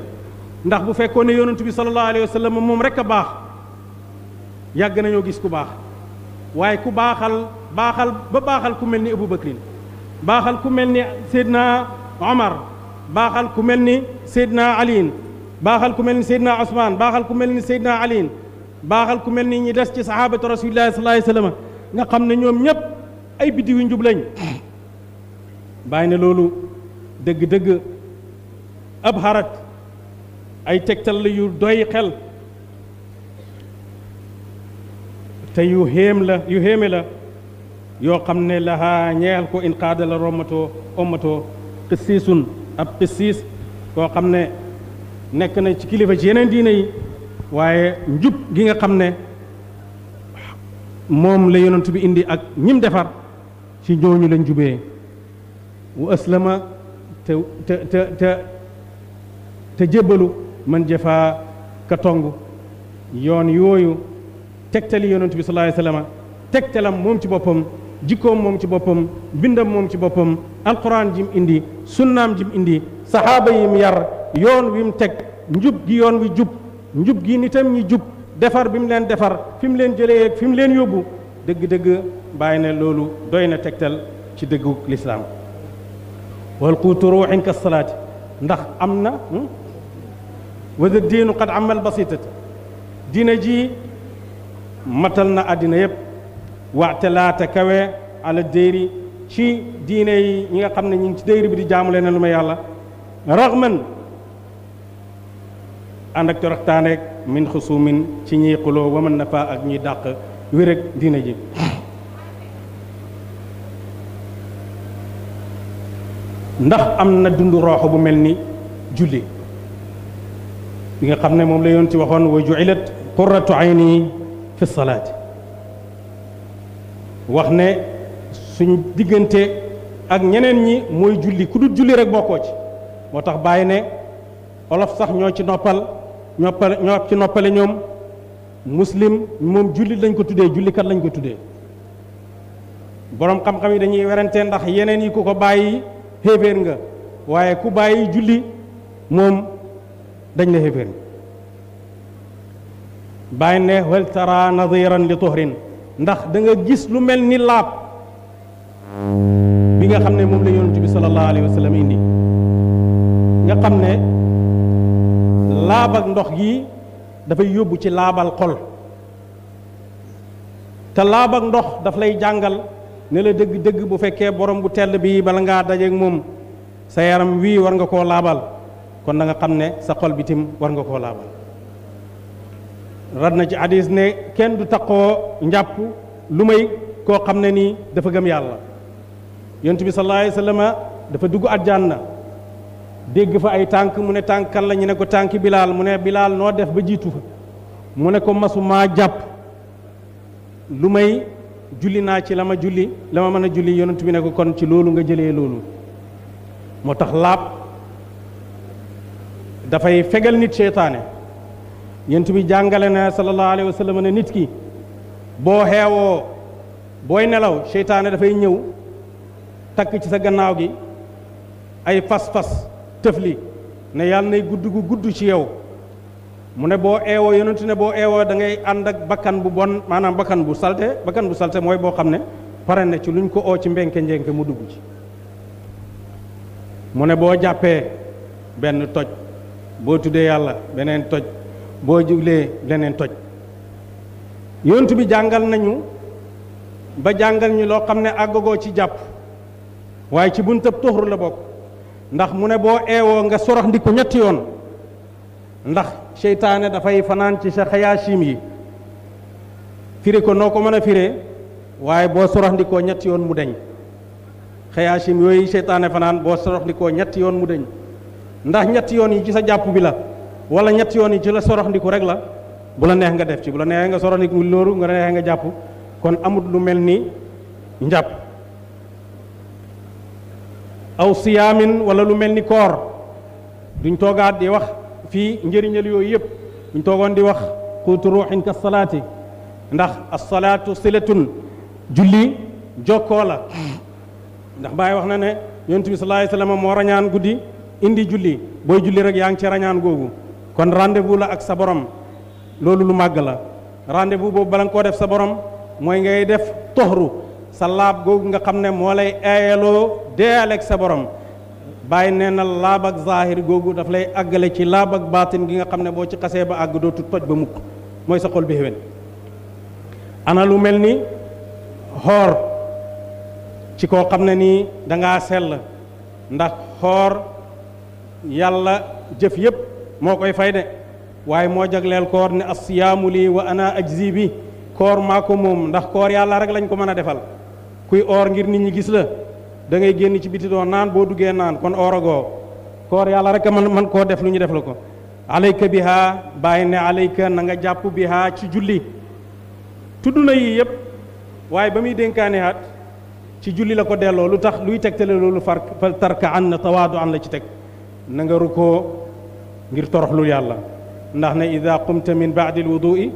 ndax bu fekkone ne bi sallallahu alayhi wasallam mom rek baax yag nañu gis ku baax waye ku baaxal baaxal ba baaxal ku melni abou Abu Bakrin baaxal ku melni ni umar baaxal ku melni ni ali baaxal ku melni ni usman baaxal ku melni ni ali baaxal ku melni ni dess ci sahabatu rasulillahi sallallahu alayhi wasallam nga xamne ñom ñep ay biddiw yu njub lañ ne loolu dëgg-dëgg ab xarat ay tegtal la yu doy xel te yu xéem la yu xéeme la yoo xam ne laxaa ñeexal ko in qaada la romatoo omatoo xisiisun ab xisiis koo xam ne nekk na ci kilifa ci yeneen diine yi waaye njub gi nga xam ne moom la yonent bi indi ak ñim defar ci ñooñu lañ jubee wa aslama te te te te jébbalu man jafaa ka tong yoon yooyu tegtali yonent bi sallallahu alayhi wasallam tegtalam moom ci boppam jikkoom moom ci boppam bindam moom ci boppam alquran jim indi sunnaam jim indi saxaaba yim yar yoon wi mu teg njub gi yoon wi jub njub gi nitam ñi jub defar bi mu leen defar fi mu leen jëlee fi mu leen yóbbu dëgg-dëgg bàyyi ne loolu doy na tegtal ci dëggu lislaam wal quutu ruuxin ka salaati ndax am na wada diinu qad amal basitati diina ji matal na àddina yëpp waxte laata kawe ala déeri ci diine yi ñi nga xam ne ñi ngi ci déeri bi di jaamu leneen lu ma yàlla raxman ànd ak toroxtaaneeg min xusuumin ci ñiy xuloo waman nafa ak ñuy dàq wér ak diina ji ndax am na dund rooxo bu mel ni julli bi nga xam ne moom la yoon ci waxoon wa ju'ilat qurratu ayni fi salaati wax ne suñu diggante ak ñeneen ñi mooy julli ku julli rek bokkoo ci moo tax bàyyi ne olof sax ñoo ci noppal ñoppal ñoo ci noppale ñoom muslim moom julli lañ ko tuddee jullikat lañ ko tuddee boroom xam-xam yi dañuy werante ndax yeneen yi ku ko bàyyi xéeféer nga waaye ku bàyyi julli moom dañ la xéeféer bàyyi ne hal nadiran li tuhrin ndax danga gis lu mel ni laab bi nga xam ne moom la yonent bi sallallahu alayhi wa indi nga xam ne laab ndox gi dafay yóbbu ci laabal xol te laab ndox daf lay jàngal ne la dëgg-dëgg bu fekkee borom bu tedd bii bala ngaa dajeeg moom sa yaram wii war nga koo laabal kon na xam ne sa xol bitim war nga koo laabal rad na ci hadis ne kenn du takkoo njàpp lu may koo xam ne nii dafa gëm yàlla yonent bi sallallahu alayhi dafa dugg àjjana dégg fa ay tànk mu ne tànk kan la ñu ne ko tànk bilaal mu ne bilaal noo def ba jiitu fa mu ne ko masu maa jàpp lu may julli naa ci la ma julli la ma mën a julli yonent bi ne ko kon ci loolu nga jëlee loolu moo tax laab dafay fegal nit seytaane yonent bi jàngale na sallallahu alayhi wa sallam ne nit ki boo xeewoo booy nelaw seytaane dafay ñëw takk ci sa gannaaw gi ay fas-fas tëfli ne yàlla nay gudd gu gudd ci yow mu ne boo eewoo yonentu ne boo eewoo da ngay ànd ak bakkan bu bon maanaam bakkan bu salte bakkan bu salte mooy boo xam ne pare na ci luñ ko oo ci mbenke njenke mu dugg ci mu ne boo jàppee benn toj boo tuddee yàlla beneen toj boo juglee leneen toj yontu bi jàngal nañu ba jàngal ñu loo xam ne àggagoo ci jàpp waaye ci buntab tuxur la bokk ndax mu ne boo eewoo nga sorox ndiku ñetti yoon ndax seytaane dafay fanaan ci sa xayaasim yi firi ko noko ko firé waye bo sorox ndiko soroxndikoo ñetti yoon mu deñ xayaasim yooyu seytaane fanaan sorox ndiko ñetti yoon mu deñ ndax ñetti yoon yi ci sa japp bi la wala ñetti yoon yi ci la ndiko rek la bu la neex nga def ci bu la neex nga ndiko loru nga neex nga japp kon amut lu melni ni aw siyamin wala lu melni ni koor duñ toogaat di wax fii njëriñal yooyu yëpp buñ toogoon di wax quutu ruuxin ka salaati ndax a asalaatu silatun julli jokkoo la ndax bàyyi wax na ne yonent bi sallallahu alayhi wasallam moo rañaan guddi indi julli booy julli rek yaa ngi ci rañaan googu kon rendez-vous la ak sa borom loolu lu màgg la rendez-vous boobu bala koo def sa borom mooy ngay def toxru sa laab googu nga xam ne moo lay eeyaloo deeyaleeg sa borom bàyyi nee na laab ak zaahir googu daf lay àggale ci laab ak baatin gi nga xam ne boo ci xasee ba àgg dootu toj ba mukk mooy sa xol bi xéwén ana lu mel ni xoor ci koo xam ne nii dangaa sell ndax xoor yàlla jëf yépp moo koy fay de waaye moo jagleel koor ne asiyaamu lii wa ana ajzi bi koor maa ko moom ndax koor yàlla rek lañ ko mën a defal kuy oor ngir nit ñi gis la da ngay génn ci biti doo naan boo duggee naan kon oragoo koor yàlla rek man man koo def lu ñu def la ko alayka biha bàyyi ne alayka na nga jàpp biha ci julli tudd na yii yëpp waaye ba muy dénkaane hat ci julli la ko delloo lu tax luy tegtale loolu far fal tarka an na tawaadu an la ci teg na nga rukkoo ngir toroxlu yàlla ndax ne ida qumta min baadi alwudui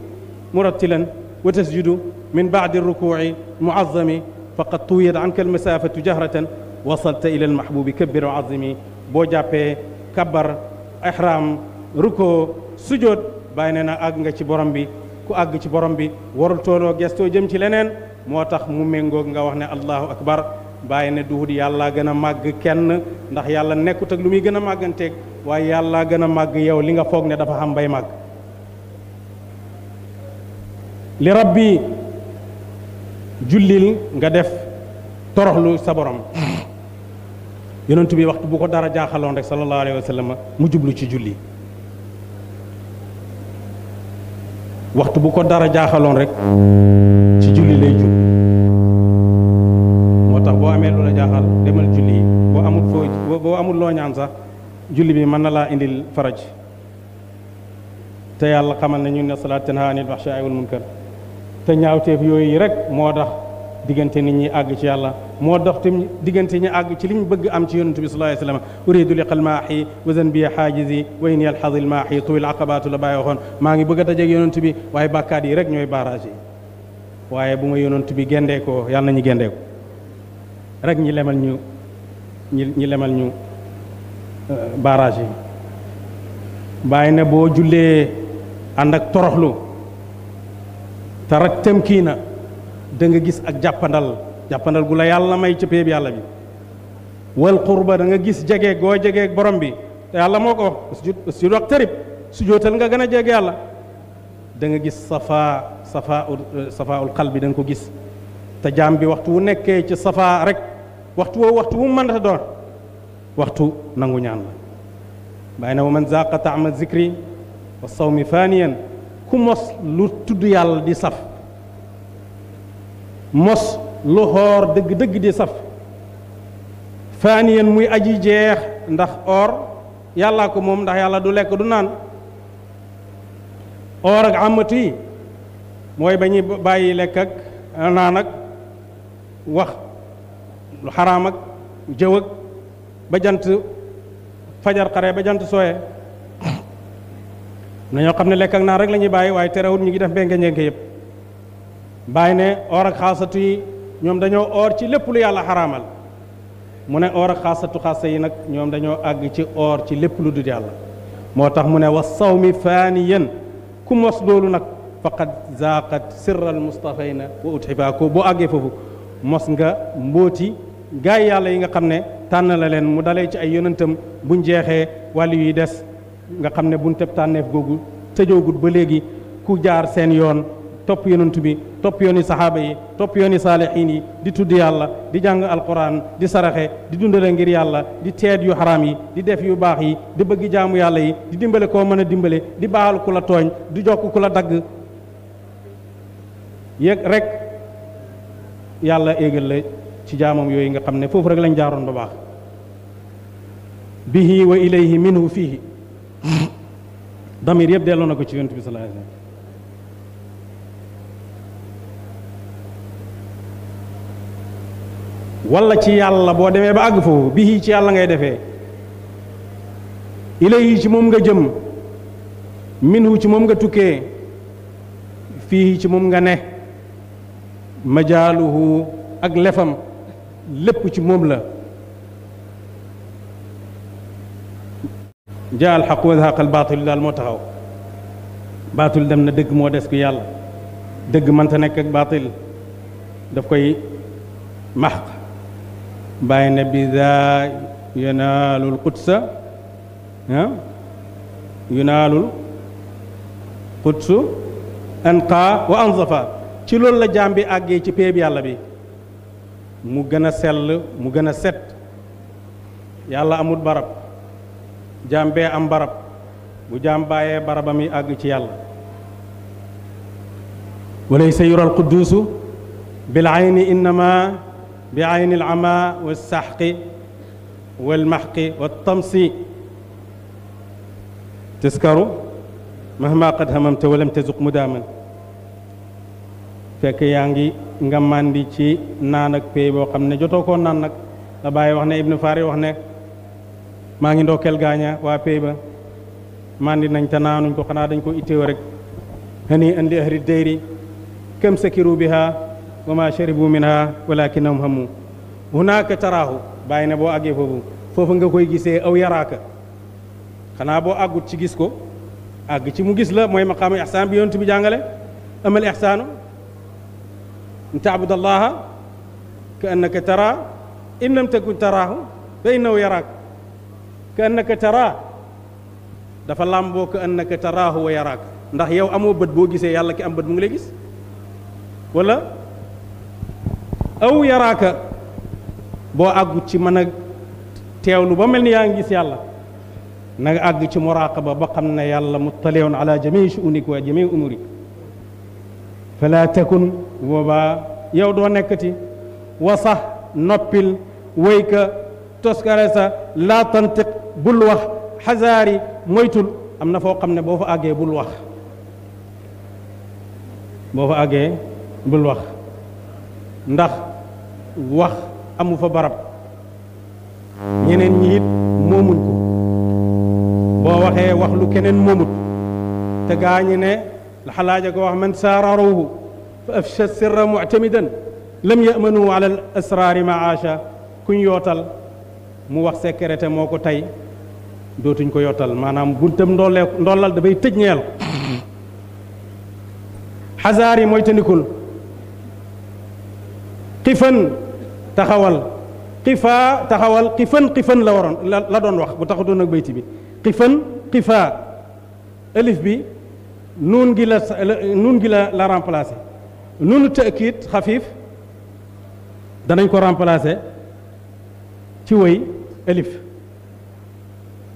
murattilan wa tasjudu min baadi alrukuui muazami faqad tuwiyat anka almasaafatu jahratan wasalta ila almahbubi kabbir azimi boo jàppee kabar ihram ruko sujood bàyyi ne na àgg nga ci borom bi ku àgg ci borom bi warul toonoo gestoo jëm ci leneen moo tax mu méngoog nga wax ne allahu akbar bàyyi ne duhut yàlla gën a màgg kenn ndax yàlla nekkut ak lu muy gën a màgganteeg waaye yàlla gën a màgg yow li nga foog ne dafa xam bay màgg li rabbi jullil nga def toroxlu sa borom yonent bi waxtu bu ko dara jaaxaloon rek sallallahu alayhi wa sallam mu jublu ci julli waxtu bu ko dara jaaxaloon rek ci julli lay jub moo tax boo amee lu la jaaxal demal julli yi boo amul foo boo amul loo ñaan sax julli bi mën na laa indil faraj te yàlla xamal ne ñun ne salaat tanha anil fahshaa'i wal munkar te ñaawteef yooyu rek moo dax diggante nit ñi àgg ci yàlla moo dox tam diggante ñi àgg ci liñ bëgg am ci yonent bi sallallahu alayhi wasallam uridu liqal maahi wa zan bi xaajizi wa in yalxadil maahi tuwil aqabaatu la bàyyi waxoon maa ngi bëgg a dajeeg bi waaye bàkkaat yi rek ñooy barrage yi waaye bu ma yonent bi gendeekoo yàlla nañu gendeeko rek ñi lemal ñu ñi lemal ñu euh, barrage yi bàyyi ne boo jullee ànd ak toroxlu te temkina tëmkii da nga gis ak jappandal jappandal gu la yàlla may ci péeb yalla bi wal qurba da nga gis go jage ak borom bi te yàlla moo ko wax sujud tarib sujudal nga gëna jage yalla da nga gis safa safa al qalbi da nga ko gis ta jam bi waxtu wu nekké ci safa rek waxtu wo waxtu wu man ta doon waxtu nangu ñaan la man zaqa ta'ma zikri wa sawmi faniyan ku mos lu tuddu yalla di saf mos lu hor deug deug di saf faniyan muy aji jeex ndax or yalla ko mom ndax yalla du lek du nan or ak amati moy bañi bayyi lek ak nan ak wax lu haram ak ba fajar xare ba jant nañoo xam ne lekk ak naan rek la ñuy bàyyi waaye terewul ñu gi def benke njënke yëpp bàyyi ne or ak xaasatu yi ñoom dañoo or ci lépp lu yàlla xaraamal mu ne or ak xaasatu xaasa yi nag ñoom dañoo àgg ci or ci lépp lu du yàlla moo tax mu ne wa sawmi faaniyan ku mos goolu nag faqad zaaqat sirral mustafayna wa utxifaako bu àggee foofu mos nga mbóoti gaay yàlla yi nga xam ne tànn la leen mu dalee ci ay yonentam buñ jeexee wàll yi des nga xam ne bun bunteb tànneef googu tëjoogut ba léegi ku jaar seen yoon topp yonent bi topp yooni saxaaba yi topp yooni saalixiin yi di tudd yàlla di jàng alxuraan di saraxe di dundale ngir yàlla di teet yu xaraam yi di def yu baax yi di bëgg jaamu yàlla yi di dimbale koo mën a dimbale di baal ku la tooñ di jokk ku la dagg yéeg rek yàlla éegal la ci jaamam yooyu nga xam ne foofu rek lañ jaaroon ba baax bihi wa ilayhi minhu fihi damir yëpp delloo na ko ci yonent bi sallallahu alayhi wa sallam ci yàlla boo demee ba àgg foofu bii ci yàlla ngay defee ilayhi ci moom nga jëm minhu ci moom nga tukkee fii ci moom nga ne majaaluhu ak lefam lépp ci moom la جاء الحق وذهب الباطل إلى المتهاو باطل دمنا دق مودس كيال دق منتنك باطل دفكي محق بين بذا ينال القدس ينال القدس أنقى وأنظفى تلو الله جانبي أجي تي بيا الله بي مغنا سل مغنا ست يا الله أمود برب jambe bee am barab bu jaam bàyyee barabam yi àgg ci yàlla walaysa yura alquduusu bil ayni innama bi ayni al ama walsaxqi walmaxqi waltamsi taskaru mahma qad hamamta walam tazuq mudaaman fekk yaa nga màndi ci naan ak pay boo xam ne jotoo koo la bàyyi wax ibnu faari wax maa ngi ndokkeel gaaña waa pay ba mandi nañ te naanuñ ko xanaa dañ ko itteew rek hani andi li ahli dayri kam sakiru biha wa ma sharibu minha walakinahum hamu hunaka tarahu bàyyi na boo àggee foofu foofu nga koy gisee aw yaraaka xanaa boo àggut ci gis ko àgg ci mu gis la mooy maqaamu ihsaan bi yonent bi jàngale amal ihsaanu an ka annaka tara in lam takun tarahu fa innahu yaraaka ka annaka taraa dafa làmboo ka annaka taraahu wa yaraak ndax yow amoo bët boo gisee yàlla ki am bët mu ngi lay gis wala aw yaraaka boo àggut ci mën a teewlu ba mel ni yaa ngi gis yàlla nag àgg ci muraqaba ba xam ne yàlla muttaliun ala jamii shu'unik wa jamii umurik fala takun boobaa yow doo nekkati wa sax noppil wéyka toskare sa laa tantiq bul wax xasaari moytul am na foo xam ne boo fa àggee bul wax boo fa àggee bul wax ndax wax amu fa barab ñeneen ñi it moomuñ ko boo waxee wax lu keneen moomut te gaañi ne xalaaja ko wax man saararuhu fa afsha sirra muctamidan lam yamanu ala al asraari maasha kuñ yootal mu wax secrété moko tay tey dootuñ ko yotal manam buntam ndolé ndolal da bay ñeel ko xasaar yi mooy tëndikul taxawal qifa taxawal qifan qifan la waron la don wax bu taxutoon nak bayti bi qifan qifa alif bi nun gi la nun gi la la remplacer nun tëkkiit khafif danañ ko remplacer ci way alif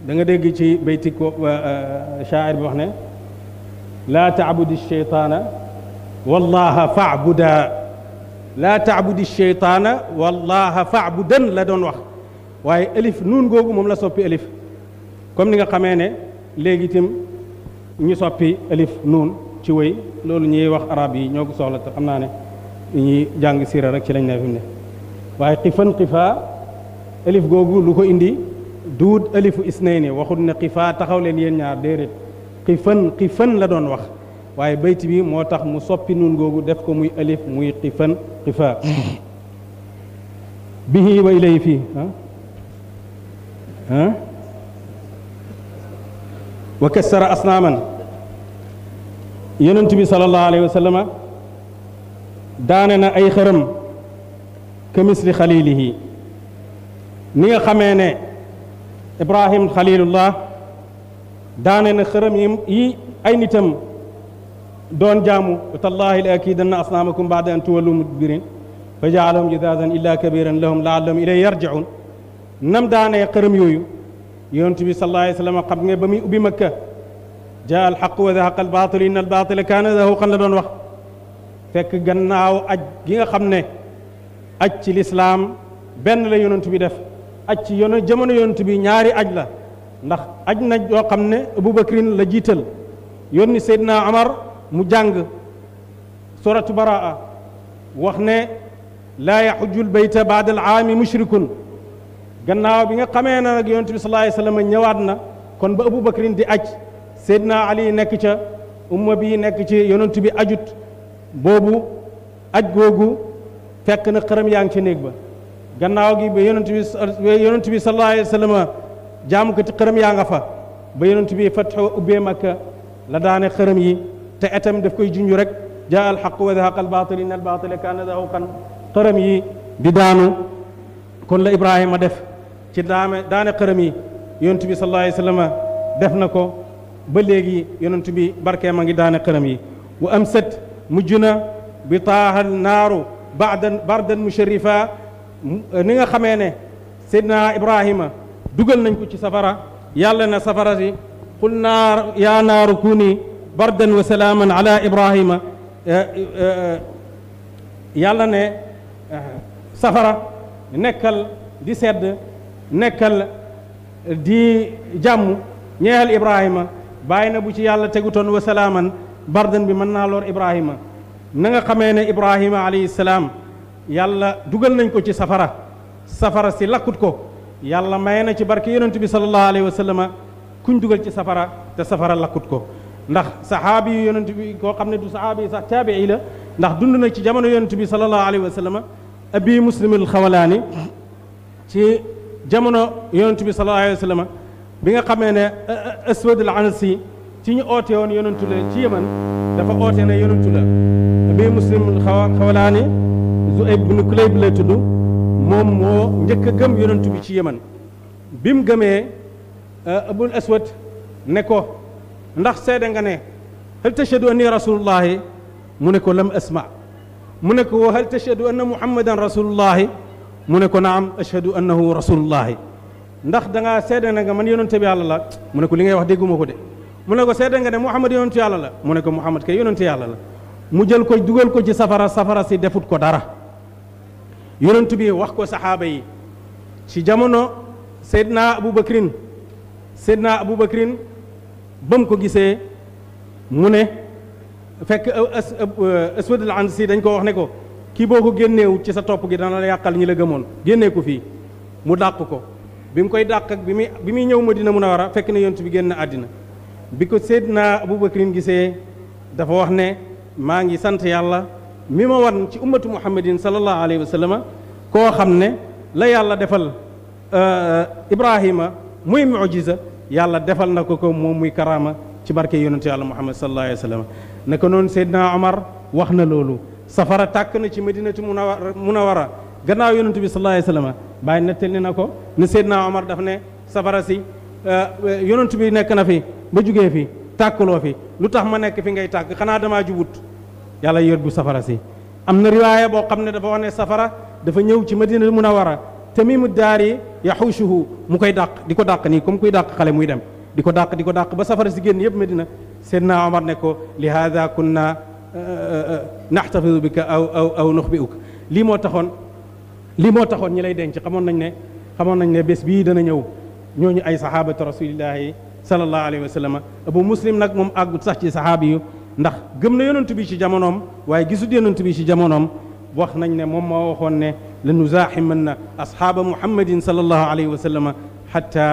da nga dégg ci bayti ko shaa'ir bi wax ne laa taabudi sheytaana wallaha faabuda laa taabudi sheytaana wallaha faabudan la doon wax waaye alif nuun googu moom la soppi alif comme ni nga xamee ne léegi itam ñu soppi alif nuun ci wéy loolu ñuy wax arab yi ñoo ko soxla te xam naa ne ñuy jàng siira rek ci lañ ne fi mu ne waaye xifan xifaa alif googu lu ko indi duut alifu isnayni waxut ne xifaa taxaw leen yéen ñaar déedéet xifan xifan la doon wax waaye bayt bi moo tax mu soppi nun googu def ko muy alif muy xifan xifaa bihi wa ilay fii ah? ah wa kassara asnaaman yonent bi sallallahu alayhi wa daane na ay xëram ka misli xalilihi ni nga xamee ne ibrahim xalilullah daane na xërëm yi ay nitam doon jaamu tallahi la akidanna asnaamakum baada an tuwallu mudbirin fa jaalahum jidaadan illa kabiran lahum laallahum ilay yarjiun nam daanee xërëm yooyu yonent bi sallallahu alayhi wa sallam xam nga ba muy ubbi makka jaa alxaq wa zahaqa albaatil inna albaatila kaana zahuqan la doon wax fekk gannaaw aj gi nga xam ne aj ci lislaam benn la yonent bi def aj ci yoon jamono yoontu bi ñaari aj la ndax aj na yoo xam ne Abubakrin la jiital yónni Seydina Amar mu jàng suratu baraa wax ne laa yaxujul bayta baada al aami mushrikun gannaaw bi nga xamee na nag yonent bi sallallahu alayhi wasallam ñëwaat na kon ba Abubakrin di aj Seydina Ali nekk ca umma bi nekk ci yonent bi ajut boobu aj googu fekk na xëram yaa ngi ci néeg ba gannaaw gi ba yonent bi yonent sallallahu alayhi wa ko jaamukati xërëm ya nga fa ba yonent bi fatxo makka la daane xërëm yi te etam daf koy junj rek jaa al xaq wa zahaqa al baatil inna al baatila kaana xërëm yi di daanu kon la ibrahima def ci daame daane xërëm yi sallallahu alayhi def na ko ba ngi daane xërëm yi wa amsat bi bardan bardan musharifa ni nga xamé ne sidna ibrahima dugal nañ ko ci safara yàlla na safara si qul naar yaa kuni bardan wa salaman ala ibrahima yàlla ne safara nekkal di sedd nekkal di jàmm ñeexal ibrahima bayina bu ci yàlla teguton wa salaman bardan bi mën naa loor ibrahima na nga xamé ne ibrahima alayhi salam yàlla dugal nañ ko ci safara safara si lakkut ko yàlla may na ci barke yonent bi sallallahu alayhi wa sallama kuñ dugal ci safara te safara lakkut ko ndax saxaabi yu yonent bi koo xam ne du saxaabi sax taabii la ndax dund na ci jamono yonent bi sallallahu alayhi wa sallama abi muslimul xawalaani ci jamono yonent bi sallallahu alayhi wa sallama bi nga xamee ne eh, eh, aswadul ansi ci ñu ootee woon yonentu la ci yeman dafa oote ne yonentu la abi muslimul xawalaani Zuayb ibn Kulayb lay tudd moom moo njëkk a gëm yonent bi ci Yemen bi mu gëmee Abul Aswad ne ko ndax seede nga ne hal tashhadu anni rasulullahi mu ne ko lam asma mu ne ko hal tashhadu anna muhammadan rasulullahi mu ne ko naam ashhadu annahu rasulullahi ndax da ngaa seede na nga man yonente bi yàlla la mu ne ko li ngay wax dégguma ko de mu ne ko seede nga ne muhammad yonente yàlla la mu ne ko muhammad kay yonente yàlla la mu jël ko dugal ko ci safara safara si defut ko dara yonent bi wax ko saxaaba yi ci jamono seydna aboubacrin naa aboubacrin ba mu ko gisee mu ne fekk aswadul ansi dañ ko wax ne ko kii boo ko génneewut ci sa topp gi dana la yàqal ñi la gëmoon génnee ko fii mu dàq ko bi mu koy dàq ak bi muy bi muy ñëw Madina Munawara fekk na yonent bi génn àddina bi ko sedd seydna aboubacrin gisee dafa wax ne maa ngi sant yàlla mi ma war ci ummatu muhammadin sallallahu alayhi wa sallam koo xam la yàlla defal ibrahima muy mujiza yàlla defal nako ko mom muy karama ci barke yonnati yàlla muhammad sallallahu alayhi wa sallam naka noonu seydna omar wax na safara tak na ci madinatu munawara gannaaw yonnati bi sallallahu alayhi wa sallam bàyyi nettali na ko ne seydna omar daf ne safara si yonnati bi nek na fi ba jugee fi takulo fi lutax ma nek fi ngay tàkk xana dama jubut yàlla yóbbu safara si am na riwaaya boo xam ne dafa wax ne safara dafa ñëw ci madina munawara tamimu daari yaxuushuhu mu koy dàq di ko dàq nii comme kuy dàq xale muy dem di ko dàq di ko dàq ba safara si génn yëpp madina seydna omar ne ko li haada kunna naxtafidu bika aw aw aw nuxbiuka lii moo taxoon lii moo taxoon ñi lay denc xamoon nañ ne xamoon nañ ne bés bii dana ñëw ñooñu ay sahabatu rasulillahi sallallahu alayhi wa sallam abu muslim nag moom àggut sax ci sahaabi yu ndax gëm na yonent bi ci jamonom waye gisut yonent bi ci jamonom wax nañ ne mom ma waxon ne lanuzaaximanna ashab muhammadin sallallahu alayhi wa sallam hatta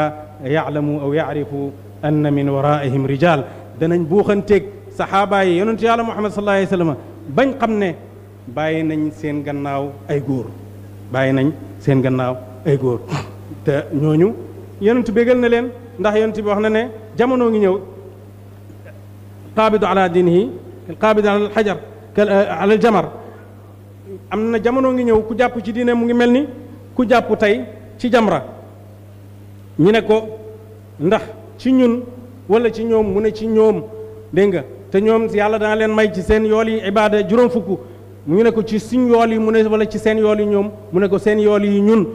ya'lamu aw ya'rifu an min waraihim rijal danañ buuxanteeg sahaba yi yonent yàlla muhammad sallallahu alayhi wa sallam bañ xamne baye nañ seen gannaaw ay góor baye nañ seen gannaaw ay góor te ñooñu yonent bégal na len ndax yonent bi wax na ne jamono ngi ñëw alqaabidu ala diinihi alqaabidu ala alxajar ala jamar am na jamono ngi ñëw ku jàpp ci diine mu ngi mel ni ku jàpp tey ci jamra ñu ne ko ndax ci ñun wala ci ñoom mu ne ci ñoom dégg nga te ñoom yàlla dana leen may ci seen yool yi ibaada juróom fukk mu ne ko ci suñ yool yi mu ne wala ci seen yool yi ñoom mu ne ko seen yool yi ñun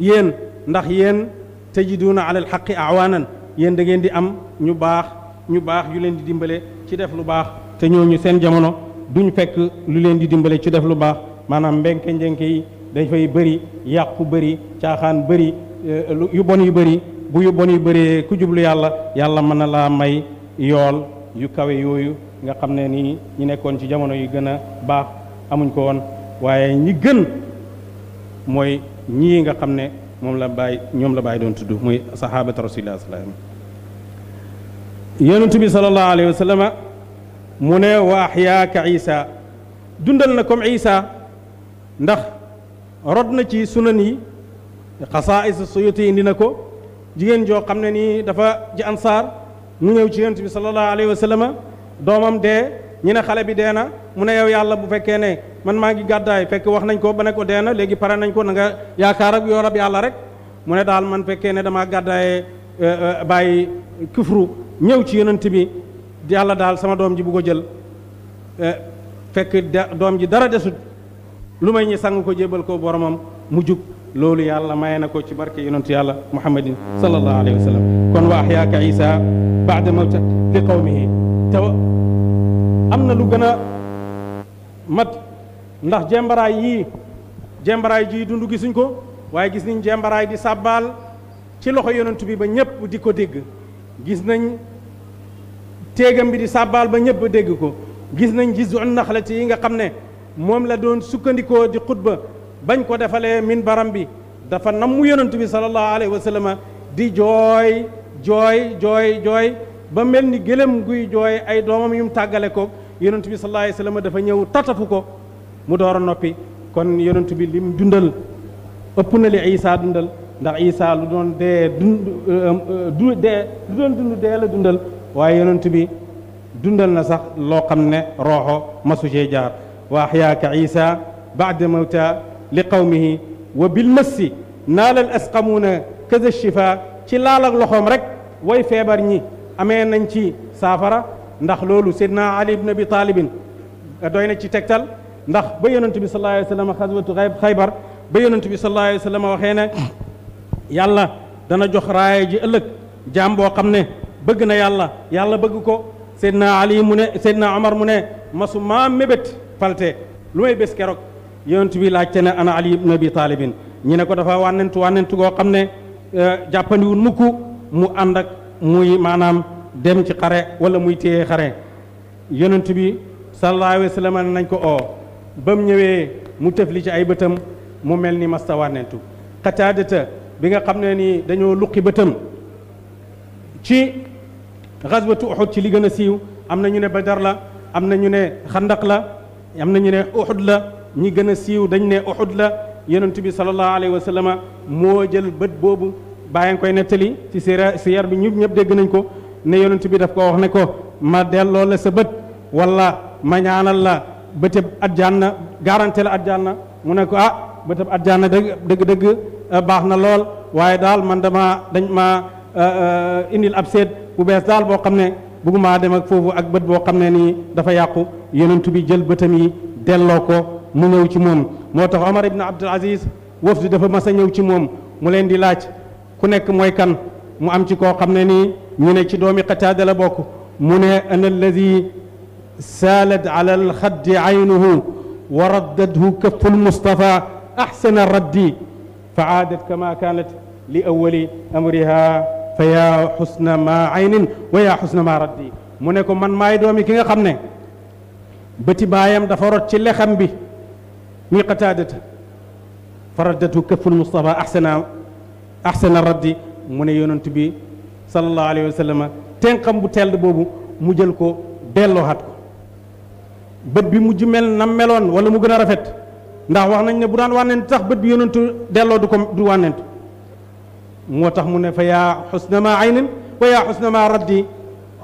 yéen ndax yéen tajiduuna ala alxaqi awaanan yéen da di am ñu baax ñu baax yu leen di dimbale ci def lu baax te ñu seen jamono du ñu fekk lu leen di dimbale ci def lu baax maanaam mbenke njenke yi dafay bëri yàqu bëri caaxaan bëri euh, yu bon yu bëri bu yu bon yu bëree ku jublu yàlla yàlla mën na laa may yool yu kawe yooyu nga xam ne nii ñi nekkoon ci jamono yu gën a baax amuñ ko woon waaye ñi gën mooy ñii nga xam ne moom la bàyyi ñoom la bàyyi doon tudd muy sahabatu rasulillah sallallahu alayhi wasallam yonent bi sallallahu alayhi wa sallama mu ne wa axyaaka isa dundal na comme isa ndax rod na ci sunan yi xasaais suyuti indi na ko jigéen joo xam ne nii dafa ji ansaar mu ñëw ci yonent bi sallallahu alayhi wa sallama doomam dee ñi ne xale bi dee na mu ne yow yàlla bu fekkee ne man maa ngi gàddaay fekk wax nañ ko ba ne ko dee na léegi pare nañ ko na nga yaakaar ak yoorab yàlla rek mu ne daal man fekkee ne damaa gàddaaye bàyyi kufru ñëw ci yonent bi yàlla daal sama doom ji bu ko jël eh, fekk doom ji dara desut lu may ñi sang ko jébal ko boromam mu jub loolu yàlla maye na ko ci barke yonentu yàlla muhammadin sallallahu alayhi wa sallam kon wa axyaaka isa baada mawta li qawmihi te am na lu gën a mat ndax jembaraay yii jembaraay ji dund gisuñ ko waaye gis niñ jembaraay di sàbbaal ci loxo yonent bi ba ñépp di ko dégg gis nañ téegam bi di sàbbaal ba ñëpp dégg ko gis nañ gis un naxlati yi nga xam ne moom la doon sukkandikoo di xutba bañ ko defalee min baram bi dafa nam mu yonent bi sallallahu alayhi wa sallam di jooy jooy jooy jooy ba mel ni gëlëm guy jooy ay doomam yu mu tàggale ko yonent bi sallallahu alayhi wa sallam dafa ñëw tatafu ko mu door a noppi kon yonent bi lim dundal ëpp na li Isaa dundal ndax Isa lu doon dee dund dee lu doon dund dee la dundal waaye yonent bi dundal na sax loo xam ne rooxo masu cee jaar wa axyaaka Isa baada mawta li qawmihi wa bil massi naalal asqamuuna kaza shifa ci laal ak loxoom rek way feebar ñi amee nañ ci saafara ndax loolu sidna Ali ibn Abi Talibin doy na ci tegtal ndax ba yonent bi sallallahu alayhi wa sallam xaswatu xaybar ba yonent bi sallallahu alayhi wa sallam waxee ne yàlla dana jox raaya ji ëllëg jaam boo xam ne bëgg na yàlla yàlla bëgg ko seydna ali mu ne seydna omar mu ne masu maa mébét falte lu may bés keroog yonent bi laajte ne ana ali ibn abi taalibin ñi ne ko dafa wànnentu wànnentu goo xam ne euh, jàppandiwul mukk mu ànd ak muy maanaam dem ci xare wala muy téye xare yonent bi sallallahu alayhi nañ ko oo ba mu ñëwee mu tëfli ci ay bëtam mu mel ni masta wànnentu xataadata bi nga xam ne ni dañoo luqi bëtam ci xaswatu uxud ci li gën a siiw am na ñu ne badar la am na ñu ne xandaq la am na ñu ne uxud la ñi gën a siiw dañ ne uxud la yonent bi salallahu alayhi wa sallama moo jël bët boobu bàyyi nga koy nettali ci sira siyar bi ñëpp ñëpp dégg nañ ko ne yonent bi daf ko wax ne ko ma delloo la sa bët wala ma ñaanal la bëtëb àjjana garanté la àjjana mu ne ko ah bëtëb àjjana dëgg dëgg dëgg baxna lol waye dal man dama dañ ma indil ab set bu bes dal bo xamne ne bugguma dem ak fofu ak beut bo xamne ni dafa yaqku yonentou bi jël beutam yi delloo ko mu ñëw ci mom motax Omar ibn Abdul Aziz wafdi dafa ma sa ñëw ci mom mu len di laaj ku nek moy kan mu am ci ko xamne ni ñu ne ci doomi Qataada la bok mu ne an alladi saalat ala alxaddi aynuhu wa raddadhu kafful Mustafa ahsana raddi فعادت كما كانت لأول أمرها فيا حسن ما عين ويا حسن ما ردي منكم من ما يدوم كنا خمنة بتي بايم دفرت كل خمبي مي قتادت فردت كف المصطفى أحسن أحسن الردي من يونت بي صلى الله عليه وسلم تنقم بتل بوبو مجلكو دلو هاتكو بب مجمل نملون ولا مجنا ndax wax nañ ne bu daan wànnent tax bët bi yonentu delloo du ko du wànnent moo tax mu ne fa yaa xusna ma aynin wa yaa xusna ma raddi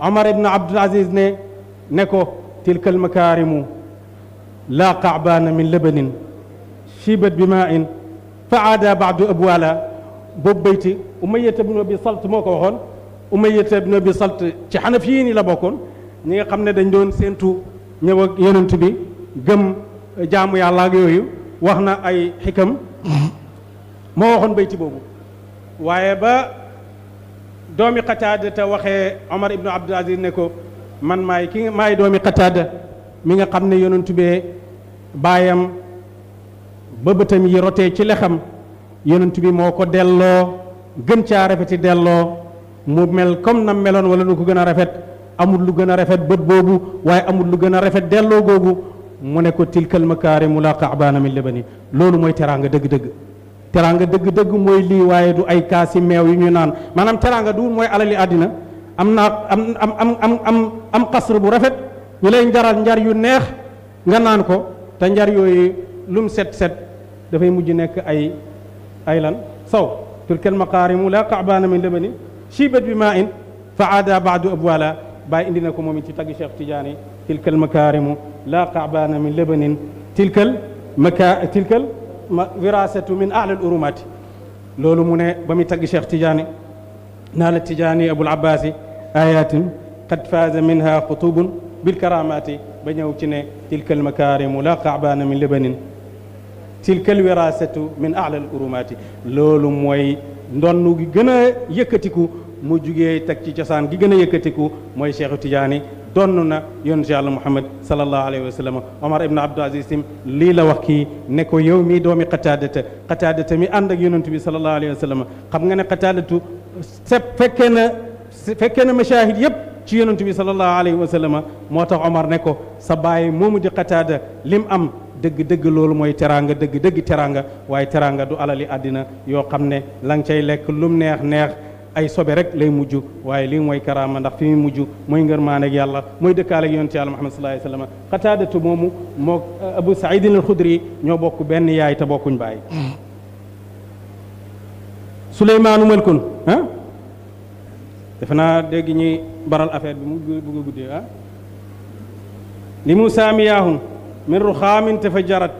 omar ibn abdul aziz ne ne ko tilka almakaarimu laa qacbaana min labanin shiibat bimaain fa aada baadu abwaala boobu bayti umayata ibnu abi salt moo ko waxoon umayata ibnu abi salt ci xanaf yii ni la bokkoon ñi nga xam ne dañ doon séentu ñëw ak yonent bi gëm jaamu yàlla ak yooyu wax na ay xikam moo waxoon bayti boobu waaye ba doomi Qataada te waxee Omar ibnu Abdul Aziz ne ko man maay ki maay doomi Qataada mi nga xam ne yonent bi baayam ba bëtam yi rotee ci lexam yonent bi moo ko delloo gën caa rafeti delloo mu mel comme na meloon wala nu ko gën a rafet amul lu gën a rafet bët boobu waaye amul lu gën a rafet delloo googu mu tilkal makaarimu laa qaxbaana min labani loolu mooy teraanga dëgg-dëgg teraanga dëgg-dëgg mooy lii waaye du ay kaasi meew yu ñu naan maanaam teraanga du mooy alali àddina am am am am am am am xasr bu rafet ñu lay njaral njar yu neex nga naan ko te njar yooyu lum set set dafay mujj nekk ay ay lan saw tilkal makaarimu laa qaxbaana min labani shibat bi maa in fa abwala bàyyi indina na ko moom ci tagg Cheikh Tidiane tilkal makaarimu لا قعبان من لبن تلك المكا تلك الوراثة من أعلى الأرومات لولو من بامي تقي شيخ تيجاني نال تيجاني أبو العباس آيات قد فاز منها خطوب بالكرامات بنيوتنا تلك المكارم لا قعبان من لبن تلك الوراثة من أعلى الأرومات لولو موي ndonnu gi gën a yëkkatiku mu jugee teg ci cosaan gi gën a yëkkatiku mooy Tidiane دوننا يونس yonent محمد صلى الله عليه وسلم عمر omar ibn العزيز aziz tim lii la wax kii ne ko yow mii doomi صلى الله عليه ànd خمغا yonent bi sallallahu فكنا wa sallam xam nga ne صلى الله عليه وسلم موتا عمر mashahid yépp ci yonent bi sallallahu alayhi wa sallam moo tax omar ne ko sa teranga moomu di du alali adina yo xamne lang cey lek lum neex neex ay sobe rek lay mujj waye li moy karama ndax fi muy moy ngeur man ak yàlla moy dëkkaal ak yonti yàlla Muhammad sallallahu alayhi wasallam sallam momu mok Abu Saïd khudri ño bokk ben yaay ta bokkuñ baye suleyman Malkun ah defna naa ni baral affaire bi mu bëgg guddé ha li Muusaa miyaahun min ruxaamin tafajjarat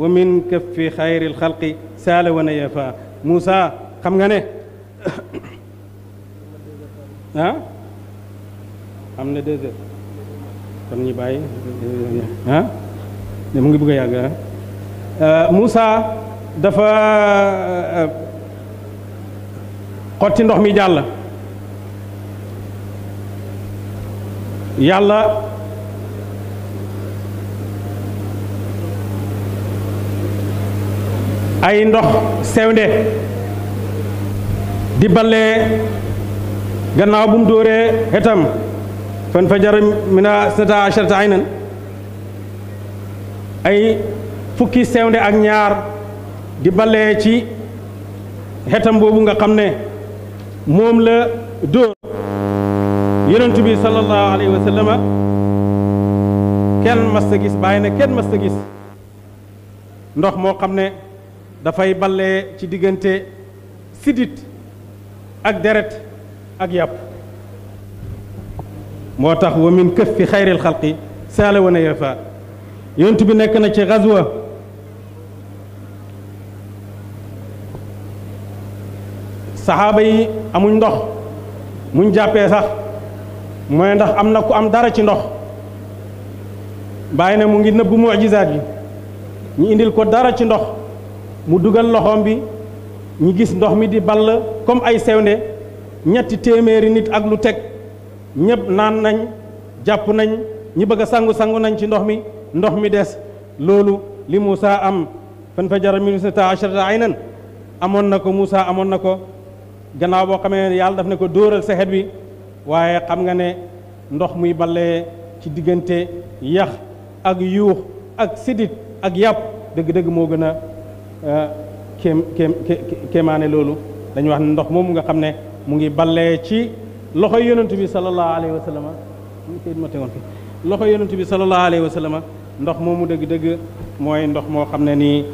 wa min kaffi xayri khalqi sala wa nayafa musa xam nga ne ah am na deux kon ñu bàyyi mu ngi bëgg a yàgg ah Moussa dafa euh, euh, xotti ndox mi jàll yàlla ay ndox sewnde di balee gannaaw bu mu dóoree xetam fan fa jar mina snata asharata ay fukki sewnde ak ñaar di bale ci xetam boobu nga xam ne moom la dóor yonentu bi sallallahu alayhi wa sallama kenn mas ta gis bàyyi ne kenn mas gis ndox moo xam ne dafay ballee ci diggante sidit ak deret ak yàpp moo tax wa min këf fi xayril xalqi saala wan a yafa yonent bi nekk na ci xaswa saxaaba yi amuñ ndox muñ jàppee sax mooy ndax am na ku am dara ci ndox bàyyi na mu ngi nëbb mujisaat yi ñu indil ko dara ci ndox mu dugal loxoom bi ñu gis ndox mi di ball comme ay sewnde ñetti téeméeri nit ak lu teg ñëpp naan nañ jàpp nañ ñi bëgg a sangu-sangu nañ ci ndox mi ndox mi des loolu li Moussa am fan fa jara min isnata asharata aynan amoon na ko Moussa amoon na ko gannaaw boo xamee ne yàlla daf ne ko dóoral sa xet bi waaye xam nga ne ndox muy ballee ci diggante yax ak yuux ak sidit ak yàpp dëgg-dëgg moo gën a euh, kéem kéem kéemaane loolu dañuy wax ne ndox moomu nga xam ne mu ngi ballee ci loxo yonent bi sallallahu alayhi wa sallam kayit ma tegoon fi loxo yonent bi sallallahu alayhi wa sallam ndox moomu dëgg-dëgg mooy ndox moo xam ne nii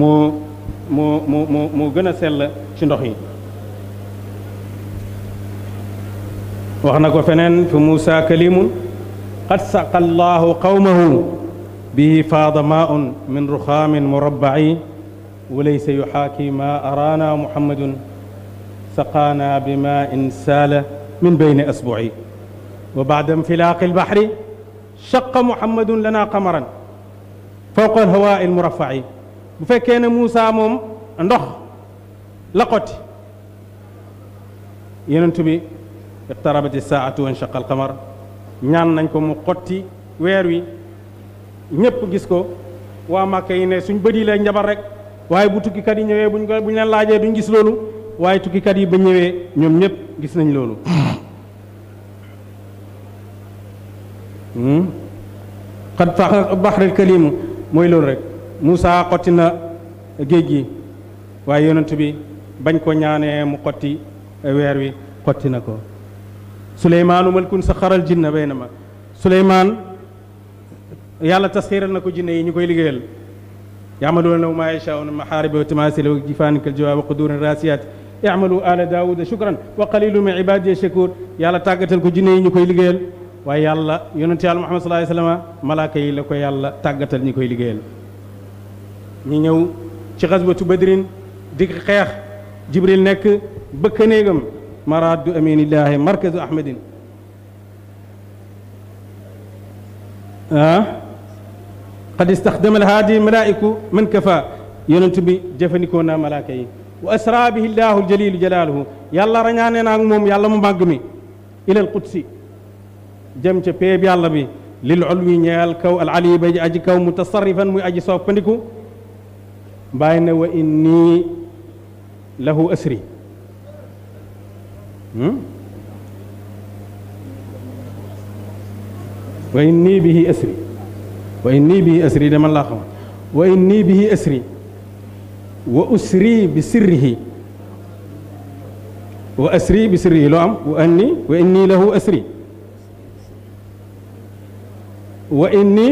moo moo moo moo moo gën a sell ci ndox yi wax na ko feneen fi Muusa kalimun qad saqa allahu qawmahu bihi faada maun min ruxaamin murabbaci wa laysa yuxaaki ma araana muhammadun سقانا بماء سال من بين أسبوعي وبعد انفلاق البحر شق محمد لنا قمرا فوق الهواء المرفع فكان موسى موم نخ لقت ينتمي اقتربت الساعة وانشق القمر نان نانكو مقتي ويروي نيب غيسكو وما ماكاي ني سون بدي لا بوتوكي كادي نيوي بون بون لاجي دون غيس waaye tukkikat yi ba ñëwee ñoom ñëpp gis nañ loolu xat fa baxril mooy loolu rek Moussa xotti na géej gi waaye yonent bi bañ ko ñaanee mu xotti weer wi xotti na ko suleymaanu malkun sa xaral jinna bay na ma suleymaan yàlla tasxiiral na ko jinne yi ñu koy liggéeyal yaamaluuna lahu maa yashaa'uuna maxaariba wa tamaasiila wa jifaanin kal jawaabi wa quduuran raasiyaat i'malu ala daawuda shukran wa qalilu min ibadiya shakur yàlla tàggatal ko jinne yi ñu koy liggéeyal waaye yàlla yonente yàlla muhammad sallallahu alayhi wasallam malaaka yi la ko yàlla tàggatal ñi koy liggéeyal ñu ñëw ci xaswatu badrin di xeex jibril nekk bëkk néegam maraadu aminillahi markazu ahmadin ah qad istaxdama alhaadi malaiku man kafa yonent bi jëfandikoo naa malaaka yi وأسرى به الله الجليل جلاله يلا ناك موم يلا مو مبغمي إلى القدس جم بي يلا بي للعلوي نيال كو العلي بي أجي كو متصرفا مو أجي صوف بندكو باين وإني له أسري وإني به أسري وإني به أسري لمن لا وإني به أسري wa usri bi sirrihi wa asri bi sirrihi loo am wa anni wa inni lahu asri wa inni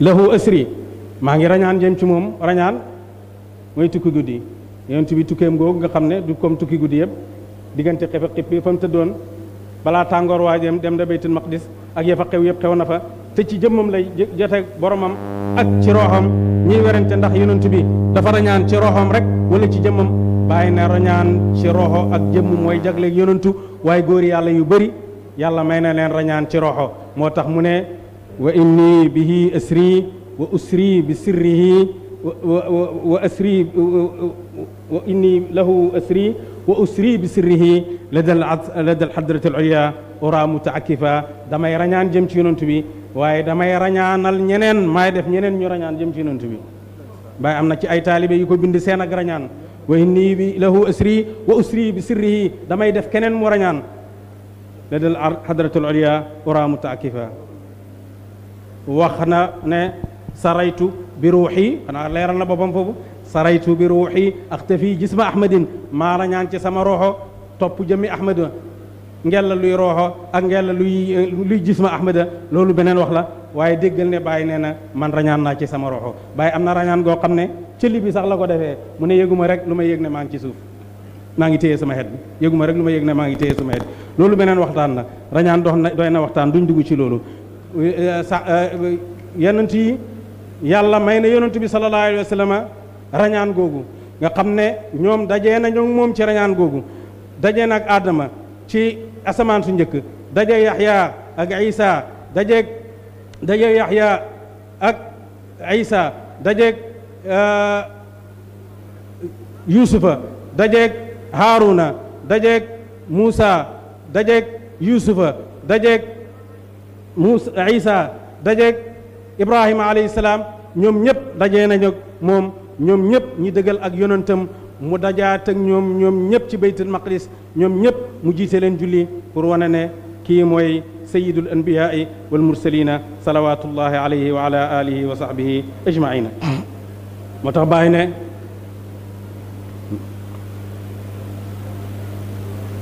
lahu asri maa ngi rañaan jëm ci moom rañaan mooy tukki guddi yonent bi tukkeem googu nga xam ne du comme tukki guddi yëpp diggante xefe xippi fa mu tëddoon balaa tàngoor waa jëm dem da baytul maqdis ak yëfa xew yëpp xew na fa te ci jëmmam lay jote boromam ak ci roxam ñiy werante ndax yonent bi dafa rañaan ci roxam rek wala ci jëmmam bàyyi na rañaan ci roxo ak jëmm mooy jagleeg yonentu waaye góor yàlla yu bëri yàlla may na leen rañaan ci roxo moo tax mu ne wa inni bihi asri wa usri bi sirrihi wa asri wa inni lahu asri wa usri bi sirrihi lada lada alxadrati alulya ura mutaakifa damay rañaan jëm ci yonent bi waaye damay rañaanal ñeneen maay def ñeneen ñu rañaan jëm ci yonent bi baay am na ci ay taalibe yu ko bind seen ak rañaan wa inni bi lahu usri wa usri bi sirrihi damay def keneen mu rañaan la del xadratul ulya ura mutaakifa wax na ne saraytu bi ruuxi xanaa leeral na boppam foofu saraytu bi ruuxi axtafi jisma ahmadin maa rañaan ci sama roxo topp jëmmi ahmad ngella luy rooxo ak ngella luy luy jisma ahmada loolu beneen wax la waaye déggal ne bàyyi nee na man rañaan naa ci sama roxo bàyyi am na rañaan goo xam ne cëli bi sax la ko defee mu ne yéeguma rek lu may yéeg ne maa ngi ci suuf maa ngi téye sama xet bi yëguma rek lu ma yëg ne maa ngi téye sama xet loolu beneen waxtaan la rañaan dox na doy na waxtaan duñ dugg ci loolu sa yonent yi yàlla may na yonent bi sallallahu alayhi wa sallam rañaan googu nga xam ne ñoom dajee na moom ci rañaan googu dajee asamaan su njëkk daje yaxya ak isa dajeeg daje yaxya ak isa dajeeg uh, yusufa dajeeg haaruna dajeeg muusa dajeeg yusufa dajeeg muusa isa dajeeg ibrahima alayhi salaam ñoom ñëpp dajee nañu moom ñoom ñëpp ñi dëggal ak yonentam mu dajaat ak ñom ñom ñëpp ci baytul maqdis ñom ñëpp mu jité len julli pour wone ne ki moy sayyidul anbiya wal mursalina salawatullahi alayhi wa ala alihi wa sahbihi ajma'in motax bayne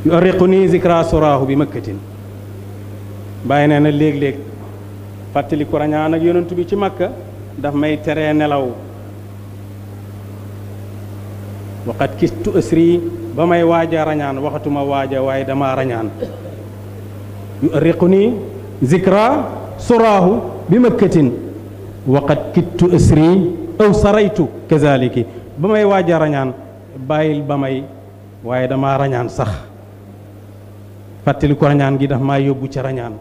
yuriquni zikra surahu bi makkatin bayne na leg leg fatali qur'an ak yonentu bi ci makka daf may tere nelaw waqat kistu ësri ba may waaja a rañaan waxatuma waaj waaye dama rañaan yu ëriqu ni zikra suraahu bi makkatin waqat kittu ësri aw saraytu kazaliki ba may waaja rañaan bàyyil ba may waaye dama rañaan sax fàttaliku rañaan gi daf maa yóbbu ci rañaan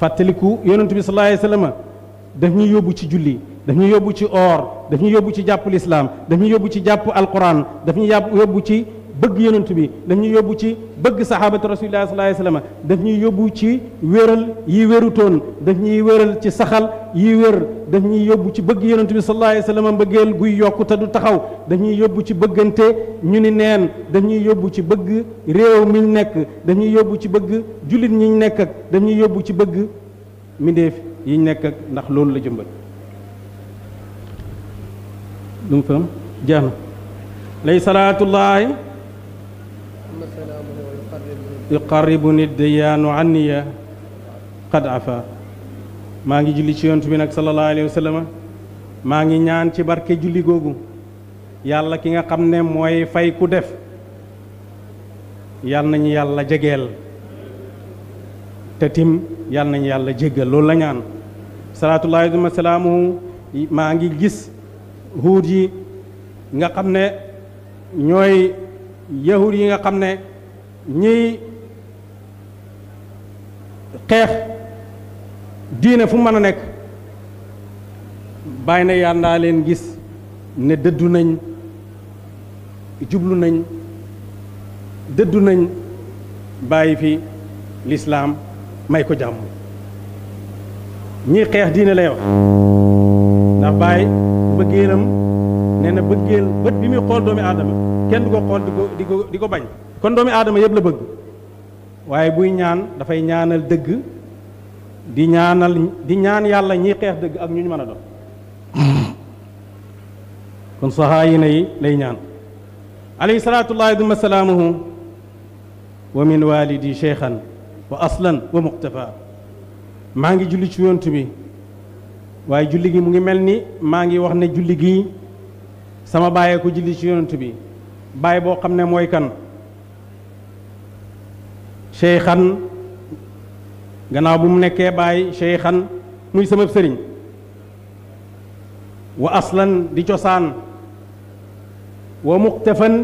fàttaliku yonentu bi sallallahu alayhi wa yóbbu ci julli daf ñu yóbbu ci or daf ñu yóbbu ci jàpp lislaam daf ñu yóbbu ci jàpp alquran daf ñu yàpp yóbbu ci bëgg yonent bi daf ñu yóbbu ci bëgg saxaabatu rasulillahi sallallahu alayhi daf ñuy yóbbu ci wéral yi wérutoon daf ñuy wéral ci saxal yi wér daf ñuy yóbbu ci bëgg yonent bi sallallahu alayhi wasallam mbëggeel guy yokkute te du taxaw daf ñuy yóbbu ci bëggante ñu ni neen daf ñuy yóbbu ci bëgg réew mi ñu nekk daf ñuy yóbbu ci bëgg jullit ñi nekk ak daf ñuy yóbbu ci bëgg mindeef yi nekk ak ndax loolu la jëmbal lu mu fam jeex na lay salaatullaahi yuqarribu ni diyaanu maa ngi julli ci yontu bi nag sallallahu alayhi maa ngi ñaan ci barke julli googu yàlla ki nga xam ne mooy fay ku def yàlla nañu yàlla jegeel te tim yàlla nañu yàlla jéggal loolu la ñaan salaatullaahi wa salaamuhu maa ngi gis huud yi nga xam ne ñooy yahuud yi nga xam ne ñiy xeex diine fu mën a nekk bàyyi na yaan daa leen gis ne dëddu nañ jublu nañ dëddu nañ bàyyi fi lislaam may ko jàmm ñii xeex diine lay ndax bàyyi mbëggeelam nee na bëggeel bët bi muy xool doomi aadama kenn du ko xool di ko di ko bañ kon doomi aadama yëpp la bëgg waaye buy ñaan dafay ñaanal dëgg di ñaanal di ñaan yàlla ñiy xeex dëgg ak ñu ñu mën a doon kon saxaa yi nay lay ñaan alayhi salaatullahi duma salaamuhu wa min walidi cheikhan wa aslan wa muqtafa maa ngi julli ci yontu bi waaye julli gi mu ngi mel ni maa ngi wax ne julli gi sama bàyyee ko julli ci yonent bi bàyyi boo xam ne mooy kan cheykhan gannaaw bu mu nekkee bàyyi xan muy sama sëriñ wa aslan di cosaan wa muqtafan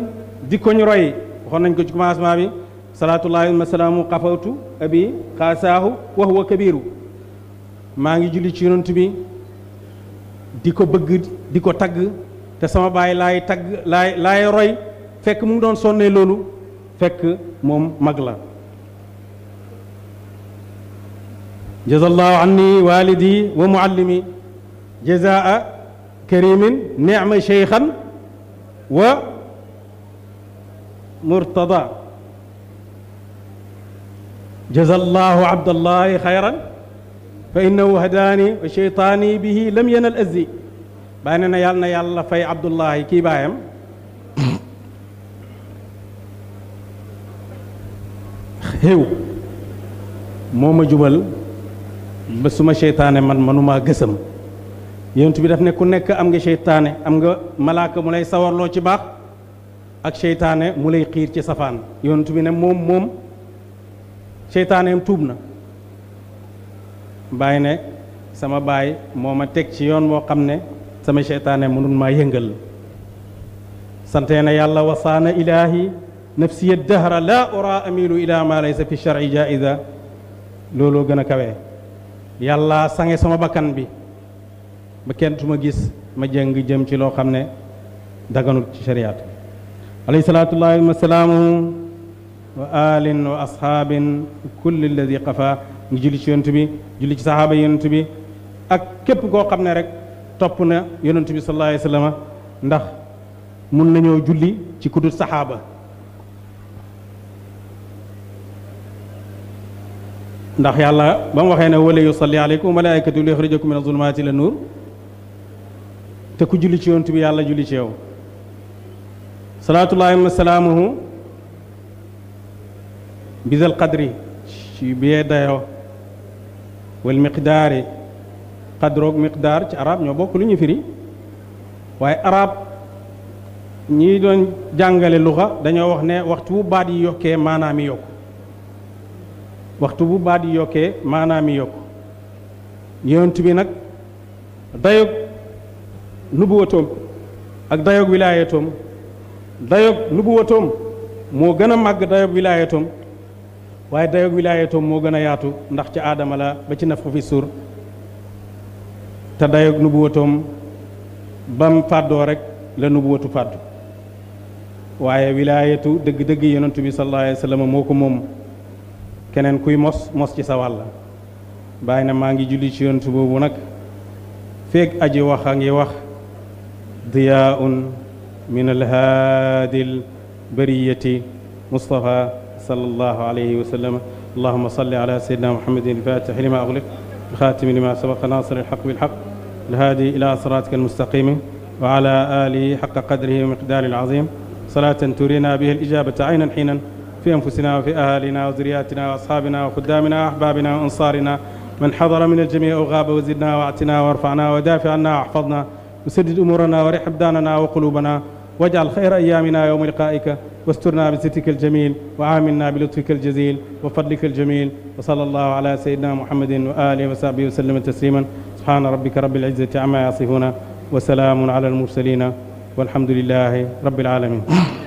di koñ roy waxoon nañ ko ci commencement bi salaatullahi ma salaamu xafawtu abi xaasaahu wa huwa maa ngi julli ci yonent bi diko bëgg diko tag te sama baay lay tag lay lay roy fekk mu ngi doon sonné lolu fekk mom magla jazallahu anni walidi wa muallimi jazaa karimin nicma cheikhan wa murtada jazallahu abdallahi xayran فإنه هداني وشيطاني به لم ينال أزي باننا يالنا يالا في عبد الله كي بايم هيو موما جبل بسما شيطان من منوما قسم يونت بي دافني كو نيك امغا شيطان امغا ملاك مولاي سوار لو سي اك شيطان مولاي خير سي صفان يونت نم موم موم شيطان يم توبنا bayne sama bay moma tek ci yoon boo xamne sama sheytane munun ma yëngal sante na yàlla wasaana ilaahi nafsiya dahra la ura amilu ila ma laysa fi shar'i jaiza lolo gëna kawé yàlla sange sama bakan bi ba kën tuma gis ma jëng jëm ci lo xamne ne daganul ci shariat alayhi salaatullahi wa salaamu wa alin wa ashabin kulli alladhi qafa ngi julli ci yonent bi julli ci sahaaba yonent bi ak képp koo xam ne rek topp na yonent bi sallallahu alayhi ndax mun nañoo julli ci kudut sahaaba ndax yàlla ba mu waxee ne wala yusalli aleykum malaikatu li yuxrijakum min azulumati ila nuur te ku julli ci yonent bi yàlla julli ci yow salaatullahi wa salaamuhu bisal qadri ci biyee والمقدار قدرك مقدار عرب نيو بوك لوني فري واي عرب ني دون جانغال لغه دانيو واخ ني وقت بو بادي يوكي مانا مي يوك وقت بو بادي يوكي مانا مي يوك يونت بي نك دايوك نبوتوم اك دايوك ولايتوم دايوك نبوتوم مو غنا ماغ دايوك ولايتوم waaye dayoog wilaayatoom moo gën a yaatu ndax ci aadama la ba ci naf ko fi te dayoog nubuwatoom bam fàddoo rek la nubuwatu fàddu waaye wilaayatu dëgg-dëgg yonentu moo ko moom keneen kuy mos mos ci sa wàll bàyyi na maa ngi julli ci yonentu boobu nag feeg aji wax a ngi wax diyaa un min alhaadil bariyati Mustafa صلى الله عليه وسلم اللهم صل على سيدنا محمد الفاتح لما أغلق الخاتم لما سبق ناصر الحق بالحق الهادي إلى صراطك المستقيم وعلى آله حق قدره ومقداره العظيم صلاة ترينا به الإجابة عينا حينا في أنفسنا وفي أهالنا وزرياتنا وأصحابنا وخدامنا وأحبابنا وأنصارنا من حضر من الجميع وغاب وزدنا واعتنا وارفعنا ودافع عنا واحفظنا وسدد أمورنا ورحب أبداننا وقلوبنا واجعل خير أيامنا يوم لقائك واسترنا بسترك الجميل وعاملنا بلطفك الجزيل وفضلك الجميل وصلى الله على سيدنا محمد وآله وصحبه وسلم تسليما سبحان ربك رب العزة عما يصفون وسلام على المرسلين والحمد لله رب العالمين